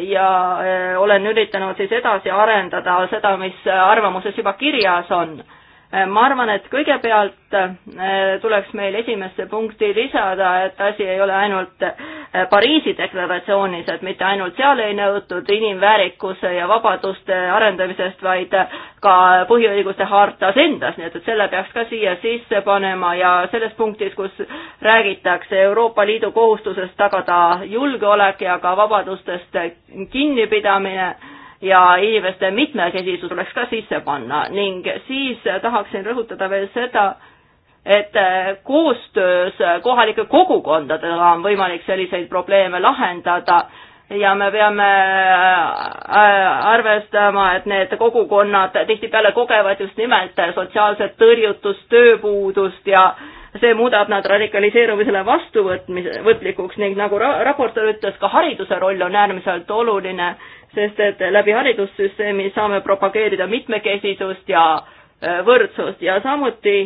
ja äh, olen üritanud siis edasi arendada seda, mis arvamuses juba kirjas on Äh, ma arvan, et kõigepealt äh, tuleks meil esimesse punkti lisada, et asi ei ole ainult äh, Pariisi deklaratsioonis, et mitte ainult seal ei nõutud inimväärikuse ja vabaduste arendamisest, vaid ka põhiõiguste hartas endas, nii et, et selle peaks ka siia sisse panema ja selles punktis, kus räägitakse Euroopa Liidu kohustusest tagada julgeolek ja ka vabadustest kinnipidamine ja inimeste mitmekesisus tuleks ka sisse panna ning siis tahaksin rõhutada veel seda, et koostöös kohalike kogukondadega on võimalik selliseid probleeme lahendada ja me peame äh, arvestama, et need kogukonnad tihtipeale kogevad just nimelt sotsiaalset tõrjutust, tööpuudust ja see muudab nad radikaliseerumisele vastuvõtmise, võtlikuks ning nagu ra raportöör ütles, ka hariduse roll on äärmiselt oluline sest et läbi haridussüsteemi saame propageerida mitmekesisust ja äh, võrdsust ja samuti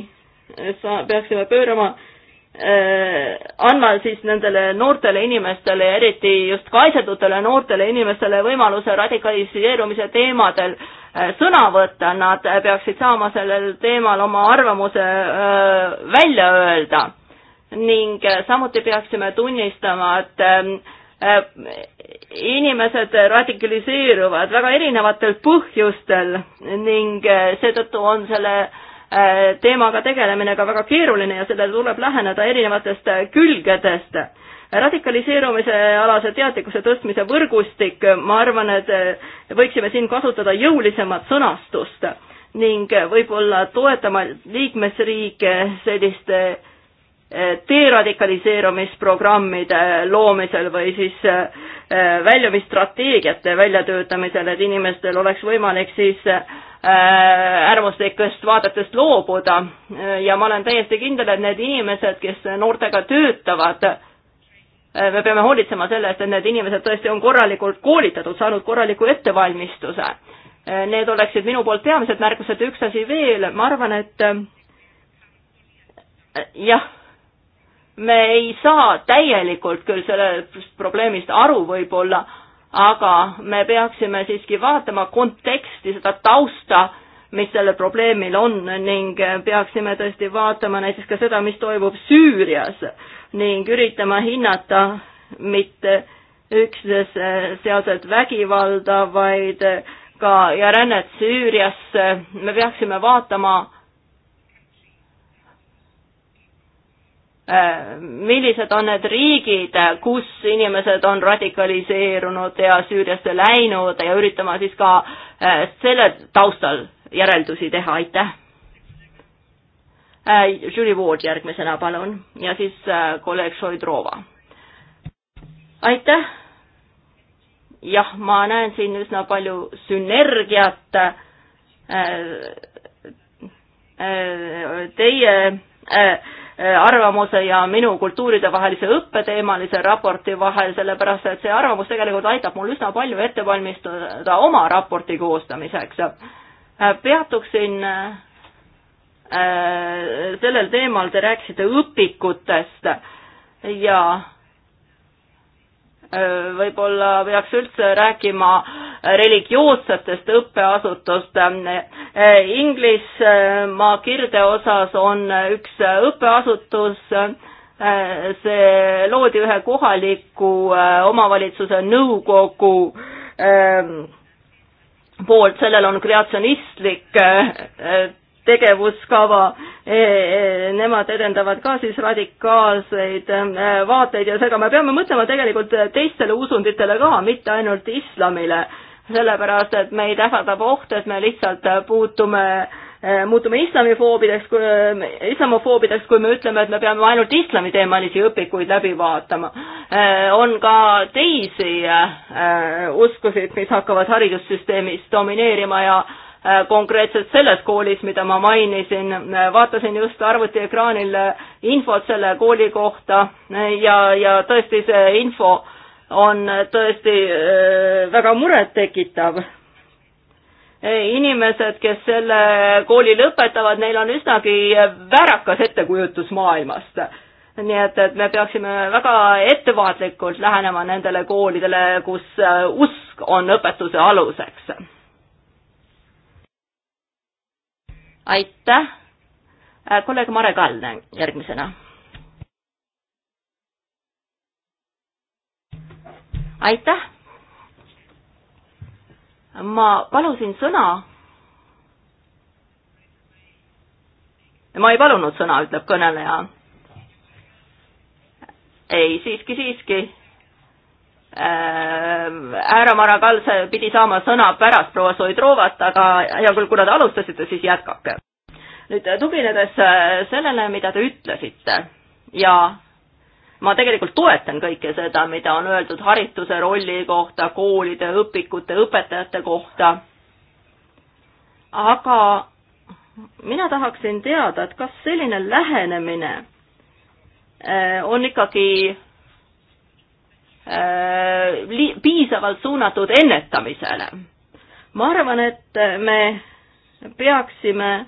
sa, peaksime pöörama eh,, andma siis nendele noortele inimestele, eriti just kaisetutele noortele inimestele võimaluse radikaliseerumise teemadel eh, sõna võtta, nad peaksid saama sellel teemal oma arvamuse eh, välja öelda ning samuti peaksime tunnistama, et ähm, Äh, inimesed radikaliseeruvad väga erinevatel põhjustel ning äh, seetõttu on selle äh, teemaga tegelemine ka väga keeruline ja sellele tuleb läheneda erinevatest külgedest. radikaliseerumise alase teadlikkuse tõstmise võrgustik, ma arvan, et võiksime siin kasutada jõulisemat sõnastust ning võib-olla toetama liikmesriike selliste deradikaliseerumisprogrammide loomisel või siis äh, väljumisstrateegiate väljatöötamisel, et inimestel oleks võimalik siis äh, äärmuslikest vaadetest loobuda ja ma olen täiesti kindel, et need inimesed, kes noortega töötavad, äh, me peame hoolitsema selle eest, et need inimesed tõesti on korralikult koolitatud, saanud korraliku ettevalmistuse. Need oleksid minu poolt peamised märkused, üks asi veel, ma arvan, et jah, me ei saa täielikult küll sellest probleemist aru võib-olla, aga me peaksime siiski vaatama konteksti, seda tausta, mis sellel probleemil on ning peaksime tõesti vaatama näiteks ka seda, mis toimub Süürias ning üritama hinnata mitte üksnes sealset vägivalda, vaid ka ja rännet Süüriasse, me peaksime vaatama millised on need riigid, kus inimesed on radikaliseerunud ja Süüriasse läinud ja üritama siis ka äh, selle taustal järeldusi teha, aitäh. Äh, Julie Ward järgmisena, palun, ja siis äh, kolleeg Šoidrova. aitäh. jah, ma näen siin üsna palju sünergiat teie Äh, arvamuse ja minu kultuuridevahelise õppeteemalise raporti vahel, sellepärast et see arvamus tegelikult aitab mul üsna palju ette valmistada oma raporti koostamiseks. Äh, peatuksin äh, sellel teemal, te rääkisite õpikutest ja võib-olla peaks üldse rääkima religioossetest õppeasutust. Inglismaa eh, kirdeosas on üks õppeasutus, eh, see loodi ühe kohaliku eh, omavalitsuse nõukogu poolt, sellel on kreatsionistlik tegevuskava. E, e, nemad edendavad ka siis radikaalseid e, vaateid ja seega me peame mõtlema tegelikult teistele usunditele ka, mitte ainult islamile. sellepärast, et meid ähvardab oht, et me lihtsalt puutume muutume islamifoobideks, islamofoobideks, kui me ütleme, et me peame ainult islamiteemalisi õpikuid läbi vaatama. on ka teisi uskusid, mis hakkavad haridussüsteemis domineerima ja Äh, konkreetselt selles koolis, mida ma mainisin, äh, vaatasin just arvutiekraanil äh, infot selle kooli kohta ja, ja tõesti see info on tõesti väga murettekitav. inimesed, kes selle kooli lõpetavad, neil on üsnagi väärakas ettekujutus maailmast nii et, et me peaksime väga ettevaatlikult lähenema nendele koolidele, kus usk on õpetuse aluseks aitäh, äh, kolleeg Mare Kaldne järgmisena. aitäh. ma palusin sõna. ma ei palunud sõna, ütleb kõneleja. ei, siiski, siiski Äh, härra Maragall pidi saama sõna pärast proua Soidrovat, aga hea küll, kuna te alustasite, siis jätkake. nüüd tuginedes äh, sellele, mida te ütlesite ja ma tegelikult toetan kõike seda, mida on öeldud harituse rolli kohta, koolide, õpikute, õpetajate kohta, aga mina tahaksin teada, et kas selline lähenemine äh, on ikkagi Äh, piisavalt suunatud ennetamisele. ma arvan, et me peaksime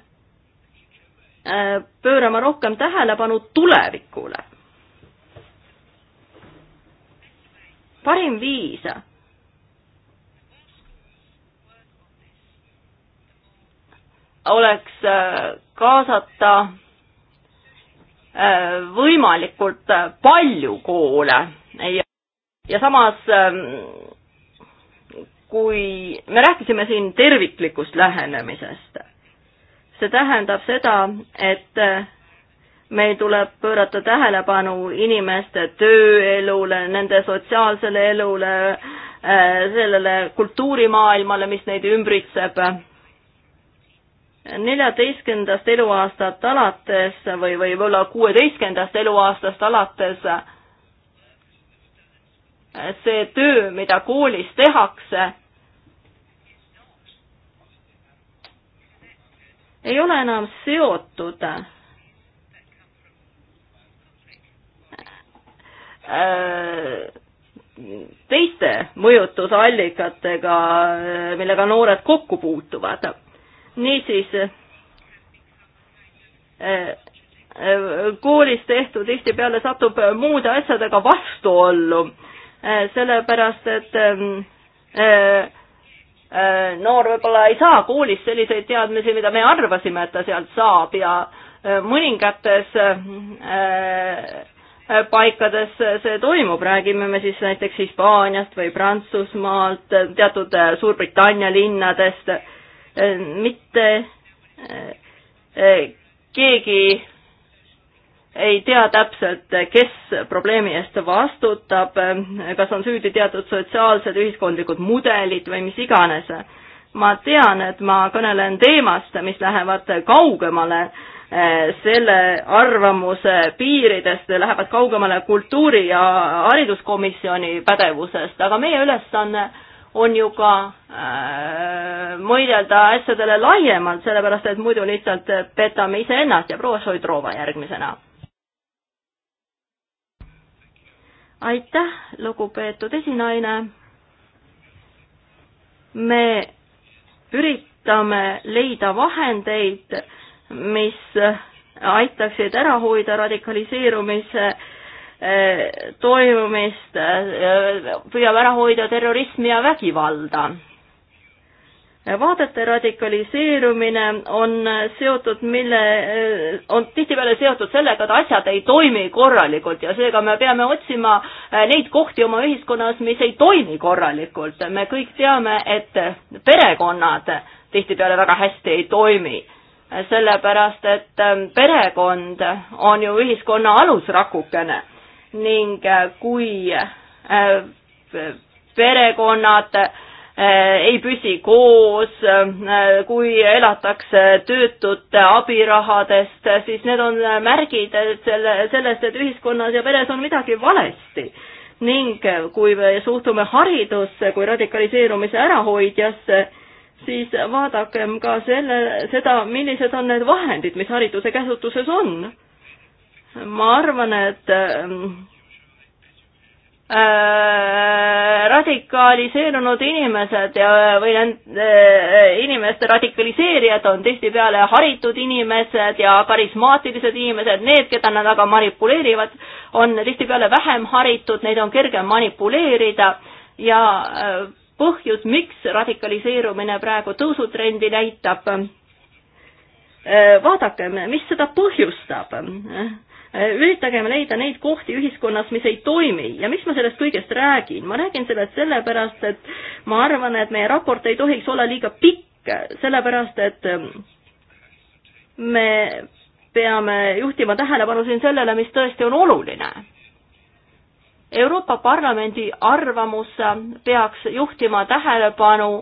äh, pöörama rohkem tähelepanu tulevikule. parim viis oleks äh, kaasata võimalikult palju koole ja ja samas ähm, kui me rääkisime siin terviklikust lähenemisest, see tähendab seda, et äh, meil tuleb pöörata tähelepanu inimeste tööelule, nende sotsiaalsele elule, äh, sellele kultuurimaailmale, mis neid ümbritseb. neljateistkümnendast eluaastat alates või, või võib-olla kuueteistkümnendast eluaastast alates see töö, mida koolis tehakse, ei ole enam seotud äh, teiste mõjutusallikatega, millega noored kokku puutuvad. niisiis äh, äh, koolis tehtu tihtipeale satub muude asjadega vastuollu Äh, sellepärast et ähm, äh, äh, noor võib-olla ei saa koolis selliseid teadmisi, mida me arvasime, et ta sealt saab ja mõningates paikades see toimub, räägime me siis näiteks Hispaaniast või Prantsusmaalt, teatud Suurbritannia linnadest, mitte keegi ei tea täpselt, kes probleemi eest vastutab, kas on süüdi teatud sotsiaalsed, ühiskondlikud mudelid või mis iganes. ma tean, et ma kõnelen teemast, mis lähevad kaugemale eh, selle arvamuse piiridest, lähevad kaugemale kultuuri- ja hariduskomisjoni pädevusest, aga meie ülesanne on ju ka äh, mõidelda asjadele laiemalt, sellepärast et muidu lihtsalt petame iseennast ja proua Šoidrova järgmisena aitäh, lugupeetud esinaine. me üritame leida vahendeid, mis aitaksid ära hoida radikaliseerumise eh, toimumist, eh, püüab ära hoida terrorismi ja vägivalda vaadete radikaliseerumine on seotud, mille, on tihtipeale seotud sellega, et asjad ei toimi korralikult ja seega me peame otsima äh, neid kohti oma ühiskonnas, mis ei toimi korralikult. me kõik teame, et perekonnad tihtipeale väga hästi ei toimi, sellepärast et äh, perekond on ju ühiskonna alusrakukene ning äh, kui perekonnad äh, Äh, ei püsi koos, äh, kui elatakse töötute abirahadest, siis need on märgid selle, sellest, et ühiskonnas ja peres on midagi valesti. ning kui me suhtume haridusse kui radikaliseerumise ärahoidjasse, siis vaadakem ka selle, seda, millised on need vahendid, mis hariduse käsutuses on. ma arvan, et ähm, Äh, radikaliseerunud inimesed ja, või nende äh, inimeste radikaliseerijad on tihtipeale haritud inimesed ja karismaatilised inimesed, need, keda nad aga manipuleerivad, on tihtipeale vähem haritud, neid on kergem manipuleerida ja äh, põhjus, miks radikaliseerumine praegu tõusutrendi näitab, vaadakem, mis seda põhjustab Äh, üritagem leida neid kohti ühiskonnas, mis ei toimi ja miks ma sellest kõigest räägin, ma räägin sellest sellepärast, et ma arvan, et meie raport ei tohiks olla liiga pikk, sellepärast et ähm, me peame juhtima tähelepanu siin sellele, mis tõesti on oluline. Euroopa Parlamendi arvamus peaks juhtima tähelepanu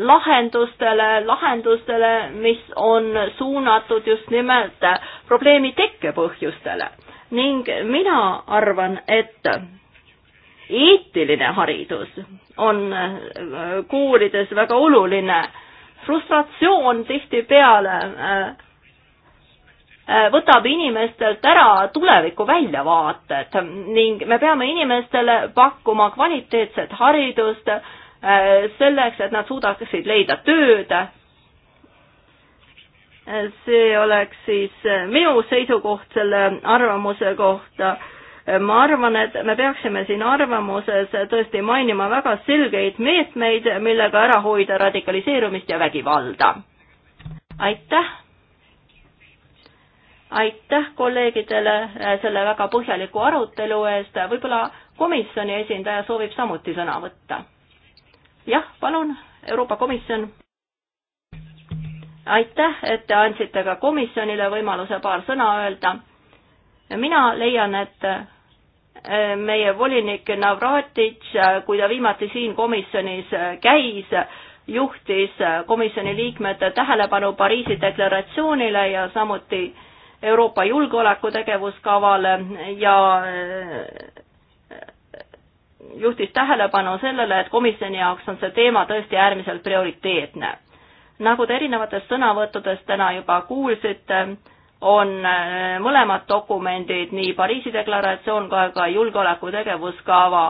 lahendustele, lahendustele, mis on suunatud just nimelt probleemi tekkepõhjustele ning mina arvan, et eetiline haridus on äh, koolides väga oluline. frustratsioon tihtipeale äh, äh, võtab inimestelt ära tulevikuväljavaated ning me peame inimestele pakkuma kvaliteetset haridust selleks, et nad suudaksid leida tööd, see oleks siis äh, minu seisukoht selle arvamuse kohta. Äh, ma arvan, et me peaksime siin arvamuses tõesti mainima väga selgeid meetmeid, millega ära hoida radikaliseerumist ja vägivalda. aitäh! aitäh kolleegidele äh, selle väga põhjaliku arutelu eest, võib-olla komisjoni esindaja soovib samuti sõna võtta. jah, palun, Euroopa Komisjon aitäh, et te andsite ka komisjonile võimaluse paar sõna öelda. mina leian, et eh, meie volinik Navratitš, eh, kui ta viimati siin komisjonis eh, käis, juhtis komisjoni liikmete tähelepanu Pariisi deklaratsioonile ja samuti Euroopa julgeolekutegevuskavale ja juhtis tähelepanu sellele, et komisjoni jaoks on see teema tõesti äärmiselt prioriteetne nagu te erinevatest sõnavõttudest täna juba kuulsite, on äh, mõlemad dokumendid, nii Pariisi deklaratsioon kui ka julgeolekutegevuskava,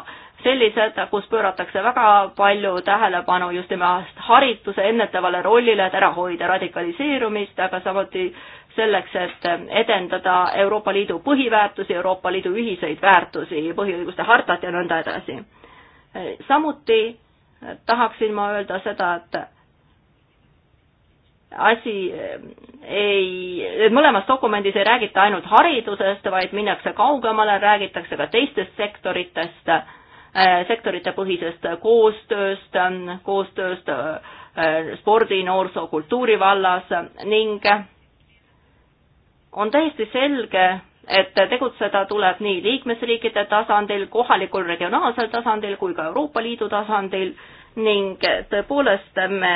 sellised, kus pööratakse väga palju tähelepanu just nimelt harituse ennetavale rollile, et ära hoida radikaliseerumist, aga samuti selleks, et edendada Euroopa Liidu põhiväärtusi, Euroopa Liidu ühiseid väärtusi, põhiõiguste hartat ja nõnda edasi. samuti tahaksin ma öelda seda, et asi eh, ei, mõlemas dokumendis ei räägita ainult haridusest, vaid minnakse kaugemale, räägitakse ka teistest sektoritest, eh, sektoritepõhisest koostööst, koostööst eh, spordi, noorsoo, kultuuri vallas ning on täiesti selge, et tegutseda tuleb nii liikmesriikide tasandil, kohalikul regionaalsel tasandil kui ka Euroopa Liidu tasandil ning tõepoolest me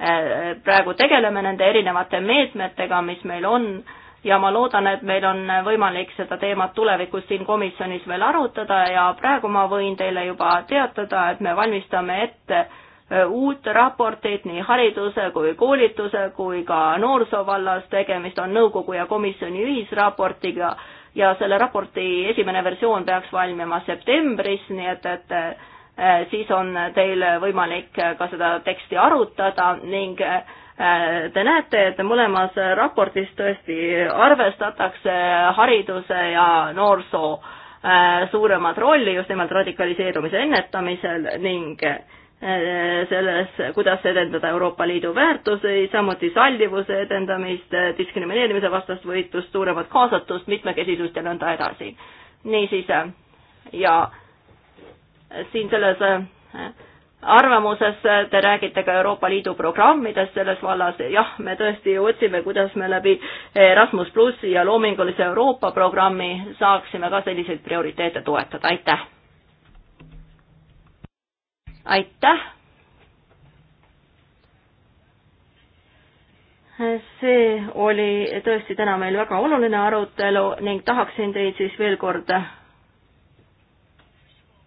Äh, praegu tegeleme nende erinevate meetmetega, mis meil on ja ma loodan, et meil on võimalik seda teemat tulevikus siin komisjonis veel arutada ja praegu ma võin teile juba teatada, et me valmistame ette äh, uut raportit nii hariduse kui koolituse kui ka noorsoo vallas, tegemist on nõukogu ja komisjoni ühisraportiga ja selle raporti esimene versioon peaks valmima septembris, nii et, et äh, Eh, siis on teil võimalik eh, ka seda teksti arutada ning eh, te näete, et mõlemas raportis tõesti arvestatakse hariduse ja noorsoo suuremat rolli just nimelt radikaliseerumise ennetamisel ning selles, kuidas edendada Euroopa Liidu väärtusi, samuti sallivuse edendamist, diskrimineerimise vastast võitlust, suuremat kaasatust, mitmekesisust ja nõnda edasi. niisiis, ja äh, siin selles äh, arvamuses äh, te räägite ka Euroopa Liidu programmidest selles vallas, jah, me tõesti ju otsime, kuidas me läbi Erasmus plussi ja loomingulise Euroopa programmi saaksime ka selliseid prioriteete toetada, aitäh! aitäh! see oli tõesti täna meil väga oluline arutelu ning tahaksin teid siis veel kord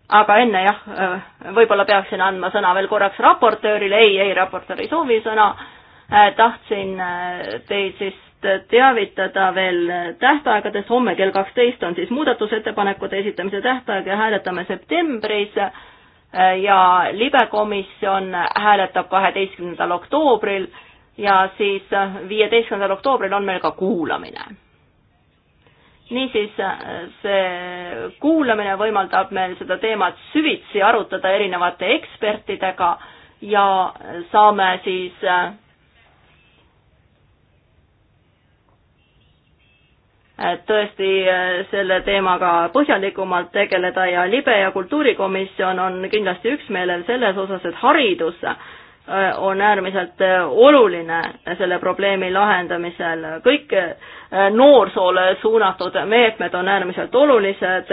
aga enne jah, äh, võib-olla peaksin andma sõna veel korraks raportöörile, ei, ei, raportöör ei soovi sõna. Äh, tahtsin äh, teid siis teavitada veel tähtaegadest, homme kell kaksteist on siis muudatusettepanekute esitamise tähtaeg ja hääletame septembris ja libekomisjon hääletab kaheteistkümnendal oktoobril ja siis viieteistkümnendal oktoobril on meil ka kuulamine niisiis, äh, see kuulamine võimaldab meil seda teemat süvitsi arutada erinevate ekspertidega ja saame siis äh, äh, tõesti selle teemaga põhjalikumalt tegeleda ja libe- ja kultuurikomisjon on kindlasti üksmeelel selles osas, et haridus Äh, on äärmiselt äh, oluline selle probleemi lahendamisel. kõik äh, noorsoole suunatud meetmed on äärmiselt olulised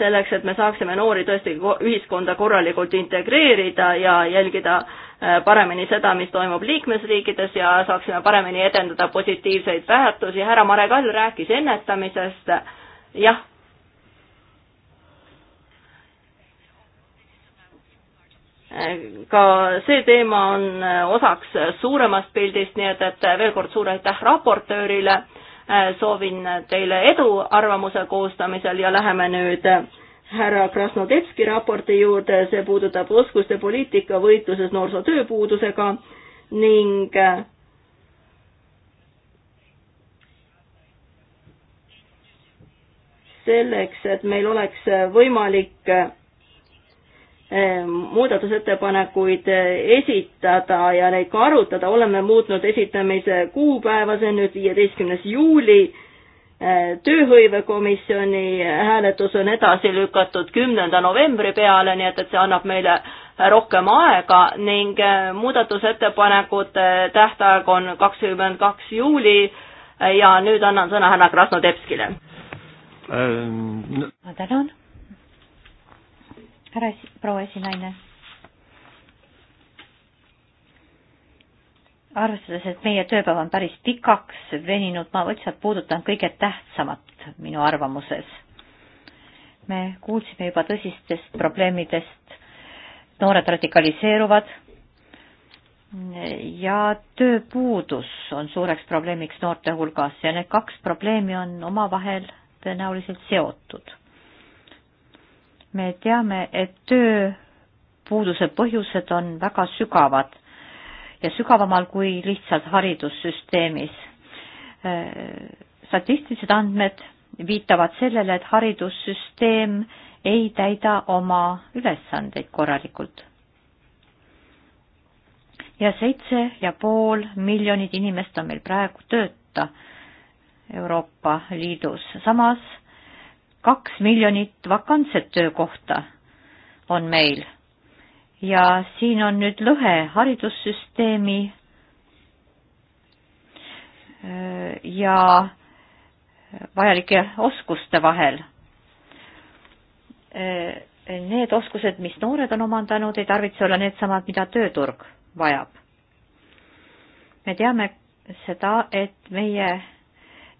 selleks, et me saaksime noori tõesti ühiskonda korralikult integreerida ja jälgida paremini seda, mis toimub liikmesriikides ja saaksime paremini edendada positiivseid väärtusi. härra Mare Kall rääkis ennetamisest. jah, ka see teema on äh, osaks äh, suuremast pildist, nii et, et äh, veel kord suur aitäh raportöörile, soovin teile edu arvamuse koostamisel ja läheme nüüd härra Krasnodebski raporti juurde, see puudutab oskuste poliitika võitluses noorsootööpuudusega ning selleks, et meil oleks võimalik Eh, muudatusettepanekuid eh, esitada ja neid ka arutada, oleme muutnud esitamise kuupäeva, see on nüüd viieteistkümnes juuli. Eh, tööhõivekomisjoni hääletus on edasi lükatud kümnenda novembri peale, nii et, et see annab meile rohkem aega ning muudatusettepanekute tähtaeg on kakskümmend kaks juuli ja nüüd annan sõna härra Krasnodebskile ähm,. ma tänan härra esi-, proua esinaine. arvestades, et meie tööpäev on päris pikaks veninud, ma lihtsalt puudutan kõige tähtsamat minu arvamuses. me kuulsime juba tõsistest probleemidest, noored radikaliseeruvad ja tööpuudus on suureks probleemiks noorte hulgas ja need kaks probleemi on omavahel tõenäoliselt seotud me teame, et tööpuuduse põhjused on väga sügavad ja sügavamal kui lihtsalt haridussüsteemis. Äh, statistilised andmed viitavad sellele, et haridussüsteem ei täida oma ülesandeid korralikult. ja seitse ja pool miljonit inimest on meil praegu tööta Euroopa Liidus, samas kaks miljonit vakantset töökohta on meil ja siin on nüüd lõhe haridussüsteemi äh, ja vajalike oskuste vahel. Äh, need oskused, mis noored on omandanud, ei tarvitse olla needsamad, mida tööturg vajab. me teame seda, et meie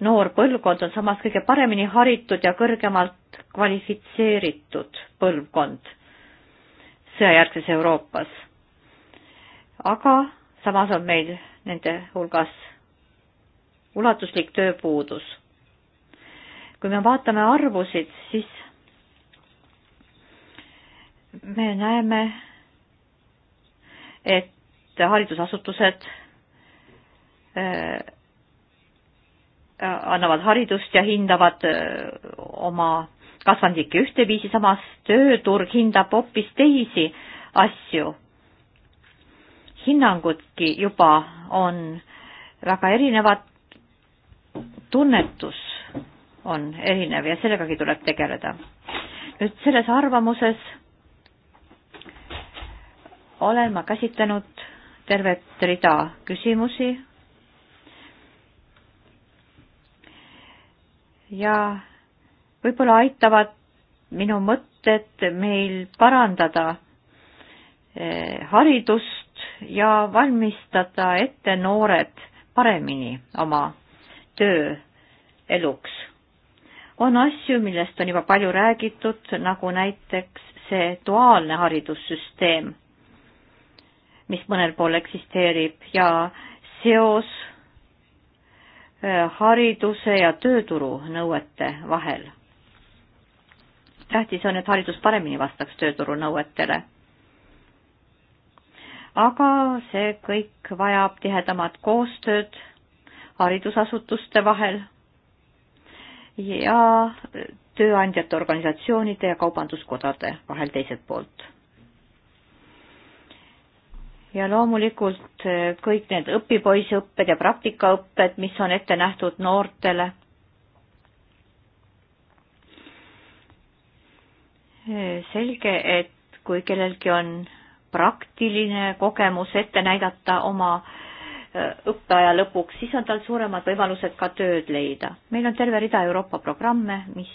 noor põlvkond on samas kõige paremini haritud ja kõrgemalt kvalifitseeritud põlvkond sõjajärgses Euroopas. aga samas on meil nende hulgas ulatuslik tööpuudus. kui me vaatame arvusid, siis me näeme, et haridusasutused äh, Äh, annavad haridust ja hindavad äh, oma kasvandikke ühteviisi, samas tööturg hindab hoopis teisi asju. hinnangudki juba on väga erinevad, tunnetus on erinev ja sellegagi tuleb tegeleda. nüüd selles arvamuses olen ma käsitlenud tervet rida küsimusi ja võib-olla aitavad minu mõtted meil parandada eh, haridust ja valmistada ette noored paremini oma tööeluks. on asju, millest on juba palju räägitud, nagu näiteks see duaalne haridussüsteem, mis mõnel pool eksisteerib ja seos hariduse ja tööturu nõuete vahel. tähtis on, et haridus paremini vastaks tööturu nõuetele. aga see kõik vajab tihedamat koostööd haridusasutuste vahel ja tööandjate organisatsioonide ja kaubanduskodade vahel teiselt poolt ja loomulikult eh, kõik need õpipoisõpped ja praktikaõpped, mis on ette nähtud noortele. Eh, selge, et kui kellelgi on praktiline kogemus ette näidata oma eh, õppeaja lõpuks, siis on tal suuremad võimalused ka tööd leida. meil on terve rida Euroopa programme, mis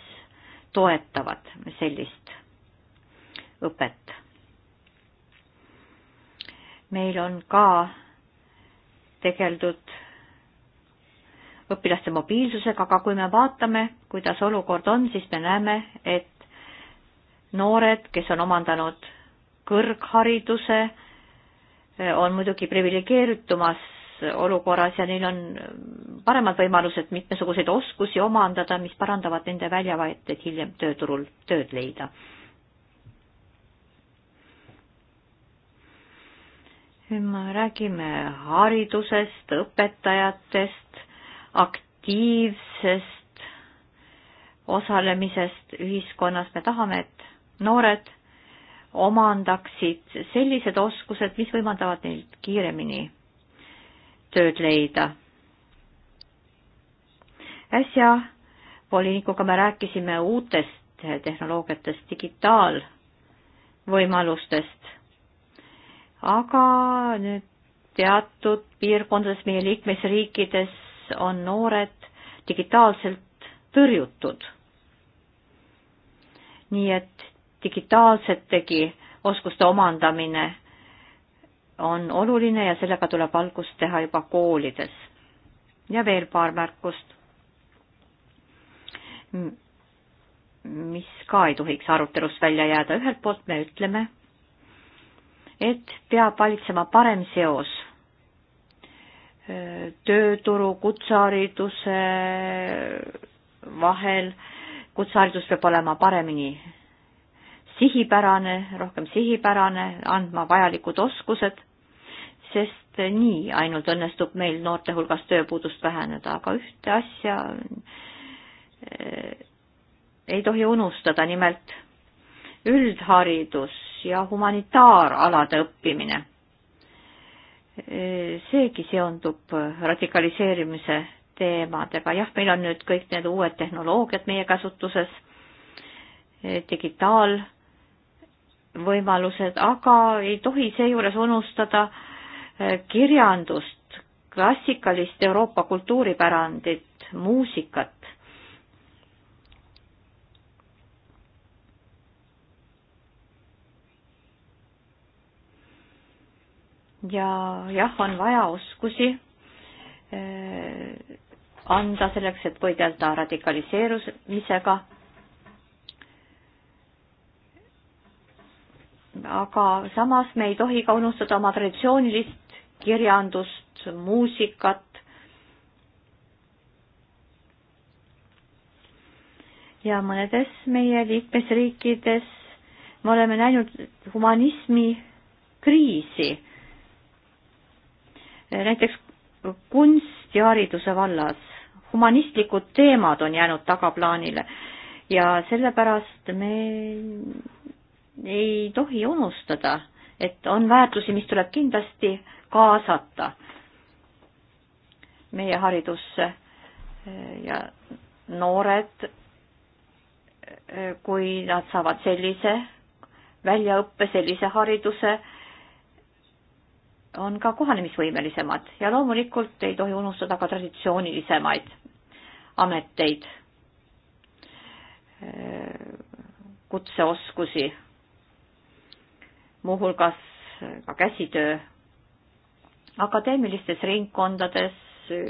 toetavad sellist õpet meil on ka tegeldud õpilaste mobiilsusega, aga kui me vaatame, kuidas olukord on, siis me näeme, et noored, kes on omandanud kõrghariduse, on muidugi priviligeeritumas olukorras ja neil on paremad võimalused mitmesuguseid oskusi omandada, mis parandavad nende väljavaateid hiljem tööturul tööd leida me räägime haridusest, õpetajatest, aktiivsest osalemisest ühiskonnas, me tahame, et noored omandaksid sellised oskused, mis võimaldavad neil kiiremini tööd leida. äsja volinikuga me rääkisime uutest tehnoloogiatest, digitaalvõimalustest aga nüüd teatud piirkondades, meie liikmesriikides on noored digitaalselt tõrjutud. nii et digitaalsetegi oskuste omandamine on oluline ja sellega tuleb algust teha juba koolides. ja veel paar märkust, mis ka ei tohiks arutelust välja jääda. ühelt poolt me ütleme, et peab valitsema parem seos tööturu, kutsehariduse vahel. kutseharidus peab olema paremini sihipärane, rohkem sihipärane, andma vajalikud oskused, sest nii ainult õnnestub meil noorte hulgas tööpuudust väheneda, aga ühte asja eh, ei tohi unustada, nimelt üldharidus ja humanitaaralade õppimine. seegi seondub radikaliseerimise teemadega, jah, meil on nüüd kõik need uued tehnoloogiad meie käsutuses, digitaalvõimalused, aga ei tohi seejuures unustada kirjandust, klassikalist Euroopa kultuuripärandit, muusikat ja jah, on vaja oskusi eh, anda selleks, et võidelda radikaliseerumisega. aga samas me ei tohi ka unustada oma traditsioonilist kirjandust, muusikat. ja mõnedes meie liikmesriikides me oleme näinud humanismi kriisi näiteks kunst ja hariduse vallas. humanistlikud teemad on jäänud tagaplaanile ja sellepärast me ei tohi unustada, et on väärtusi, mis tuleb kindlasti kaasata meie haridusse eh, ja noored, eh, kui nad saavad sellise väljaõppe, sellise hariduse, on ka kohanemisvõimelisemad ja loomulikult ei tohi unustada ka traditsioonilisemaid ameteid, kutseoskusi, muuhulgas ka käsitöö. akadeemilistes ringkondades,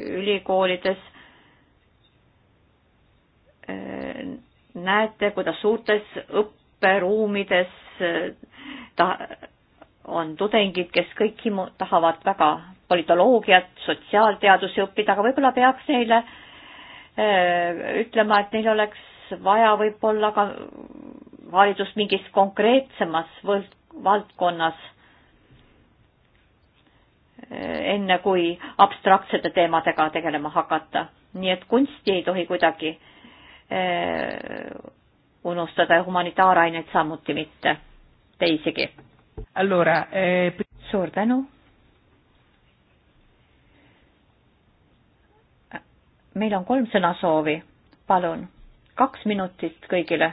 ülikoolides näete, kuidas suurtes õpperuumides ta on tudengid, kes kõik himu, tahavad väga politoloogiat, sotsiaalteadusi õppida, aga võib-olla peaks neile öö, äh, ütlema, et neil oleks vaja võib-olla ka haridust mingis konkreetsemas valdkonnas, äh, enne kui abstraktsete teemadega tegelema hakata. nii et kunsti ei tohi kuidagi öö, äh, unustada ja humanitaaraineid samuti mitte, teisigi Allora, eh... suur tänu. Ah, meil on kolm sõnasoovi, palun, kaks minutit kõigile.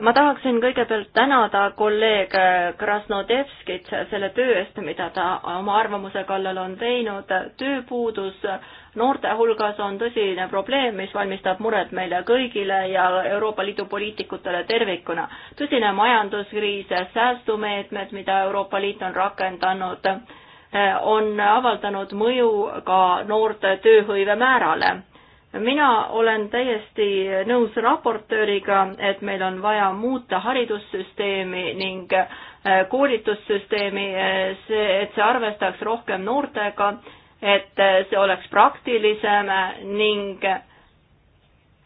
ma tahaksin kõigepealt tänada kolleeg Krasnodevskit selle töö eest, mida ta oma arvamuse kallal on teinud, tööpuudus äh, noorte hulgas on tõsine probleem, mis valmistab muret meile kõigile ja Euroopa Liidu poliitikutele tervikuna. tõsine majanduskriis, säästumeetmed, mida Euroopa Liit on rakendanud, on avaldanud mõju ka noorte tööhõive määrale mina olen täiesti nõus raportööriga, et meil on vaja muuta haridussüsteemi ning eh, koolitussüsteemi, eh, see, et see arvestaks rohkem noortega et äh, see oleks praktilisem ning äh,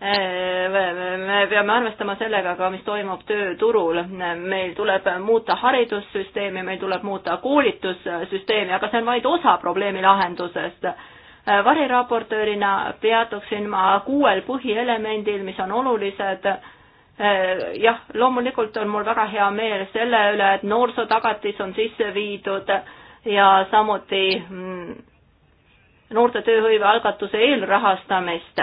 me peame arvestama sellega ka, mis toimub tööturul. meil tuleb muuta haridussüsteemi, meil tuleb muuta koolitussüsteemi, aga see on vaid osa probleemi lahendusest. Äh, variraportöörina peatuksin ma kuuel põhielemendil, mis on olulised jah, loomulikult on mul väga hea meel selle üle, et noorsootagatis on sisse viidud ja samuti mm, noorte tööhõive algatuse eelrahastamist.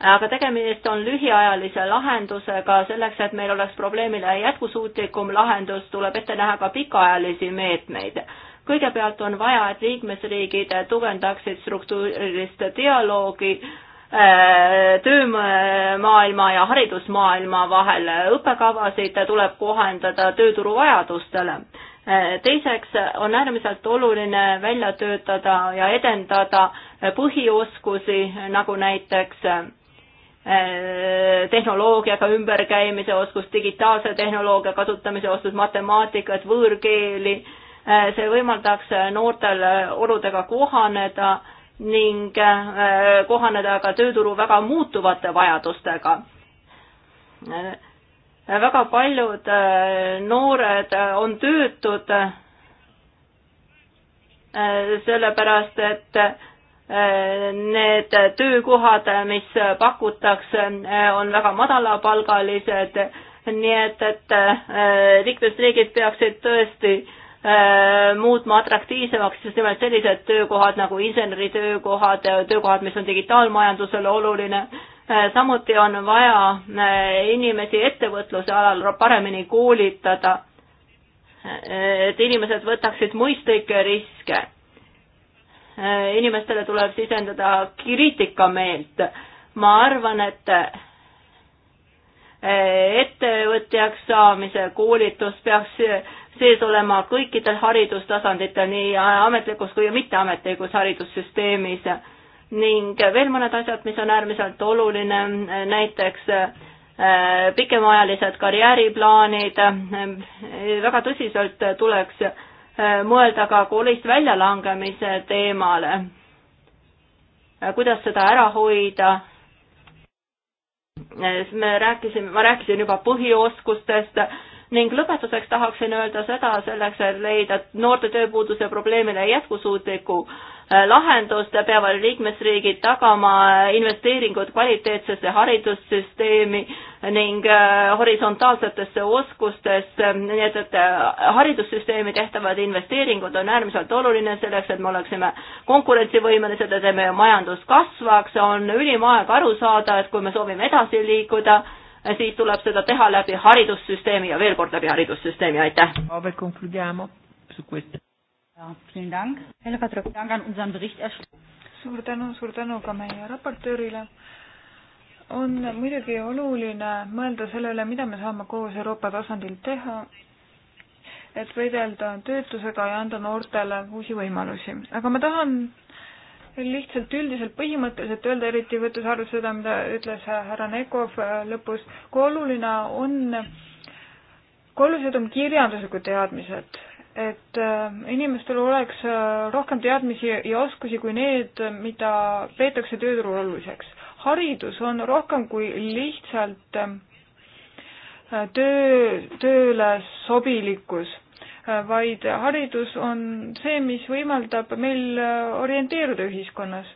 aga tegemist on lühiajalise lahendusega, selleks et meil oleks probleemile jätkusuutlikum lahendus, tuleb ette näha ka pikaajalisi meetmeid. kõigepealt on vaja, et liikmesriigid tugevdaksid struktuurilist dialoogi äh, töömaailma ja haridusmaailma vahel õppekavasid tuleb kohandada tööturu vajadustele teiseks on äärmiselt oluline välja töötada ja edendada põhioskusi, nagu näiteks äh, tehnoloogiaga ümberkäimise oskus, digitaalse tehnoloogia kasutamise oskus, matemaatikat, võõrkeeli. Äh, see võimaldaks noortel oludega kohaneda ning äh, kohaneda ka tööturu väga muutuvate vajadustega väga paljud äh, noored äh, on töötud äh, sellepärast, et need töökohad, mis pakutakse, on väga madalapalgalised, nii et, et liikmesriigid peaksid tõesti muutma atraktiivsemaks just nimelt sellised töökohad nagu inseneritöökohad, töökohad, mis on digitaalmajandusele oluline Äh, samuti on vaja äh, inimesi ettevõtluse alal paremini koolitada, äh, et inimesed võtaksid mõistlikke riske. inimestele tuleb sisendada kriitikameelt. ma arvan, et ettevõtjaks saamise koolitus peaks sees olema kõikidel haridustasanditel, nii ametlikus kui mitteametlikus haridussüsteemis ning veel mõned asjad, mis on äärmiselt oluline, näiteks äh, pikemaajalised karjääriplaanid, väga tõsiselt tuleks äh, mõelda ka koolist väljalangemise teemale. kuidas seda ära hoida? me rääkisime, ma rääkisin juba põhioskustest ning lõpetuseks tahaksin öelda seda selleks, et leida noorte tööpuuduse probleemile jätkusuutliku äh, Äh, lahendust, peavad liikmesriigid tagama investeeringud kvaliteetsesse haridussüsteemi ning äh, horisontaalsetesse oskustesse, nii et, et äh, haridussüsteemi tehtavad investeeringud on äärmiselt oluline selleks, et me oleksime konkurentsivõimelised, et meie majandus kasvaks, on ülim aeg aru saada, et kui me soovime edasi liikuda, siis tuleb seda teha läbi haridussüsteemi ja veel kord läbi haridussüsteemi, aitäh! suur tänu, suur tänu ka meie raportöörile. on muidugi oluline mõelda selle üle, mida me saame koos Euroopa tasandil teha, et võidelda töötusega ja anda noortele uusi võimalusi. aga ma tahan lihtsalt üldiselt põhimõtteliselt öelda, eriti võttes arvesse seda, mida ütles härra Nekov lõpus, kui oluline on, kui olulised on kirjanduslikud teadmised et äh, inimestel oleks äh, rohkem teadmisi ja oskusi kui need, äh, mida peetakse tööturul oluliseks. haridus on rohkem kui lihtsalt töö, tööle sobilikkus, vaid haridus on see, mis võimaldab meil orienteeruda ühiskonnas.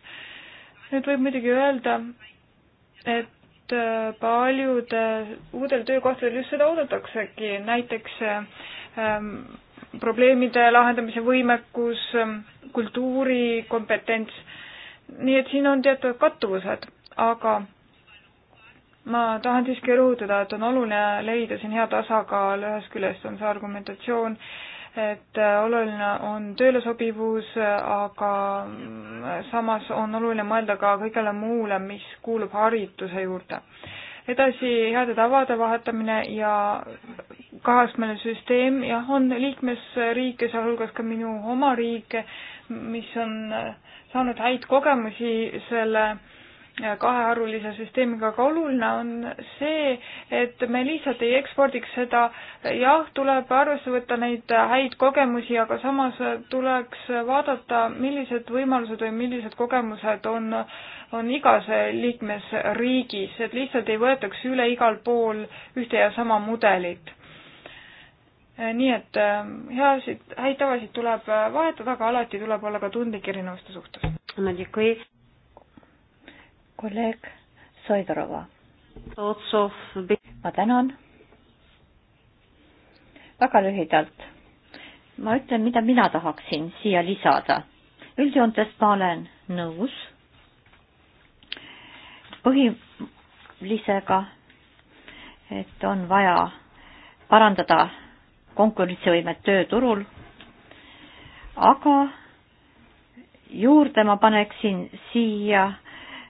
nüüd võib muidugi öelda, et paljudel uutel töökohtadel just seda oodataksegi, näiteks ähm, probleemide lahendamise võimekus, kultuurikompetents, nii et siin on teatud kattuvused, aga ma tahan siiski rõhutada, et on oluline leida siin hea tasakaal, ühest küljest on see argumentatsioon, et oluline on tööle sobivus, aga samas on oluline mõelda ka kõigele muule, mis kuulub hariduse juurde. edasi heade tavade vahetamine ja kaheastmeline süsteem, jah, on liikmesriike, sealhulgas ka minu oma riik, mis on äh, saanud häid kogemusi selle äh, kahearvulise süsteemiga, aga oluline on see, et me lihtsalt ei ekspordiks seda, jah, tuleb arvesse võtta neid äh, häid kogemusi, aga samas tuleks vaadata, millised võimalused või millised kogemused on, on igas liikmesriigis, et lihtsalt ei võetaks üle igal pool ühte ja sama mudelit Äh, nii et ähm, heasid, häid tavasid tuleb äh, vahetada, aga alati tuleb olla ka tundlik erinevuste suhtes. kolleeg Soidorova. ma tänan. väga lühidalt. ma ütlen, mida mina tahaksin siia lisada. üldjoontes ma olen nõus põhilisega, et on vaja parandada konkurentsivõimet tööturul, aga juurde ma paneksin siia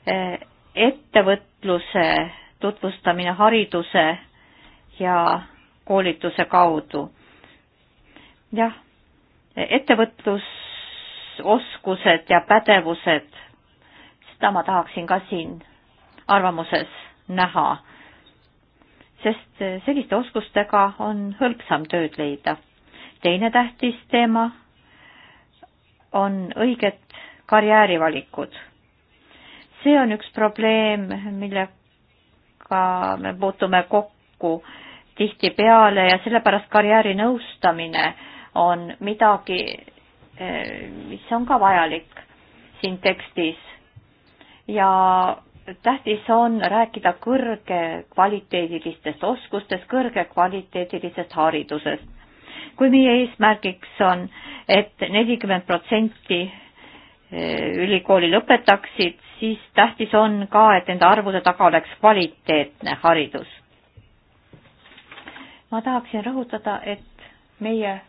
eh, ettevõtluse tutvustamine hariduse ja koolituse kaudu. jah, ettevõtlusoskused ja pädevused, seda ma tahaksin ka siin arvamuses näha sest selliste oskustega on hõlpsam tööd leida. teine tähtis teema on õiged karjäärivalikud. see on üks probleem, millega me puutume kokku tihtipeale ja sellepärast karjäärinõustamine on midagi, eh, mis on ka vajalik siin tekstis ja tähtis on rääkida kõrgekvaliteedilistest oskustest, kõrgekvaliteedilisest haridusest. kui meie eesmärgiks on et, et nelikümmend protsenti eh, ülikooli lõpetaksid, siis tähtis on ka, et nende arvude taga oleks kvaliteetne haridus. ma tahaksin rõhutada, et meie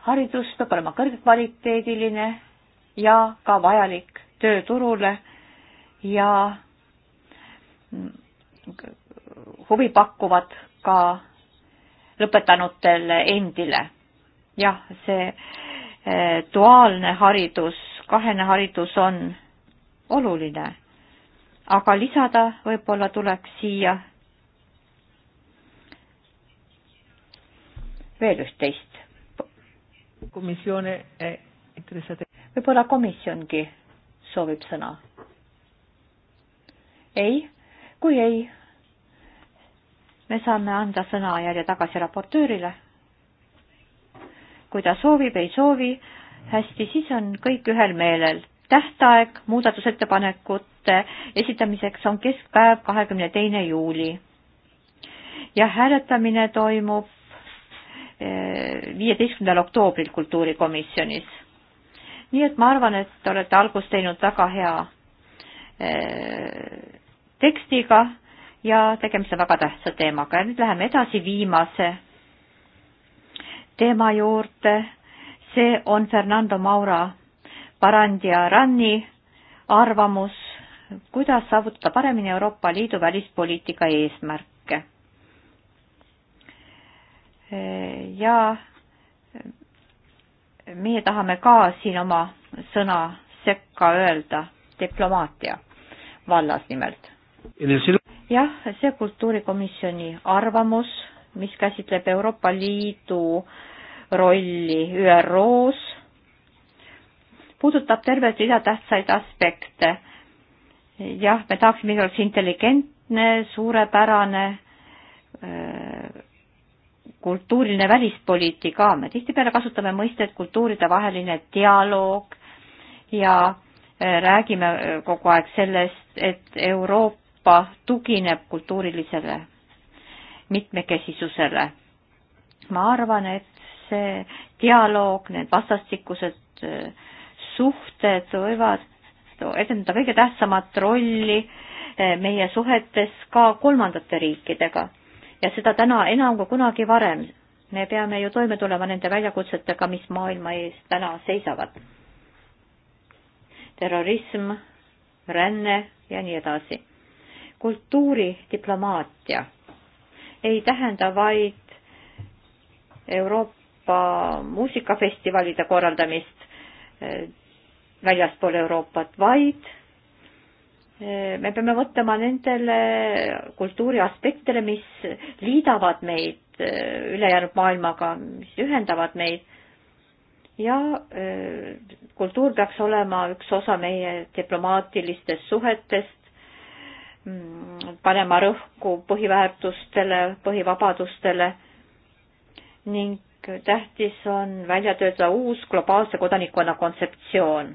haridus peab olema kõrgekvaliteediline ja ka vajalik tööturule ja huvi pakuvad ka lõpetanutele endile. jah, see eh, duaalne haridus, kahene haridus on oluline, aga lisada võib-olla tuleks siia veel üht-teist. Eh, võib-olla komisjongi soovib sõna ei, kui ei, me saame anda sõnajärje tagasi raportöörile. kui ta soovib, ei soovi, hästi, siis on kõik ühel meelel. tähtaeg muudatusettepanekute esitamiseks on keskpäev, kahekümne teine juuli. ja hääletamine toimub eh, viieteistkümnendal oktoobril kultuurikomisjonis. nii et ma arvan, et olete algust teinud väga hea eh, tekstiga ja tegemist on väga tähtsa teemaga ja nüüd läheme edasi viimase teema juurde. see on Fernando Maura Barandia Ranni arvamus, kuidas saavutada paremini Euroopa Liidu välispoliitika eesmärke. ja meie tahame ka siin oma sõna sekka öelda diplomaatia vallas nimelt jah, see kultuurikomisjoni arvamus, mis käsitleb Euroopa Liidu rolli ÜRO-s, puudutab tervet rida tähtsaid aspekte. jah, me tahaksime, et oleks intelligentne, suurepärane äh, kultuuriline välispoliitika, me tihtipeale kasutame mõistet kultuuride vaheline dialoog ja äh, räägime äh, kogu aeg sellest, et Euroopa Euroopa tugineb kultuurilisele mitmekesisusele. ma arvan, et see dialoog, need vastastikused äh, suhted võivad edendada kõige tähtsamat rolli äh, meie suhetes ka kolmandate riikidega ja seda täna enam kui kunagi varem. me peame ju toime tulema nende väljakutsetega, mis maailma ees täna seisavad. terrorism, ränne ja nii edasi kultuuridiplomaatia ei tähenda vaid Euroopa muusikafestivalide korraldamist eh, väljaspool Euroopat, vaid eh, me peame mõtlema nendele kultuuri aspektidele, mis liidavad meid eh, ülejäänud maailmaga, mis ühendavad meid. ja kultuur peaks olema üks osa meie diplomaatilistest suhetest Mm, panema rõhku põhiväärtustele, põhivabadustele ning tähtis on välja töötada uus globaalse kodanikkonna kontseptsioon.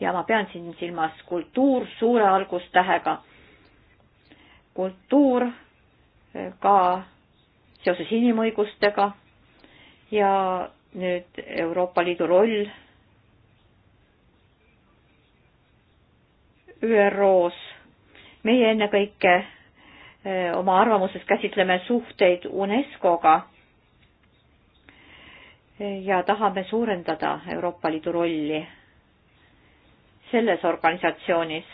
ja ma pean siin silmas kultuur suure algustähega. kultuur eh, ka seoses inimõigustega ja nüüd Euroopa Liidu roll ÜRO-s. meie ennekõike eh, oma arvamuses käsitleme suhteid UNESCO-ga ja tahame suurendada Euroopa Liidu rolli selles organisatsioonis.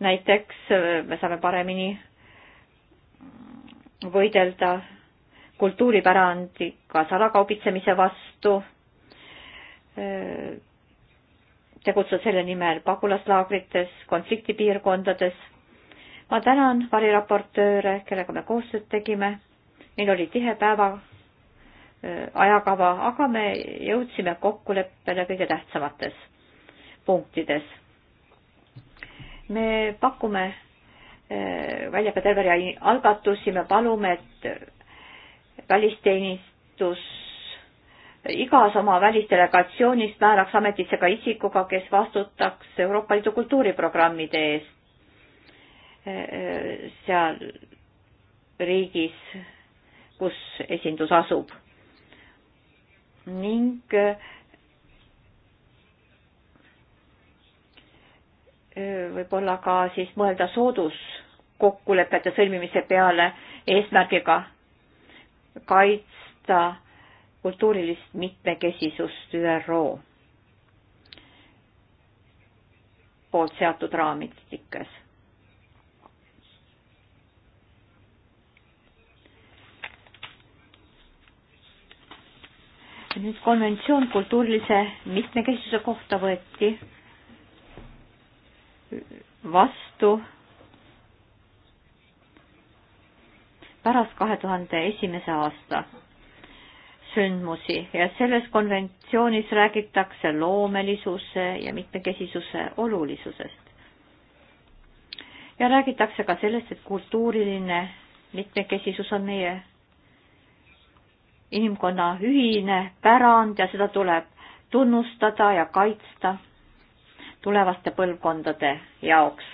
näiteks eh, me saame paremini võidelda kultuuripärandiga salakaubitsemise vastu, eh, tegutseda selle nimel pagulaslaagrites, konfliktipiirkondades. ma tänan variraportööre, kellega me koostööd tegime. meil oli tihe päeva äh, ajakava, aga me jõudsime kokkuleppele kõige tähtsamates punktides. me pakume äh, välja ka terve rea algatusi, me palume, et välisteenistus igas oma välisdelegatsioonis määraks ametisse ka isikuga, kes vastutaks Euroopa Liidu kultuuriprogrammide eest seal riigis, kus esindus asub. ning võib-olla ka siis mõelda sooduskokkulepete sõlmimise peale eesmärgiga kaitsta kultuurilist mitmekesisust ÜRO poolt seatud raamistikes. nüüd konventsioon kultuurilise mitmekesisuse kohta võeti vastu pärast kahe tuhande esimese aasta sündmusi ja selles konventsioonis räägitakse loomelisuse ja mitmekesisuse olulisusest. ja räägitakse ka sellest, et kultuuriline mitmekesisus on meie inimkonna ühine pärand ja seda tuleb tunnustada ja kaitsta tulevaste põlvkondade jaoks.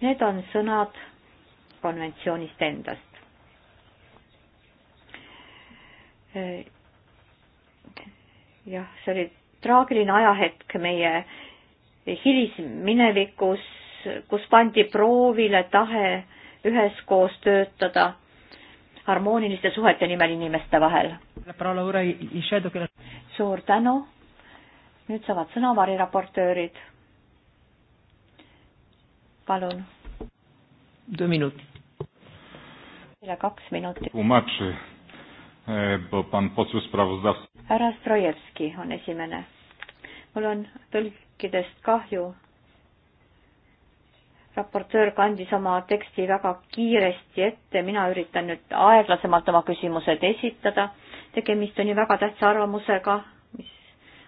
Need on sõnad konventsioonist endast. Äh, jah, see oli traagiline ajahetk meie hilisminevikus, kus pandi proovile tahe üheskoos töötada harmooniliste suhete nimel inimeste vahel. suur tänu. nüüd saavad sõna variraportöörid. palun. Teile kaks minutit bo pan poseł sprawozdawca. härra Strojevski on esimene. mul on tõlkidest kahju. raportöör kandis oma teksti väga kiiresti ette, mina üritan nüüd aeglasemalt oma küsimused esitada. tegemist on ju väga tähtsa arvamusega, mis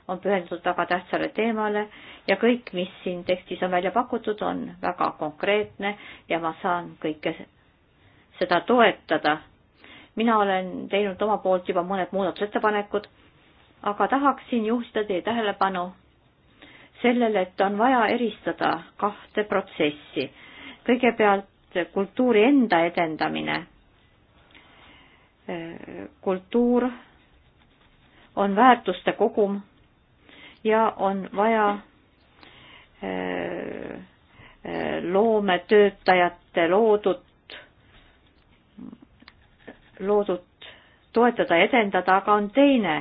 on pühendatud väga tähtsale teemale ja kõik, mis siin tekstis on välja pakutud, on väga konkreetne ja ma saan kõike seda toetada mina olen teinud oma poolt juba mõned muudatusettepanekud, aga tahaksin juhtida teie tähelepanu sellele, et on vaja eristada kahte protsessi. kõigepealt kultuuri enda edendamine. kultuur on väärtuste kogum ja on vaja eh, eh, loometöötajate loodud loodud toetada, edendada, aga on teine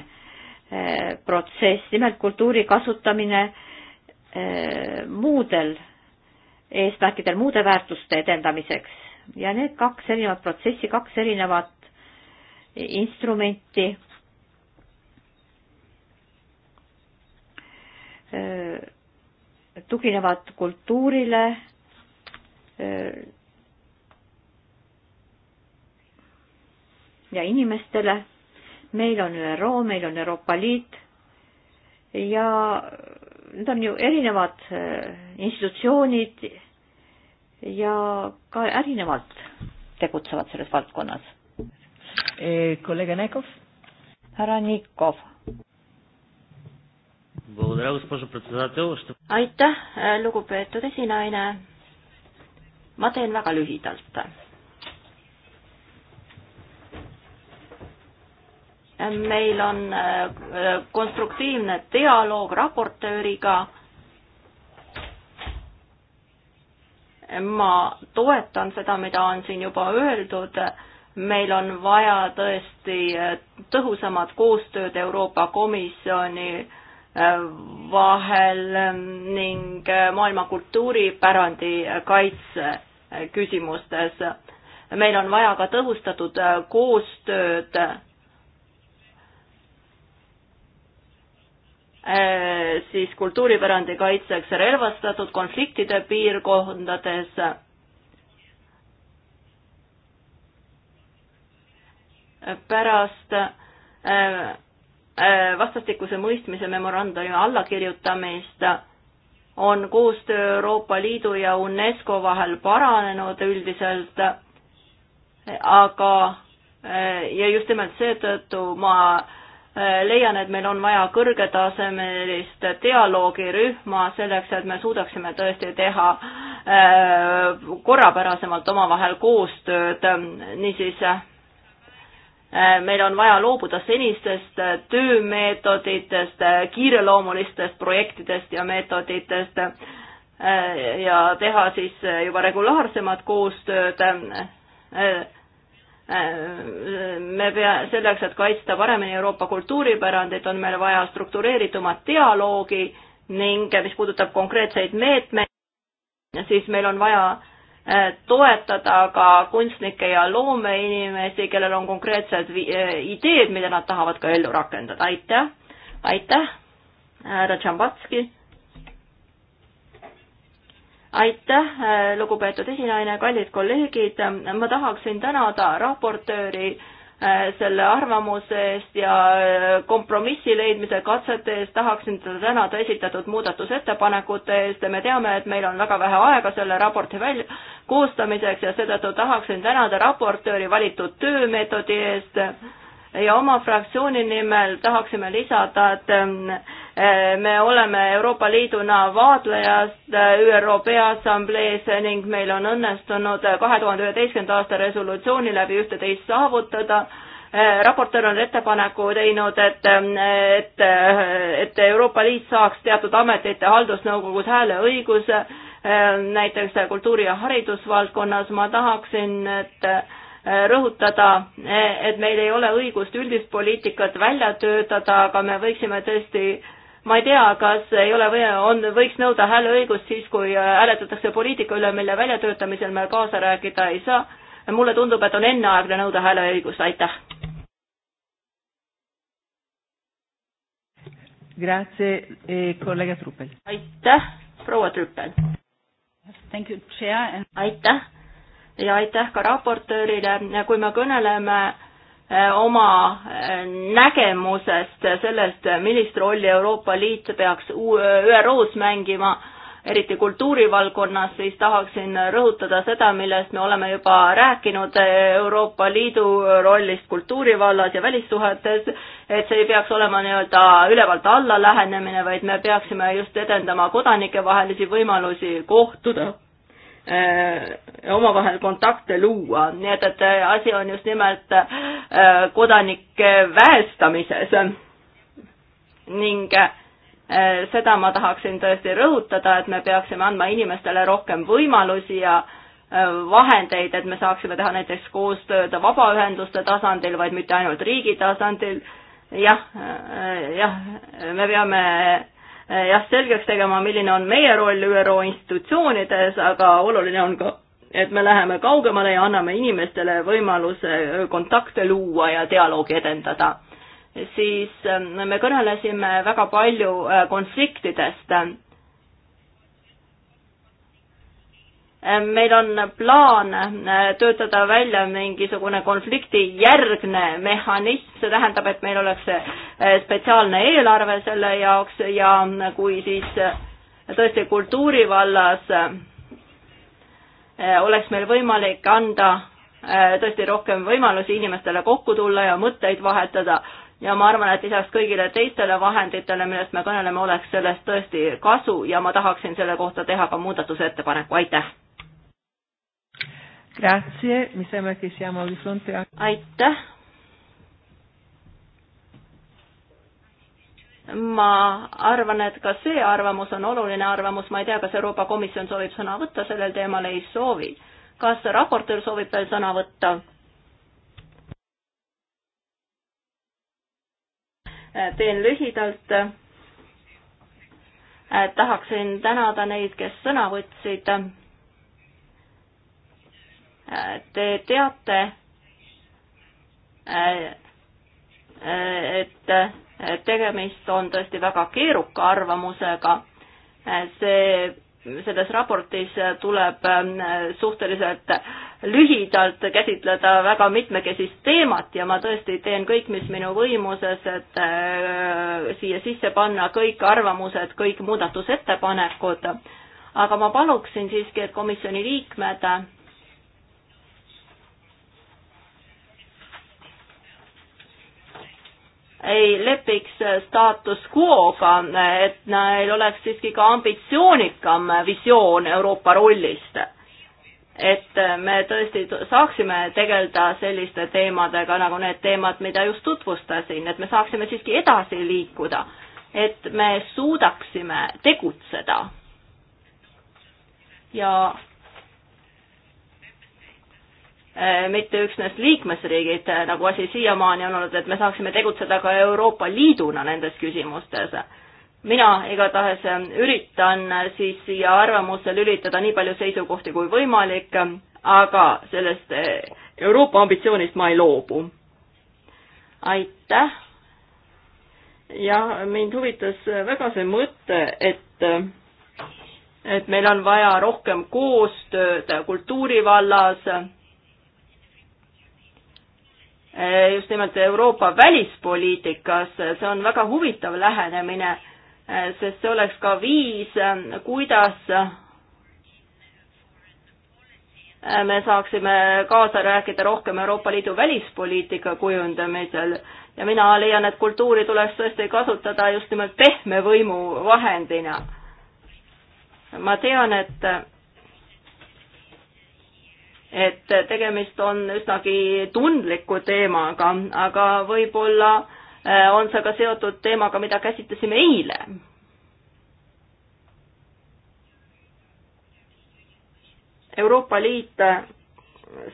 eh, protsess, nimelt kultuuri kasutamine eh, muudel eesmärkidel, muude väärtuste edendamiseks ja need kaks erinevat protsessi, kaks erinevat instrumenti eh, tuginevad kultuurile ja inimestele. meil on ÜRO, meil on Euroopa Liit ja need on ju erinevad äh, institutsioonid ja ka erinevalt tegutsevad selles valdkonnas. Eh, kolleeg Nekov. härra Nikov. aitäh, э, lugupeetud esinaine. ma teen väga lühidalt meil on äh, äh, konstruktiivne dialoog raportööriga. ma toetan seda, mida on siin juba öeldud, meil on vaja tõesti äh, tõhusamat koostööd Euroopa Komisjoni vahel ähm, ning maailma kultuuripärandi kaitse küsimustes. meil on vaja ka tõhustatud koostööd Äh, siis kultuuripärandi kaitseks relvastatud konfliktide piirkondades. pärast äh, äh, vastastikuse mõistmise memorandumi allakirjutamist on koostöö Euroopa Liidu ja UNESCO vahel paranenud üldiselt, aga ja just nimelt seetõttu ma Äh, leian, et meil on vaja kõrgetasemelist dialoogirühma selleks, et me suudaksime tõesti teha äh, korrapärasemalt omavahel koostööd, niisiis äh, meil on vaja loobuda senistest töömeetoditest, kiireloomulistest projektidest ja meetoditest ja teha siis juba regulaarsemat koostööd me pea, selleks, et kaitsta paremini Euroopa kultuuripärandit, on meil vaja struktureeritumat dialoogi ning mis puudutab konkreetseid meetmeid, siis meil on vaja eh, toetada ka kunstnikke ja loomeinimesi, kellel on konkreetsed eh, ideed, mida nad tahavad ka ellu rakendada, aitäh, aitäh, härra Tšambatski aitäh, äh, lugupeetud esinaine, kallid kolleegid, ma tahaksin tänada raportööri äh, selle arvamuse eest ja äh, kompromissi leidmise katsete eest, tahaksin teda tänada esitatud muudatusettepanekute eest ja me teame, et meil on väga vähe aega selle raporti välja, koostamiseks ja seetõttu tahaksin tänada raportööri valitud töömeetodi eest ja oma fraktsiooni nimel tahaksime lisada, et eh, me oleme Euroopa Liiduna vaatlejast eh, ÜRO Peaassamblees ning meil on õnnestunud eh, kahe tuhande üheteistkümnenda aasta resolutsiooni läbi ühte-teist saavutada raportöör on ettepaneku teinud, et, et, et Euroopa Liit saaks teatud ametite haldusnõukogus hääleõiguse, näiteks kultuuri- ja haridusvaldkonnas ma tahaksin, et rõhutada, et meil ei ole õigust üldist poliitikat välja töötada, aga me võiksime tõesti ma ei tea, kas ei ole või on, võiks nõuda hääleõigust siis, kui hääletatakse poliitika üle, mille väljatöötamisel me kaasa rääkida ei saa. mulle tundub, et on enneaegne nõuda hääleõigust, aitäh. Grazie eh,, kolleeg Truppel. aitäh, proua Truppel. aitäh ja aitäh ka raportöörile, kui me kõneleme eh, oma eh, nägemusest sellest, millist rolli Euroopa Liit peaks ÜRO-s mängima, eriti kultuurivaldkonnas, siis tahaksin rõhutada seda, millest me oleme juba rääkinud eh, Euroopa Liidu rollist kultuurivallas ja välissuhetes, et see ei peaks olema nii-öelda ülevalt alla lähenemine, vaid me peaksime just edendama kodanikevahelisi võimalusi kohtuda Äh, omavahel kontakte luua, nii et, et äh, asi on just nimelt äh, kodanike vähestamises. ning seda ma tahaksin tõesti rõhutada, et me peaksime andma inimestele rohkem võimalusi ja vahendeid, et me saaksime teha näiteks koostööd vabaühenduste tasandil, vaid mitte ainult riigi tasandil. jah, jah, me peame Eh, jah, selgeks tegema, milline on meie roll ÜRO institutsioonides, aga oluline on ka, et me läheme kaugemale ja anname inimestele võimaluse kontakte luua ja dialoogi edendada. siis eh, me kõnelesime väga palju eh, konfliktidest meil on plaan äh, töötada välja mingisugune konflikti järgne mehhanism, see tähendab, et meil oleks äh, spetsiaalne eelarve selle jaoks ja kui siis äh, tõesti kultuuri vallas oleks meil võimalik anda tõesti rohkem võimalusi inimestele kokku tulla ja mõtteid vahetada ja ma arvan, et lisaks kõigile teistele vahenditele, millest me kõneleme, oleks sellest tõesti kasu ja ma tahaksin selle kohta teha ka muudatusettepaneku, aitäh! Grazie, mi sembra che siamo di fronte a... aitäh. ma arvan, et ka see arvamus on oluline arvamus, ma ei tea, kas Euroopa Komisjon soovib sõna võtta sellel teemal, ei soovi. kas raportöör soovib veel sõna võtta? teen lühidalt. tahaksin tänada neid, kes sõna võtsid Te teate, et tegemist on tõesti väga keeruka arvamusega. see, selles raportis tuleb suhteliselt lühidalt käsitleda väga mitmekesist teemat ja ma tõesti teen kõik, mis minu võimuses, et äh, siia sisse panna kõik arvamused, kõik muudatusettepanekud. aga ma paluksin siiski, et komisjoni liikmed ei lepiks staatus quo'ga, et neil oleks siiski ka ambitsioonikam visioon Euroopa rollist. et me tõesti saaksime tegeleda selliste teemadega, nagu need teemad, mida just tutvustasin, et me saaksime siiski edasi liikuda, et me suudaksime tegutseda. ja Äh, mitte üksnes liikmesriigid, äh, nagu asi siiamaani on olnud, et me saaksime tegutseda ka Euroopa Liiduna nendes küsimustes. mina igatahes äh, üritan siis siia arvamusse lülitada nii palju seisukohti kui võimalik, aga sellest Euroopa ambitsioonist ma ei loobu. aitäh! jah, mind huvitas väga see mõte, et et meil on vaja rohkem koostööd kultuuri vallas Eh, just nimelt Euroopa välispoliitikas, see on väga huvitav lähenemine, eh, sest see oleks ka viis, eh, kuidas me saaksime kaasa rääkida rohkem Euroopa Liidu välispoliitika kujundamisel ja mina leian, et kultuuri tuleks tõesti kasutada just nimelt pehme võimu vahendina. ma tean, et et tegemist on üsnagi tundliku teemaga, aga võib-olla äh, on see ka seotud teemaga, mida käsitlesime eile. Euroopa Liit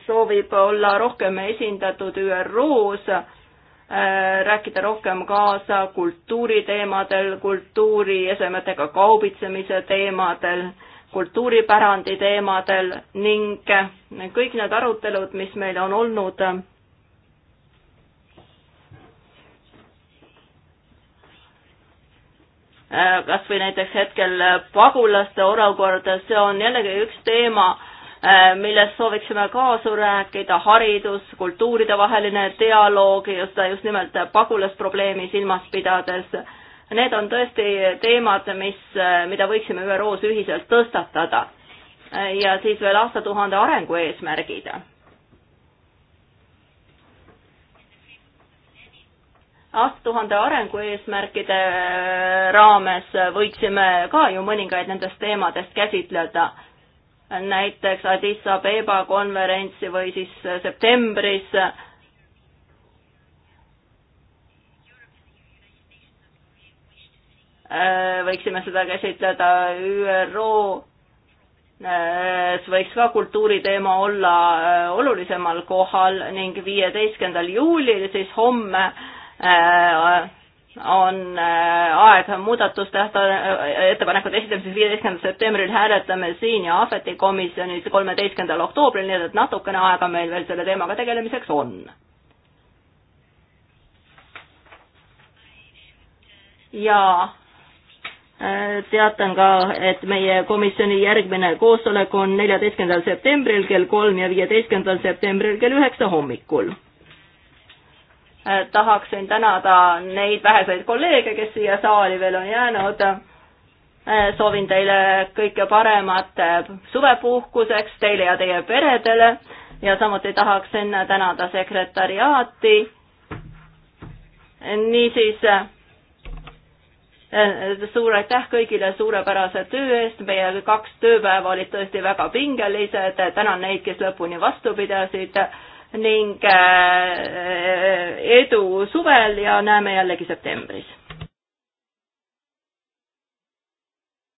soovib olla rohkem esindatud ÜRO-s, äh, rääkida rohkem kaasa kultuuriteemadel, kultuuriesemetega kaubitsemise teemadel, kultuuri kultuuripärandi teemadel ning kõik need arutelud, mis meil on olnud kas või näiteks hetkel pagulaste olukord, see on jällegi üks teema, millest sooviksime kaasa rääkida, haridus, kultuuride vaheline dialoog ja seda just nimelt pagulasprobleemi silmas pidades Need on tõesti teemad, mis, mida võiksime ÜRO-s ühiselt tõstatada. ja siis veel aastatuhande arengu eesmärgid. aastatuhande arengu eesmärkide raames võiksime ka ju mõningaid nendest teemadest käsitleda näiteks Addis Abeba konverentsi või siis septembris Äh, võiksime seda käsitleda ÜRO äh, võiks ka kultuuriteema olla äh, olulisemal kohal ning viieteistkümnendal juulil, siis homme on aeg muudatustähta, ettepanekute esitamiseks viieteistkümnendal septembril hääletame siin ja Ahveti komisjonis kolmeteistkümnendal oktoobril, nii et natukene aega meil veel selle teemaga tegelemiseks on. ja teatan ka, et meie komisjoni järgmine koosolek on neljateistkümnendal septembril kell kolm ja viieteistkümnendal septembril kell üheksa hommikul. Äh, tahaksin tänada neid väheseid kolleege, kes siia saali veel on jäänud. Äh, soovin teile kõike paremat äh, suvepuhkuseks teile ja teie peredele ja samuti tahaksin tänada sekretariaati. niisiis Eh, suur aitäh kõigile suurepärase töö eest, meie kaks tööpäeva olid tõesti väga pingelised, tänan neid, kes lõpuni vastu pidasid ning eh, edu suvel ja näeme jällegi septembris